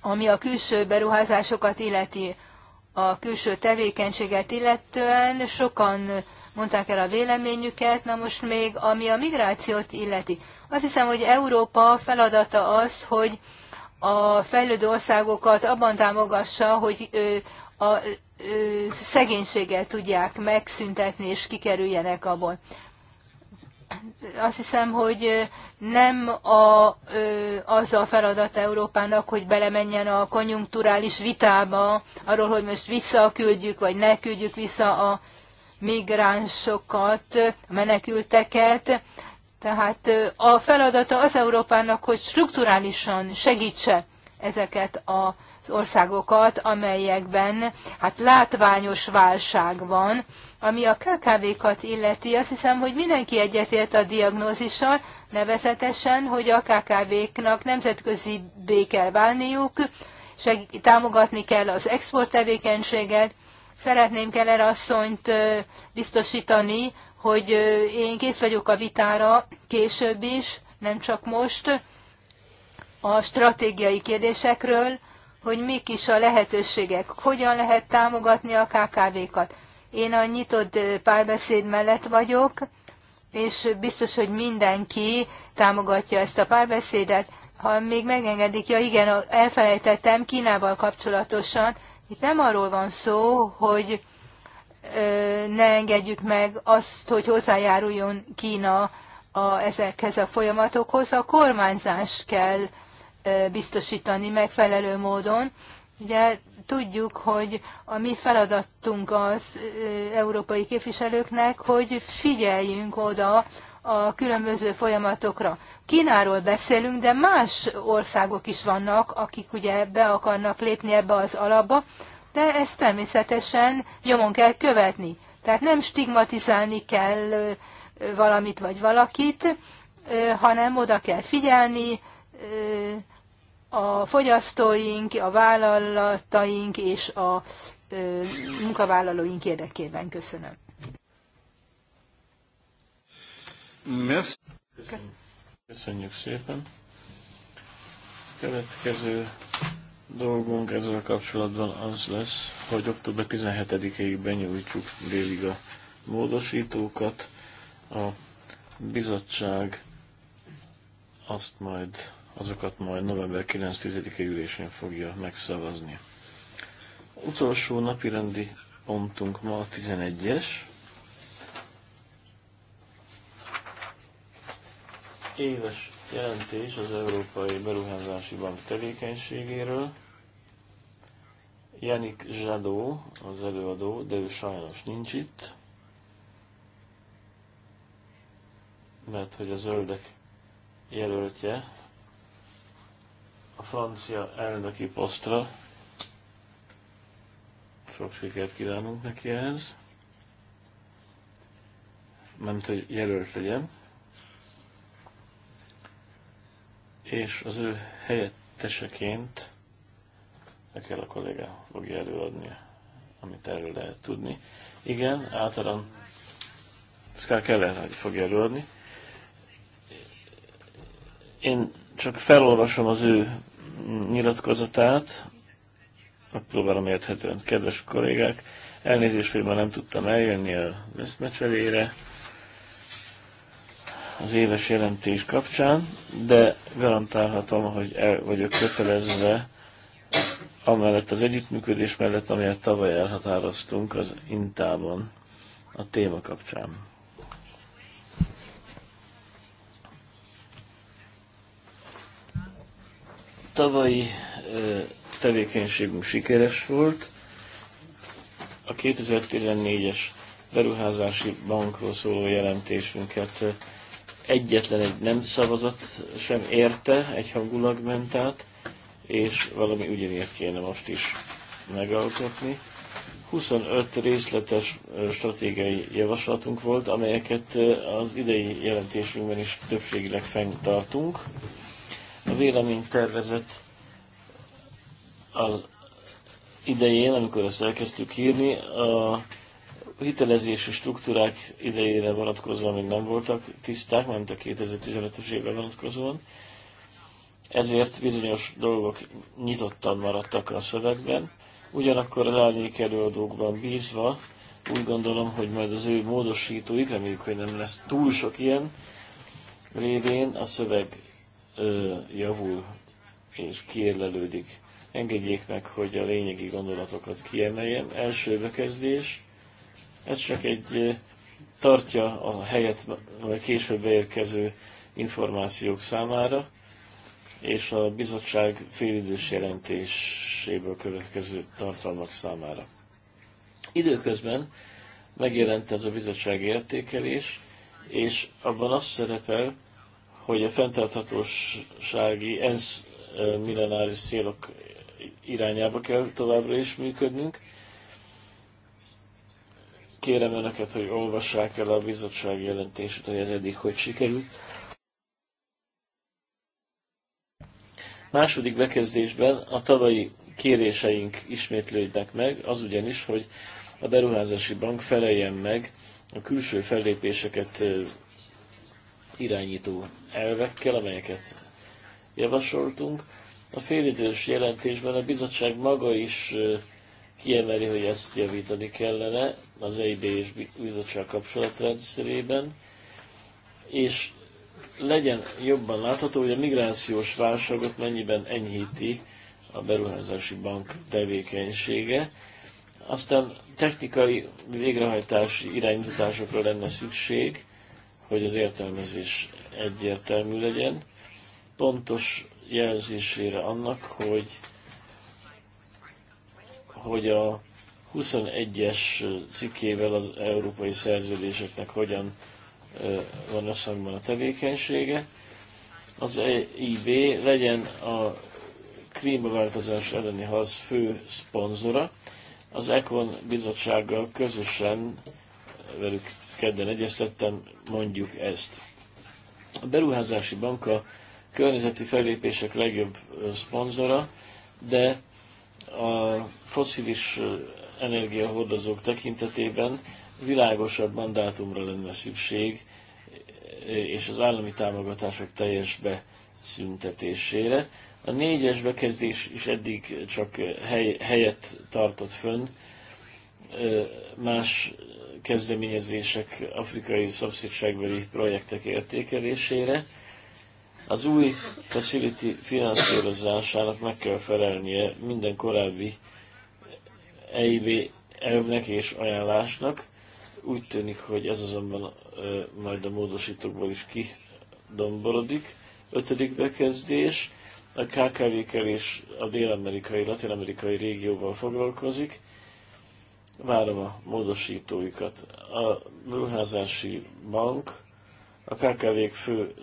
ami a külső beruházásokat illeti a külső tevékenységet illetően sokan mondták el a véleményüket, na most még ami a migrációt illeti. Azt hiszem, hogy Európa feladata az, hogy a fejlődő országokat abban támogassa, hogy a szegénységet tudják megszüntetni és kikerüljenek abból azt hiszem, hogy nem a, az a feladat Európának, hogy belemenjen a konjunkturális vitába, arról, hogy most visszaküldjük, vagy ne küldjük vissza a migránsokat, a menekülteket. Tehát a feladata az Európának, hogy strukturálisan segítse ezeket a országokat, amelyekben hát látványos válság van, ami a KKV-kat illeti, azt hiszem, hogy mindenki egyetért a diagnózissal, nevezetesen, hogy a KKV-knak nemzetközi bé kell válniuk, és támogatni kell az export tevékenységet. Szeretném Keller asszonyt biztosítani, hogy én kész vagyok a vitára később is, nem csak most, a stratégiai kérdésekről, hogy mik is a lehetőségek, hogyan lehet támogatni a KKV-kat. Én a nyitott párbeszéd mellett vagyok, és biztos, hogy mindenki támogatja ezt a párbeszédet. Ha még megengedik, ja igen, elfelejtettem Kínával kapcsolatosan, itt nem arról van szó, hogy ne engedjük meg azt, hogy hozzájáruljon Kína a, ezekhez a folyamatokhoz, a kormányzás kell biztosítani megfelelő módon. Ugye tudjuk, hogy a mi feladatunk az európai képviselőknek, hogy figyeljünk oda a különböző folyamatokra. Kínáról beszélünk, de más országok is vannak, akik ugye be akarnak lépni ebbe az alapba, de ezt természetesen nyomon kell követni. Tehát nem stigmatizálni kell valamit vagy valakit, hanem oda kell figyelni, a fogyasztóink, a vállalataink és a munkavállalóink érdekében. Köszönöm. Köszönjük. Köszönjük szépen. Következő dolgunk ezzel kapcsolatban az lesz, hogy október 17-ig benyújtjuk délig a módosítókat. A bizottság azt majd azokat majd november 9-10-e ülésén fogja megszavazni. Utolsó napirendi pontunk ma a 11-es. Éves jelentés az Európai Beruházási Bank tevékenységéről. Janik Zsadó az előadó, de ő sajnos nincs itt, mert hogy a zöldek jelöltje a francia elnöki posztra. Sok sikert kívánunk neki ehhez. Mert hogy jelölt legyen. És az ő helyetteseként nekem a kolléga fogja előadni, amit erről lehet tudni. Igen, általán Scar Keller fogja előadni. Én csak felolvasom az ő nyilatkozatát, próbálom érthetően, kedves kollégák. Elnézést, hogy ma nem tudtam eljönni a összmecserére az éves jelentés kapcsán, de garantálhatom, hogy el vagyok kötelezve amellett az együttműködés mellett, amelyet tavaly elhatároztunk az Intában a téma kapcsán. tavalyi tevékenységünk sikeres volt. A 2014-es beruházási bankról szóló jelentésünket egyetlen egy nem szavazat sem érte, egy hangulag ment át, és valami ugyanért kéne most is megalkotni. 25 részletes stratégiai javaslatunk volt, amelyeket az idei jelentésünkben is többségileg fenntartunk. tartunk a véleménytervezet az idején, amikor ezt elkezdtük írni, a hitelezési struktúrák idejére vonatkozóan még nem voltak tiszták, mert a 2015 es évre vonatkozóan. Ezért bizonyos dolgok nyitottan maradtak a szövegben. Ugyanakkor az árnyék dolgokban bízva úgy gondolom, hogy majd az ő módosítóik, reméljük, hogy nem lesz túl sok ilyen, révén a szöveg ö, javul és kiérlelődik. Engedjék meg, hogy a lényegi gondolatokat kiemeljem. Első bekezdés, ez csak egy tartja a helyet a később beérkező információk számára, és a bizottság félidős jelentéséből következő tartalmak számára. Időközben megjelent ez a bizottsági értékelés, és abban azt szerepel, hogy a fenntarthatósági ENSZ millenáris célok irányába kell továbbra is működnünk. Kérem Önöket, hogy olvassák el a bizottság jelentését, hogy ez eddig hogy sikerült. Második bekezdésben a tavalyi kéréseink ismétlődnek meg, az ugyanis, hogy a beruházási bank feleljen meg a külső fellépéseket irányító elvekkel, amelyeket javasoltunk. A félidős jelentésben a bizottság maga is kiemeli, hogy ezt javítani kellene az EIB és bizottság kapcsolatrendszerében, és legyen jobban látható, hogy a migrációs válságot mennyiben enyhíti a beruházási bank tevékenysége. Aztán technikai végrehajtási iránymutatásokra lenne szükség, hogy az értelmezés egyértelmű legyen, pontos jelzésére annak, hogy, hogy a 21-es cikkével az európai szerződéseknek hogyan van összhangban a tevékenysége. Az EIB legyen a klímaváltozás elleni harc fő szponzora. Az Econ bizottsággal közösen velük kedden egyeztettem, mondjuk ezt. A beruházási banka környezeti fellépések legjobb szponzora, de a foszilis energiahordozók tekintetében világosabb mandátumra lenne szükség, és az állami támogatások teljes beszüntetésére. A négyes bekezdés is eddig csak hely, helyet tartott fönn, más kezdeményezések afrikai szomszédságbeli projektek értékelésére. Az új facility finanszírozásának meg kell felelnie minden korábbi EIB elvnek és ajánlásnak. Úgy tűnik, hogy ez azonban majd a módosítókból is kidomborodik. Ötödik bekezdés a KKV-kel és a dél-amerikai, latin-amerikai régióval foglalkozik. Várom a módosítóikat. A beruházási bank a kkv fő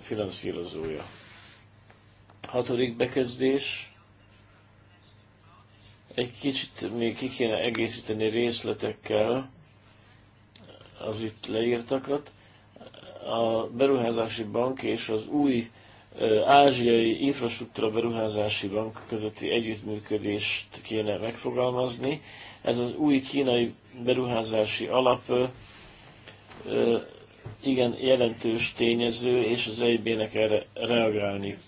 finanszírozója. Hatodik bekezdés. Egy kicsit még ki kéne egészíteni részletekkel az itt leírtakat. A beruházási bank és az új ázsiai infrastruktúra beruházási bank közötti együttműködést kéne megfogalmazni. Ez az új kínai beruházási alap igen jelentős tényező, és az EIB-nek erre reagálni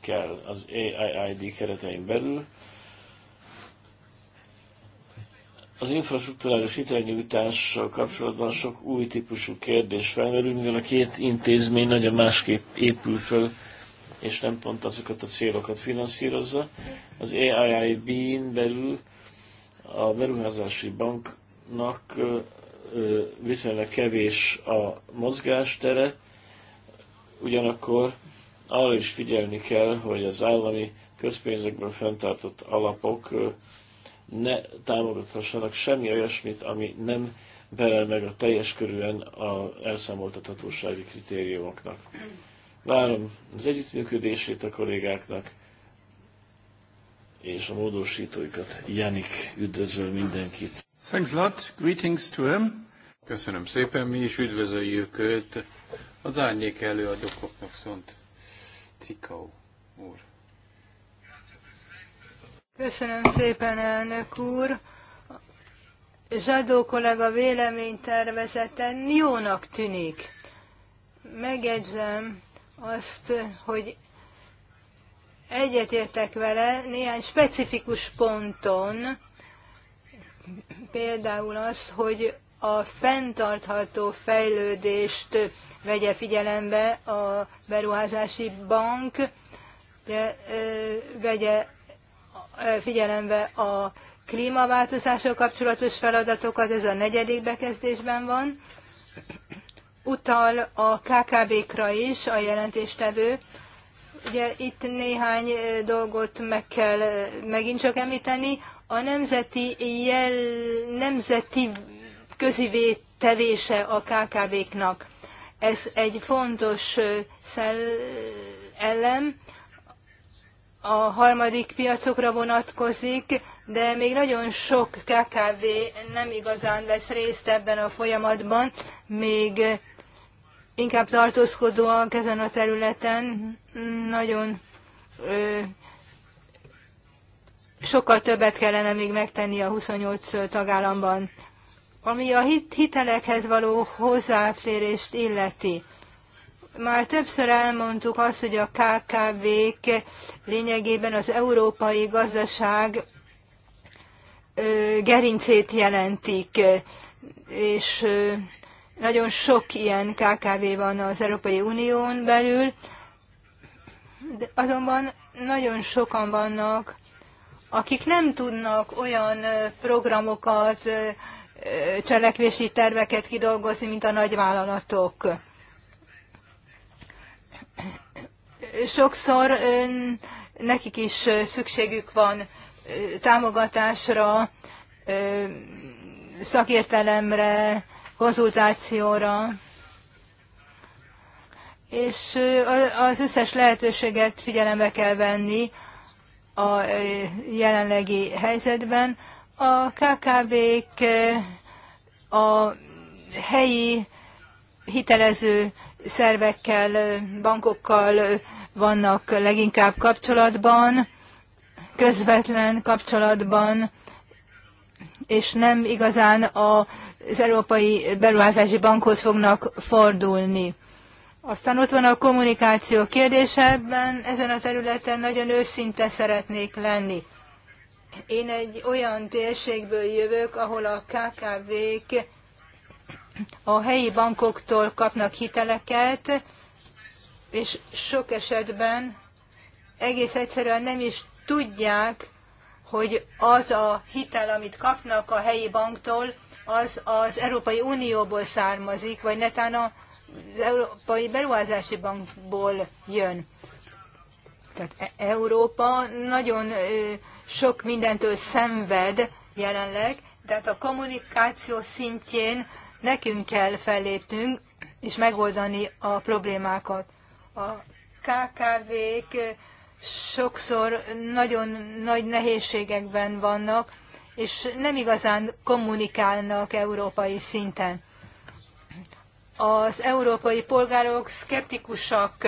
kell az AIID keretein belül. Az infrastruktúrális hitelnyújtással kapcsolatban sok új típusú kérdés felmerül, mivel a két intézmény nagyon másképp épül föl, és nem pont azokat a célokat finanszírozza. Az AIIB-n belül a beruházási banknak viszonylag kevés a mozgástere, ugyanakkor arra is figyelni kell, hogy az állami közpénzekből fenntartott alapok ne támogathassanak semmi olyasmit, ami nem felel meg a teljes körűen a elszámoltathatósági kritériumoknak. Várom az együttműködését a kollégáknak, és a módosítóikat. Jánik üdvözöl mindenkit. Thanks a lot. Greetings to him. Köszönöm szépen, mi is üdvözöljük őt. Az árnyék előadókoknak szont Cikau úr. Köszönöm szépen, elnök úr. Zsadó kollega tervezeten jónak tűnik. Megjegyzem azt, hogy egyetértek vele néhány specifikus ponton, például az, hogy a fenntartható fejlődést vegye figyelembe a beruházási bank, de, ö, vegye figyelembe a klímaváltozással kapcsolatos feladatokat, ez a negyedik bekezdésben van. Utal a KKB-kra is a jelentéstevő, Ugye itt néhány dolgot meg kell megint csak említeni. A nemzeti, jel, nemzeti közivé tevése a KKV-knak. Ez egy fontos szellem a harmadik piacokra vonatkozik, de még nagyon sok KKV nem igazán vesz részt ebben a folyamatban, még inkább tartózkodóak ezen a területen nagyon ö, sokkal többet kellene még megtenni a 28 tagállamban. Ami a hit, hitelekhez való hozzáférést illeti. Már többször elmondtuk azt, hogy a KKV-k lényegében az európai gazdaság ö, gerincét jelentik, és ö, nagyon sok ilyen KKV van az Európai Unión belül, de azonban nagyon sokan vannak, akik nem tudnak olyan programokat, cselekvési terveket kidolgozni, mint a nagyvállalatok. Sokszor nekik is szükségük van támogatásra, szakértelemre, konzultációra és az összes lehetőséget figyelembe kell venni a jelenlegi helyzetben. A KKV-k a helyi hitelező szervekkel, bankokkal vannak leginkább kapcsolatban, közvetlen kapcsolatban, és nem igazán az Európai Beruházási Bankhoz fognak fordulni. Aztán ott van a kommunikáció kérdése, ebben ezen a területen nagyon őszinte szeretnék lenni. Én egy olyan térségből jövök, ahol a KKV-k a helyi bankoktól kapnak hiteleket, és sok esetben egész egyszerűen nem is tudják, hogy az a hitel, amit kapnak a helyi banktól, az az Európai Unióból származik, vagy netán a az Európai Beruházási Bankból jön. Tehát e- Európa nagyon sok mindentől szenved jelenleg, tehát a kommunikáció szintjén nekünk kell fellépnünk és megoldani a problémákat. A KKV-k sokszor nagyon nagy nehézségekben vannak, és nem igazán kommunikálnak európai szinten az európai polgárok szkeptikusak,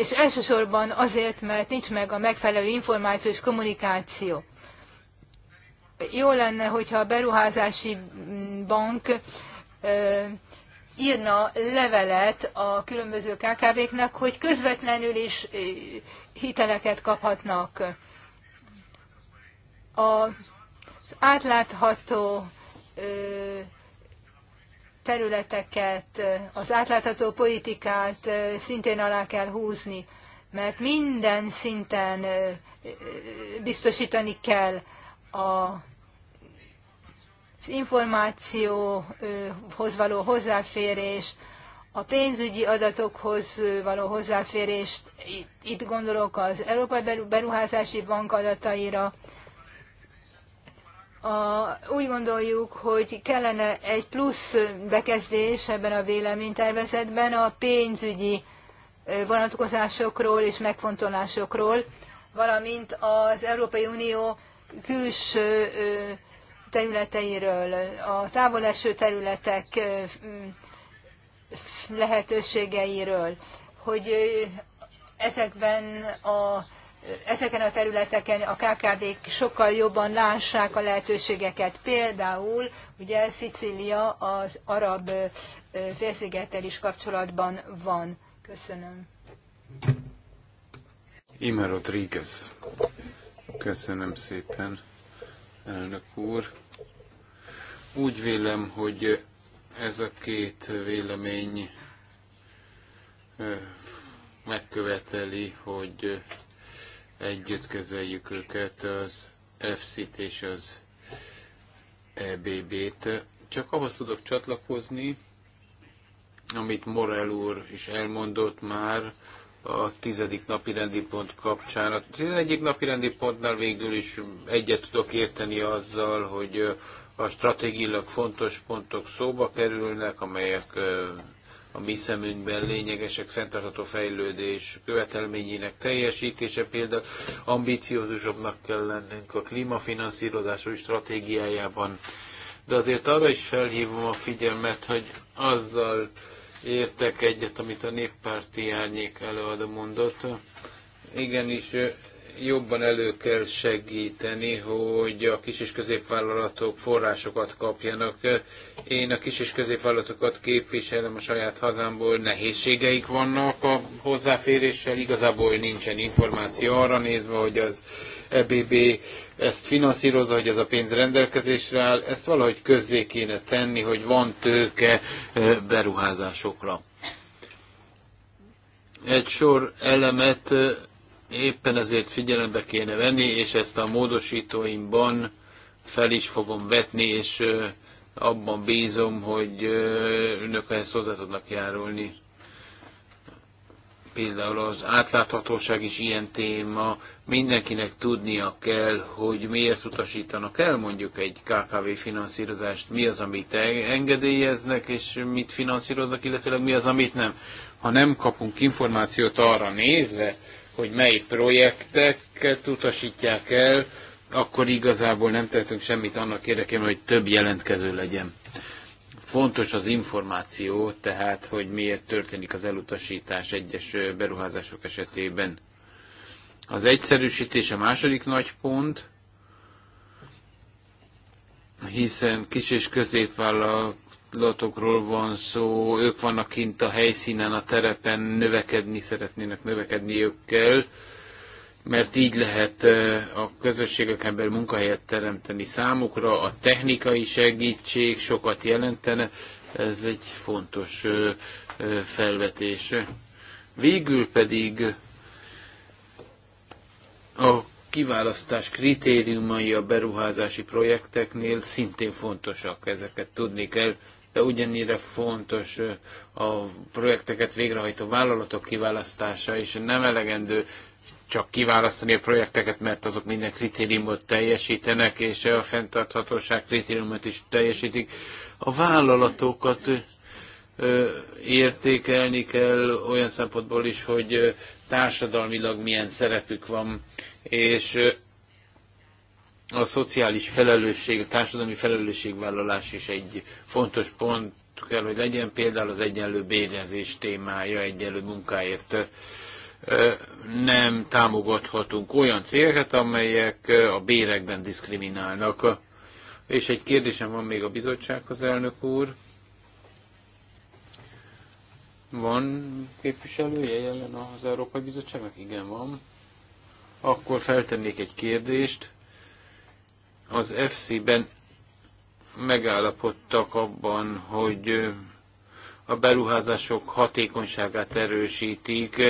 és elsősorban azért, mert nincs meg a megfelelő információ és kommunikáció. Jó lenne, hogyha a beruházási bank írna levelet a különböző KKV-knak, hogy közvetlenül is hiteleket kaphatnak. Az átlátható területeket, az átlátható politikát szintén alá kell húzni, mert minden szinten biztosítani kell a az információhoz való hozzáférés, a pénzügyi adatokhoz való hozzáférést, itt gondolok az Európai Beruházási Bank adataira, a, úgy gondoljuk, hogy kellene egy plusz bekezdés ebben a véleménytervezetben a pénzügyi vonatkozásokról és megfontolásokról, valamint az Európai Unió külső területeiről, a távoleső területek lehetőségeiről, hogy ezekben a ezeken a területeken a KKV-k sokkal jobban lássák a lehetőségeket. Például ugye Szicília az arab félszigettel is kapcsolatban van. Köszönöm. Ima Rodriguez. Köszönöm szépen, elnök úr. Úgy vélem, hogy ez a két vélemény megköveteli, hogy együtt kezeljük őket, az FC-t és az EBB-t. Csak ahhoz tudok csatlakozni, amit Morel úr is elmondott már a tizedik napi rendi pont kapcsán. A tizedik napi rendi pontnál végül is egyet tudok érteni azzal, hogy a stratégilag fontos pontok szóba kerülnek, amelyek a mi szemünkben lényegesek fenntartható fejlődés követelményének teljesítése, például ambiciózusabbnak kell lennünk a klímafinanszírozású stratégiájában. De azért arra is felhívom a figyelmet, hogy azzal értek egyet, amit a néppárti árnyék előadó mondott. Igenis jobban elő kell segíteni, hogy a kis és középvállalatok forrásokat kapjanak. Én a kis és középvállalatokat képviselem a saját hazámból, nehézségeik vannak a hozzáféréssel, igazából nincsen információ arra nézve, hogy az EBB ezt finanszírozza, hogy ez a pénz rendelkezésre áll, ezt valahogy közzé kéne tenni, hogy van tőke eh, beruházásokra. Egy sor elemet eh, Éppen ezért figyelembe kéne venni, és ezt a módosítóimban fel is fogom vetni, és abban bízom, hogy önök ehhez hozzá tudnak járulni. Például az átláthatóság is ilyen téma, mindenkinek tudnia kell, hogy miért utasítanak el mondjuk egy KKV finanszírozást, mi az, amit e- engedélyeznek, és mit finanszíroznak, illetve mi az, amit nem. Ha nem kapunk információt arra nézve, hogy mely projekteket utasítják el, akkor igazából nem tettünk semmit annak érdekében, hogy több jelentkező legyen. Fontos az információ, tehát, hogy miért történik az elutasítás egyes beruházások esetében. Az egyszerűsítés a második nagy pont, hiszen kis és középvállalat vállalatokról van szó, ők vannak kint a helyszínen, a terepen, növekedni szeretnének, növekedniük kell, mert így lehet a közösségek ember munkahelyet teremteni számukra, a technikai segítség sokat jelentene, ez egy fontos felvetés. Végül pedig a kiválasztás kritériumai a beruházási projekteknél szintén fontosak, ezeket tudni kell de ugyanire fontos a projekteket végrehajtó vállalatok kiválasztása, és nem elegendő csak kiválasztani a projekteket, mert azok minden kritériumot teljesítenek, és a fenntarthatóság kritériumot is teljesítik. A vállalatokat értékelni kell olyan szempontból is, hogy társadalmilag milyen szerepük van, és a szociális felelősség, a társadalmi felelősségvállalás is egy fontos pont kell, hogy legyen például az egyenlő bérezés témája, egyenlő munkáért nem támogathatunk olyan cégeket, amelyek a bérekben diszkriminálnak. És egy kérdésem van még a bizottsághoz, elnök úr. Van képviselője jelen az Európai Bizottságnak? Igen, van. Akkor feltennék egy kérdést. Az FC-ben megállapodtak abban, hogy a beruházások hatékonyságát erősítik,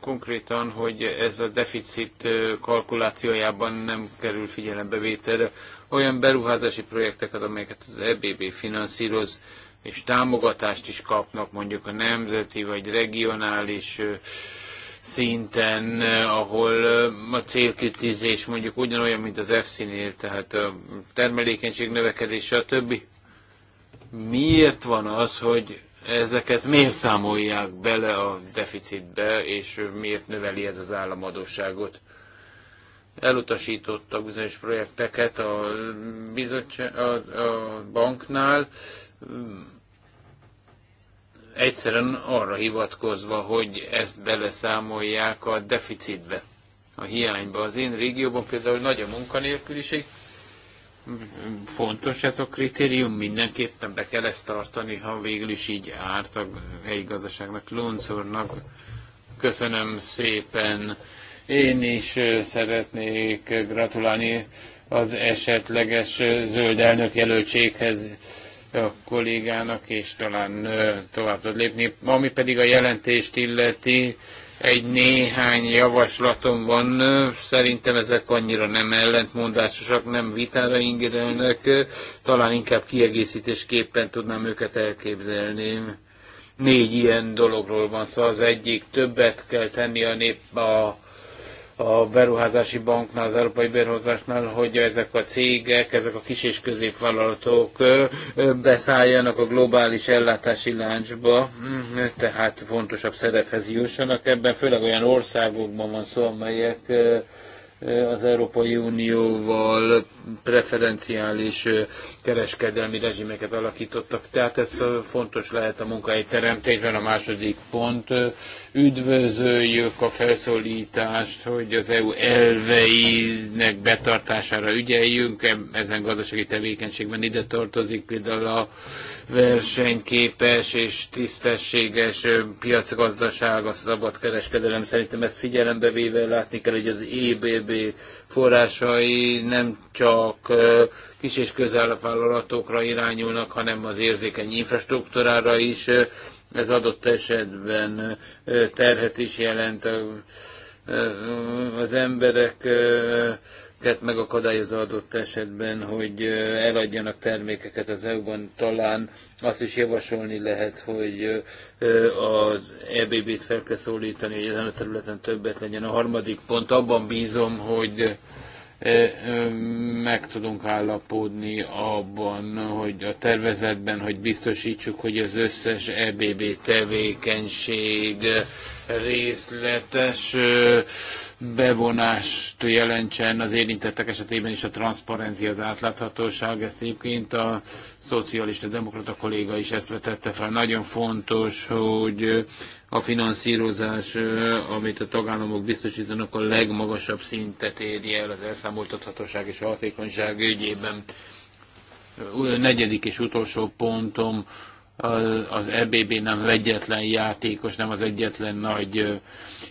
konkrétan, hogy ez a deficit kalkulációjában nem kerül figyelembevételre. Olyan beruházási projekteket, amelyeket az EBB finanszíroz, és támogatást is kapnak mondjuk a nemzeti vagy regionális szinten, eh, ahol eh, a célkütőzés mondjuk ugyanolyan, mint az f tehát a eh, termelékenység növekedés, stb. Miért van az, hogy ezeket miért számolják bele a deficitbe, és miért növeli ez az államadóságot? Elutasítottak bizonyos projekteket a, bizottság, a, a banknál, egyszerűen arra hivatkozva, hogy ezt beleszámolják a deficitbe, a hiányba. Az én régióban például nagy a munkanélküliség, fontos ez a kritérium, mindenképpen be kell ezt tartani, ha végül is így árt a helyi gazdaságnak, Lunzornak. Köszönöm szépen. Én is szeretnék gratulálni az esetleges zöld elnök jelöltséghez a kollégának, és talán tovább tud lépni. Ami pedig a jelentést illeti, egy néhány javaslatom van, szerintem ezek annyira nem ellentmondásosak, nem vitára ingedelnek, talán inkább kiegészítésképpen tudnám őket elképzelni. Négy ilyen dologról van szó, szóval az egyik többet kell tenni a nép a a beruházási banknál, az Európai Bérhozásnál, hogy ezek a cégek, ezek a kis és középvállalatok beszálljanak a globális ellátási láncba, hm, tehát fontosabb szerephez jussanak. Ebben főleg olyan országokban van szó, amelyek az Európai Unióval preferenciális kereskedelmi rezsimeket alakítottak, tehát ez fontos lehet a teremtésben. A második pont, üdvözöljük a felszólítást, hogy az EU elveinek betartására ügyeljünk, ezen gazdasági tevékenységben ide tartozik például a versenyképes és tisztességes piacgazdaság, a szabad kereskedelem. Szerintem ezt figyelembe véve látni kell, hogy az EBB forrásai nem csak kis- és közállapvállalatokra irányulnak, hanem az érzékeny infrastruktúrára is. Ez adott esetben terhet is jelent az emberek cégeket megakadályozza adott esetben, hogy eladjanak termékeket az EU-ban. Talán azt is javasolni lehet, hogy az EBB-t fel kell szólítani, hogy ezen a területen többet legyen. A harmadik pont, abban bízom, hogy meg tudunk állapodni abban, hogy a tervezetben, hogy biztosítsuk, hogy az összes EBB tevékenység részletes bevonást jelentsen az érintettek esetében is a transzparencia, az átláthatóság. Ezt egyébként a szocialista demokrata kolléga is ezt vetette fel. Nagyon fontos, hogy a finanszírozás, amit a tagállamok biztosítanak, a legmagasabb szintet érje el az elszámoltathatóság és a hatékonyság ügyében. Negyedik és utolsó pontom az EBB nem egyetlen játékos, nem az egyetlen nagy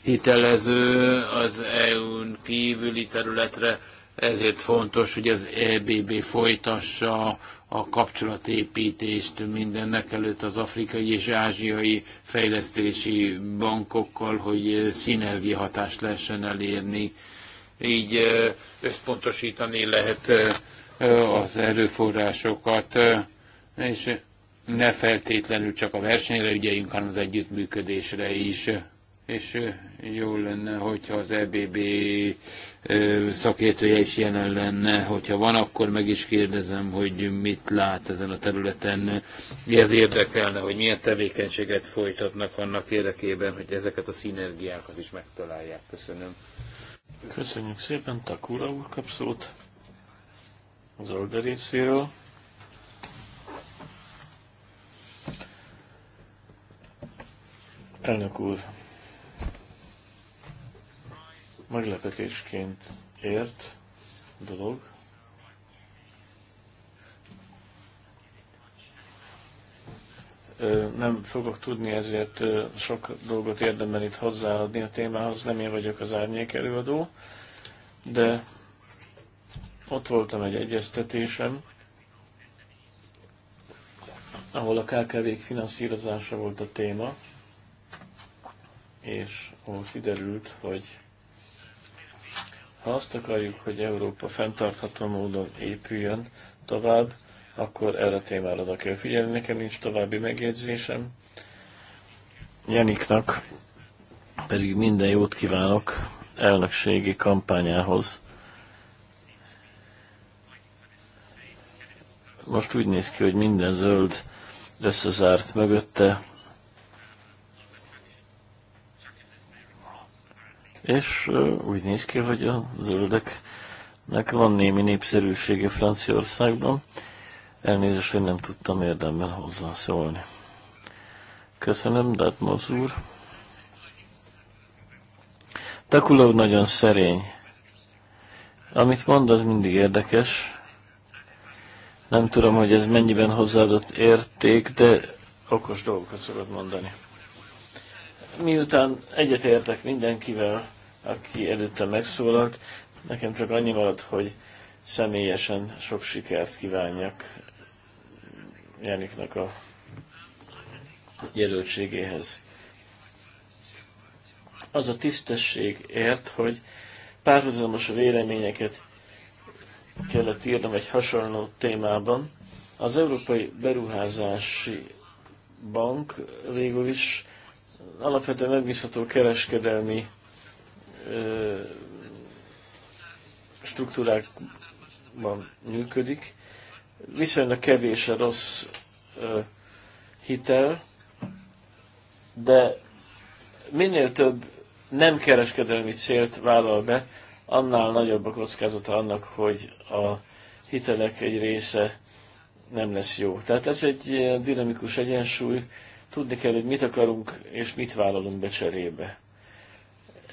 hitelező az EU-n kívüli területre, ezért fontos, hogy az EBB folytassa a kapcsolatépítést mindennek előtt az afrikai és ázsiai fejlesztési bankokkal, hogy szinergia hatást lehessen elérni. Így összpontosítani lehet az erőforrásokat, és ne feltétlenül csak a versenyre ügyeljünk, hanem az együttműködésre is. És jó lenne, hogyha az EBB szakértője is jelen lenne. Hogyha van, akkor meg is kérdezem, hogy mit lát ezen a területen. Mi ez érdekelne, hogy milyen tevékenységet folytatnak annak érdekében, hogy ezeket a szinergiákat is megtalálják. Köszönöm. Köszönjük szépen, Takura úr kap szót az oldal részéről. Elnök úr, meglepetésként ért dolog. Nem fogok tudni, ezért sok dolgot érdemben itt hozzáadni a témához. Nem én vagyok az árnyék előadó, de ott voltam egy egyeztetésem, ahol a KKV-k finanszírozása volt a téma és ahol kiderült, hogy ha azt akarjuk, hogy Európa fenntartható módon épüljön tovább, akkor erre a témára oda kell figyelni. Nekem nincs további megjegyzésem. Janiknak pedig minden jót kívánok elnökségi kampányához. Most úgy néz ki, hogy minden zöld összezárt mögötte és úgy néz ki, hogy a zöldeknek van némi népszerűsége Franciaországban. Elnézést, hogy nem tudtam érdemben hozzászólni. Köszönöm, Datmoz úr. Takulov nagyon szerény. Amit mond, az mindig érdekes. Nem tudom, hogy ez mennyiben hozzáadott érték, de okos dolgokat szokott mondani miután egyetértek mindenkivel, aki előtte megszólalt, nekem csak annyi maradt, hogy személyesen sok sikert kívánjak Janiknak a jelöltségéhez. Az a tisztesség ért, hogy párhuzamos véleményeket kellett írnom egy hasonló témában. Az Európai Beruházási Bank végül is alapvetően megbízható kereskedelmi struktúrákban működik. Viszonylag kevés a rossz hitel, de minél több nem kereskedelmi célt vállal be, annál nagyobb a kockázata annak, hogy a hitelek egy része nem lesz jó. Tehát ez egy dinamikus egyensúly, Tudni kell, hogy mit akarunk, és mit vállalunk be cserébe.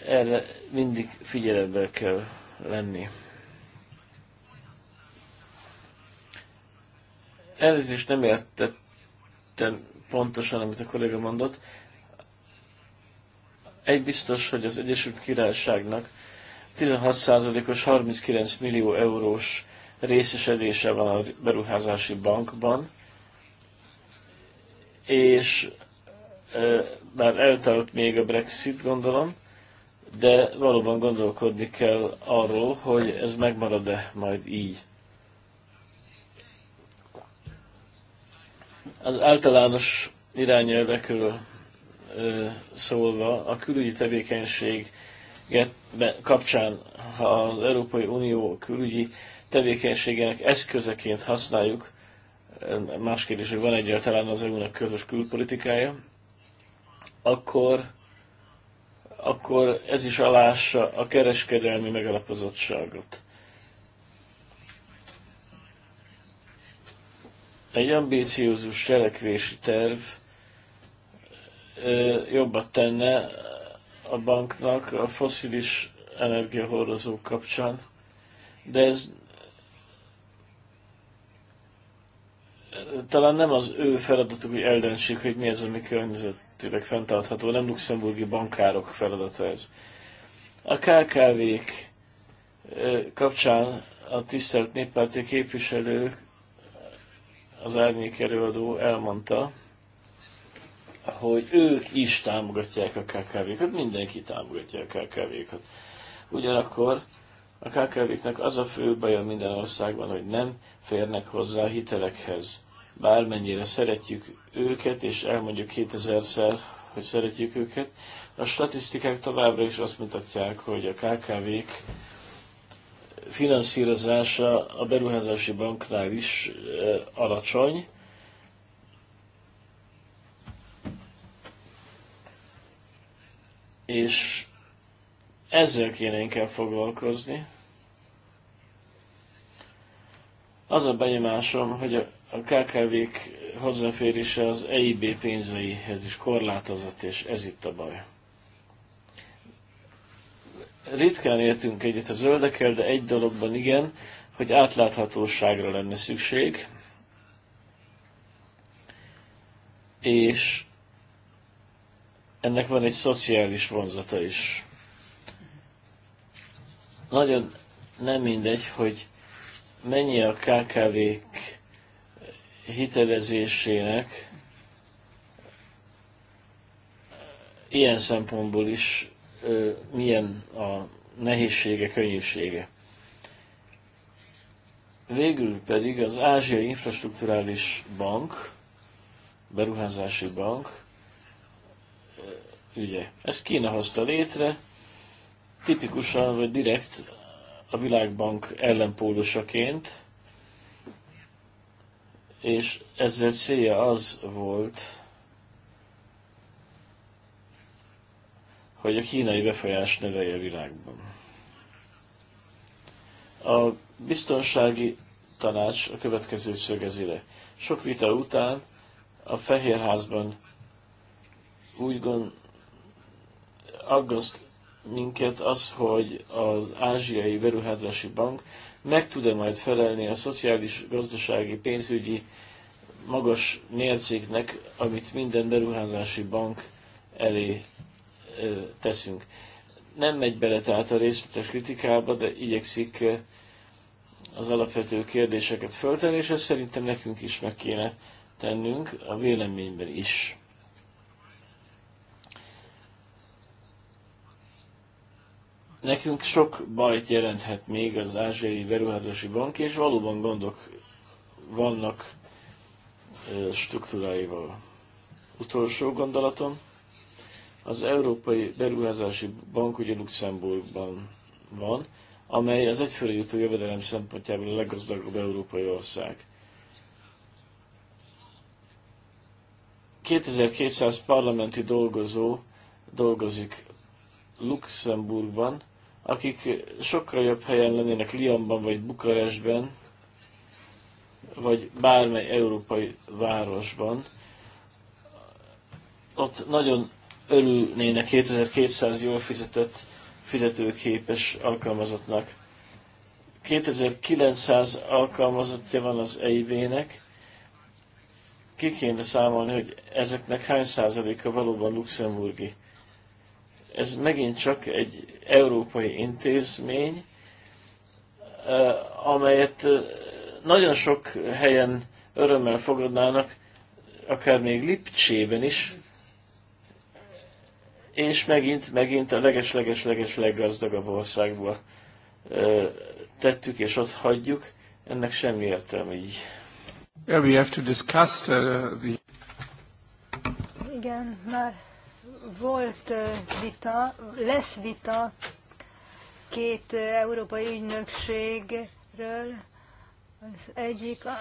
Erre mindig figyelembe kell lenni. Elnézést nem értettem pontosan, amit a kolléga mondott. Egy biztos, hogy az Egyesült Királyságnak 16%-os 39 millió eurós részesedése van a beruházási bankban, és már eltelt még a Brexit, gondolom, de valóban gondolkodni kell arról, hogy ez megmarad-e majd így. Az általános irányelvekről szólva a külügyi tevékenység kapcsán, ha az Európai Unió külügyi tevékenységének eszközeként használjuk más kérdés, hogy van egyáltalán az EU-nak közös külpolitikája, akkor, akkor ez is alássa a kereskedelmi megalapozottságot. Egy ambíciózus cselekvési terv jobbat tenne a banknak a foszilis energiahordozók kapcsán, de ez talán nem az ő feladatuk, hogy eldöntsék, hogy mi az, ami környezetileg fenntartható, nem luxemburgi bankárok feladata ez. A KKV-k kapcsán a tisztelt néppárti képviselő, az árnyék előadó elmondta, hogy ők is támogatják a KKV-kat, mindenki támogatja a KKV-kat. Ugyanakkor a KKV-knek az a fő baja minden országban, hogy nem férnek hozzá hitelekhez bármennyire szeretjük őket, és elmondjuk 2000-szer, hogy szeretjük őket, a statisztikák továbbra is azt mutatják, hogy a KKV-k finanszírozása a beruházási banknál is eh, alacsony. És ezzel kéne inkább foglalkozni. Az a benyomásom, hogy a a KKV-k hozzáférése az EIB pénzeihez is korlátozott, és ez itt a baj. Ritkán értünk egyet a zöldekkel, de egy dologban igen, hogy átláthatóságra lenne szükség, és ennek van egy szociális vonzata is. Nagyon nem mindegy, hogy mennyi a KKV-k hitelezésének ilyen szempontból is ö, milyen a nehézsége, könnyűsége. Végül pedig az Ázsiai Infrastruktúrális Bank, Beruházási Bank ügye. Ezt Kína hozta létre, tipikusan vagy direkt a világbank ellenpólusaként, és ezzel célja az volt, hogy a kínai befolyás növelje a világban. A biztonsági tanács a következő szögezére. Sok vita után a Fehérházban úgy gond, aggaszt minket az, hogy az Ázsiai Beruházási Bank meg tud-e majd felelni a szociális, gazdasági, pénzügyi magas mércéknek, amit minden beruházási bank elé ö, teszünk. Nem megy bele tehát a részletes kritikába, de igyekszik az alapvető kérdéseket föltenni, és ezt szerintem nekünk is meg kéne tennünk a véleményben is. Nekünk sok bajt jelenthet még az Ázsiai Beruházási Bank, és valóban gondok vannak struktúráival. Utolsó gondolatom, az Európai Beruházási Bank ugye Luxemburgban van, amely az egyfőre jutó jövedelem szempontjából a leggazdagabb európai ország. 2200 parlamenti dolgozó dolgozik Luxemburgban, akik sokkal jobb helyen lennének Lyonban, vagy Bukarestben, vagy bármely európai városban, ott nagyon örülnének 2200 jól fizetett, fizetőképes alkalmazottnak. 2900 alkalmazottja van az EIB-nek, ki kéne számolni, hogy ezeknek hány százaléka valóban luxemburgi ez megint csak egy európai intézmény, eh, amelyet eh, nagyon sok helyen örömmel fogadnának, akár még Lipcsében is, és megint, megint a leges-leges-leges leggazdagabb országba eh, tettük, és ott hagyjuk. Ennek semmi értelme így. Yeah, we have to discuss the... Igen, már volt vita, lesz vita két európai ügynökségről. Az egyik a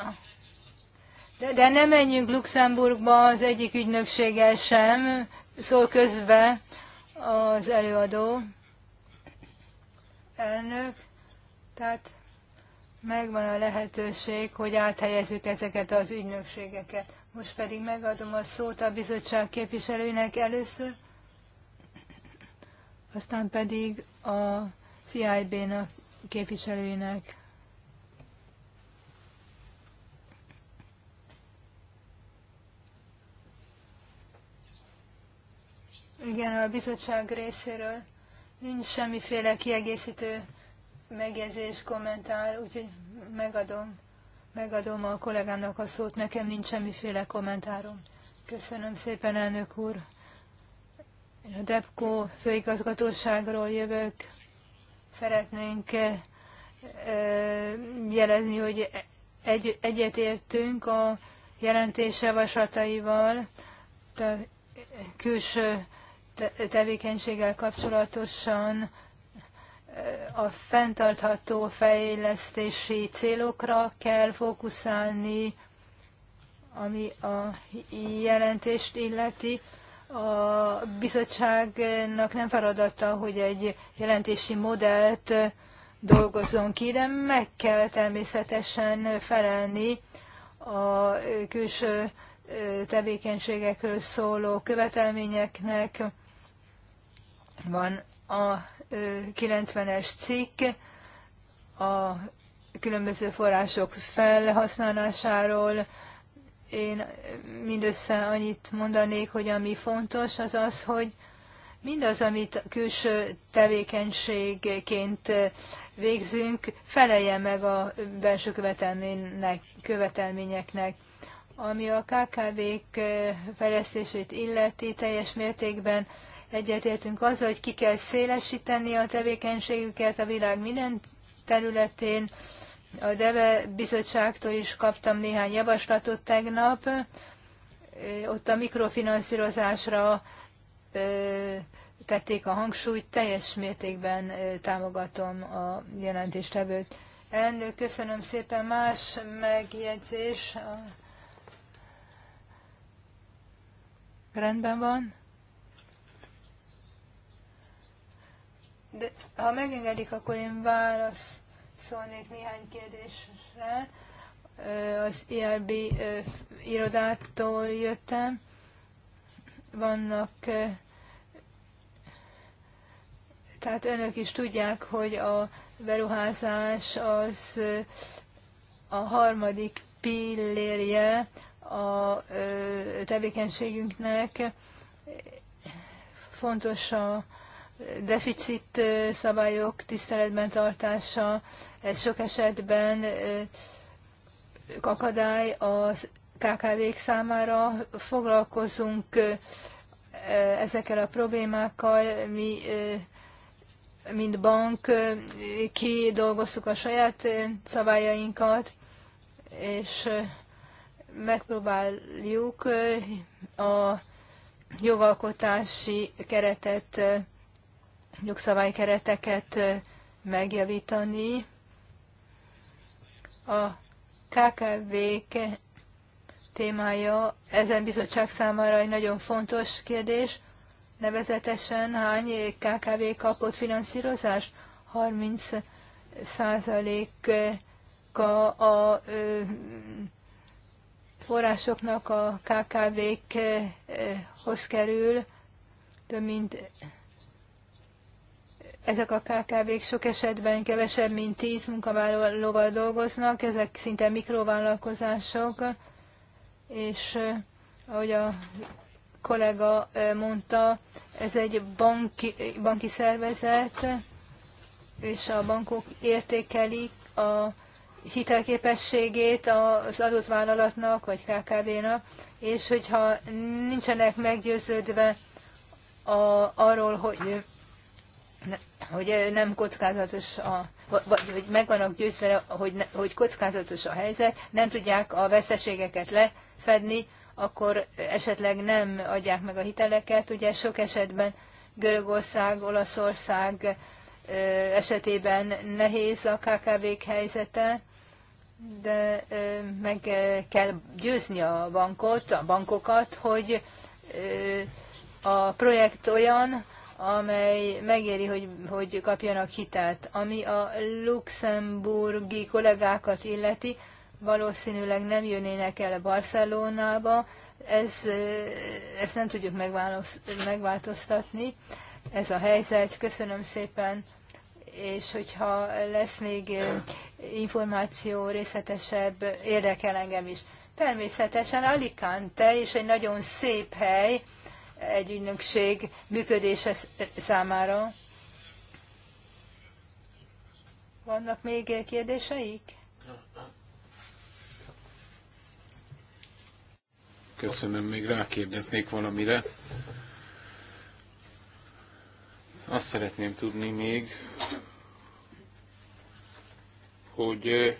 de, de ne menjünk Luxemburgba az egyik ügynökséggel sem, szól közbe az előadó elnök. Tehát megvan a lehetőség, hogy áthelyezzük ezeket az ügynökségeket most pedig megadom a szót a bizottság képviselőinek először, aztán pedig a CIB-nak képviselőinek. Igen, a bizottság részéről nincs semmiféle kiegészítő megjegyzés, kommentár, úgyhogy megadom Megadom a kollégámnak a szót, nekem nincs semmiféle kommentárom. Köszönöm szépen, elnök úr. a DEPCO főigazgatóságról jövök. Szeretnénk eh, jelezni, hogy egy, egyetértünk a jelentés javaslataival, a külső tevékenységgel kapcsolatosan a fenntartható fejlesztési célokra kell fókuszálni, ami a jelentést illeti. A bizottságnak nem feladata, hogy egy jelentési modellt dolgozzon ki, de meg kell természetesen felelni a külső tevékenységekről szóló követelményeknek. Van a 90-es cikk a különböző források felhasználásáról. Én mindössze annyit mondanék, hogy ami fontos, az az, hogy mindaz, amit külső tevékenységként végzünk, felelje meg a belső követelménynek, követelményeknek. Ami a KKV-k fejlesztését illeti teljes mértékben, Egyetértünk azzal, hogy ki kell szélesíteni a tevékenységüket a világ minden területén. A DEVE bizottságtól is kaptam néhány javaslatot tegnap. Ott a mikrofinanszírozásra tették a hangsúlyt, teljes mértékben támogatom a jelentéstevőt. Elnök, köszönöm szépen. Más megjegyzés? Rendben van. de ha megengedik, akkor én válaszolnék néhány kérdésre. Az IRB e irodától jöttem. Vannak, tehát önök is tudják, hogy a beruházás az a harmadik pillérje a tevékenységünknek. Fontos a deficit szabályok tiszteletben tartása, ez sok esetben akadály a KKV-k számára. Foglalkozunk ezekkel a problémákkal, mi mint bank kidolgoztuk a saját szabályainkat, és megpróbáljuk a jogalkotási keretet jogszabálykereteket megjavítani. A KKV-k témája ezen bizottság számára egy nagyon fontos kérdés, nevezetesen hány KKV kapott finanszírozást? 30 százalék a forrásoknak a KKV-khoz kerül, több mint ezek a KKV-k sok esetben kevesebb, mint 10 munkavállalóval dolgoznak, ezek szinte mikrovállalkozások, és eh, ahogy a kollega eh, mondta, ez egy banki, banki szervezet, és a bankok értékelik a hitelképességét az adott vállalatnak, vagy KKV-nak, és hogyha nincsenek meggyőződve a, arról, hogy hogy nem kockázatos a, vagy hogy meg vannak győzve, hogy, ne, hogy kockázatos a helyzet, nem tudják a veszteségeket lefedni, akkor esetleg nem adják meg a hiteleket. Ugye sok esetben Görögország, Olaszország esetében nehéz a KKV-k helyzete, de meg kell győzni a bankot, a bankokat, hogy a projekt olyan, amely megéri, hogy, hogy kapjanak hitelt. Ami a luxemburgi kollégákat illeti, valószínűleg nem jönnének el Barcelonába, ez, ezt nem tudjuk megváltoztatni, ez a helyzet. Köszönöm szépen, és hogyha lesz még eh, információ részletesebb, érdekel engem is. Természetesen Alicante is egy nagyon szép hely, egy ügynökség működése számára. Vannak még kérdéseik? Köszönöm, még rákérdeznék valamire. Azt szeretném tudni még, hogy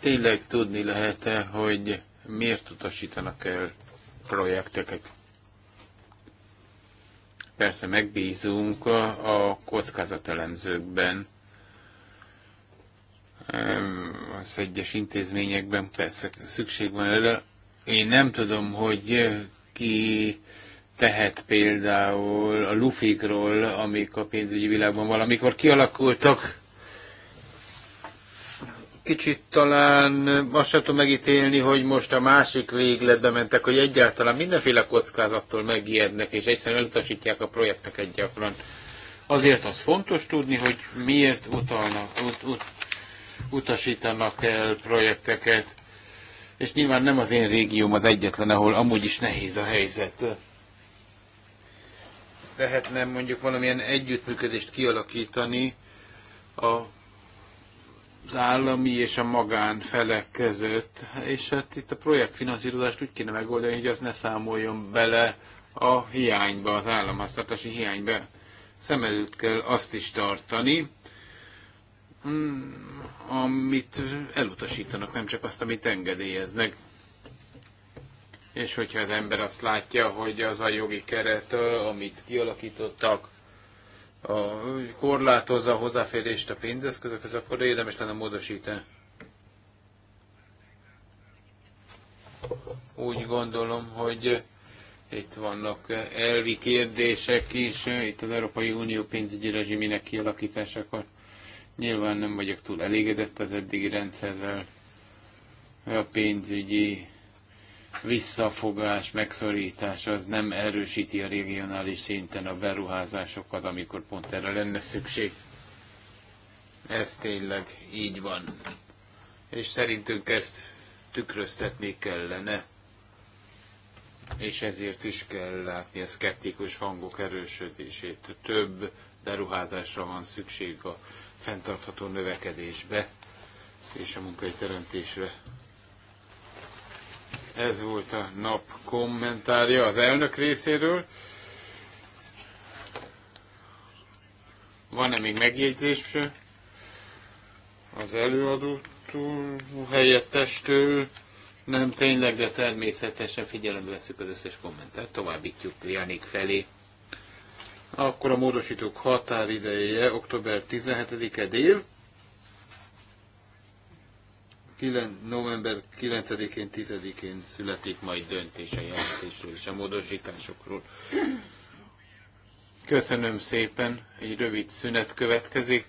tényleg tudni lehet-e, hogy miért utasítanak el projekteket persze megbízunk a kockázatelemzőkben, az egyes intézményekben persze szükség van erre. Én nem tudom, hogy ki tehet például a lufikról, amik a pénzügyi világban valamikor kialakultak, kicsit talán azt sem tudom megítélni, hogy most a másik végletbe mentek, hogy egyáltalán mindenféle kockázattól megijednek, és egyszerűen elutasítják a projekteket gyakran. Azért az fontos tudni, hogy miért utalnak, ut, ut, utasítanak el projekteket. És nyilván nem az én régióm az egyetlen, ahol amúgy is nehéz a helyzet. Lehetne mondjuk valamilyen együttműködést kialakítani a az állami és a magán felek között, és hát itt a projektfinanszírozást úgy kéne megoldani, hogy az ne számoljon bele a hiányba, az államháztartási hiányba. Szem előtt kell azt is tartani, mm, amit elutasítanak, nem csak azt, amit engedélyeznek. És hogyha az ember azt látja, hogy az a jogi keret, amit kialakítottak, a, korlátozza a hozzáférést a pénzeszközökhez, akkor érdemes lenne módosítani. Úgy gondolom, hogy itt vannak elvi kérdések is, itt az Európai Unió pénzügyi rezsimének kialakításakor. Nyilván nem vagyok túl elégedett az eddigi rendszerrel, a pénzügyi visszafogás, megszorítás az nem erősíti a regionális szinten a beruházásokat, amikor pont erre lenne szükség. Ez tényleg így van. És szerintünk ezt tükröztetni kellene. És ezért is kell látni a szkeptikus hangok erősödését. Több beruházásra van szükség a fenntartható növekedésbe és a munkai teremtésre. Ez volt a nap kommentárja az elnök részéről. Van-e még megjegyzés az előadótól, helyettestől? Nem tényleg, de természetesen figyelembe veszük az összes kommentet, továbbítjuk Janik felé. Akkor a módosítók határideje október 17-e dél, 9, november 9-én, 10-én születik majd döntés a jelentésről és a módosításokról. Köszönöm szépen, egy rövid szünet következik.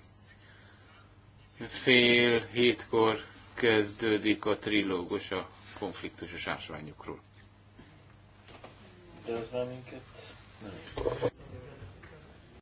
Fél hétkor kezdődik a trilógus a konfliktusos ásványokról. De az már minket nem.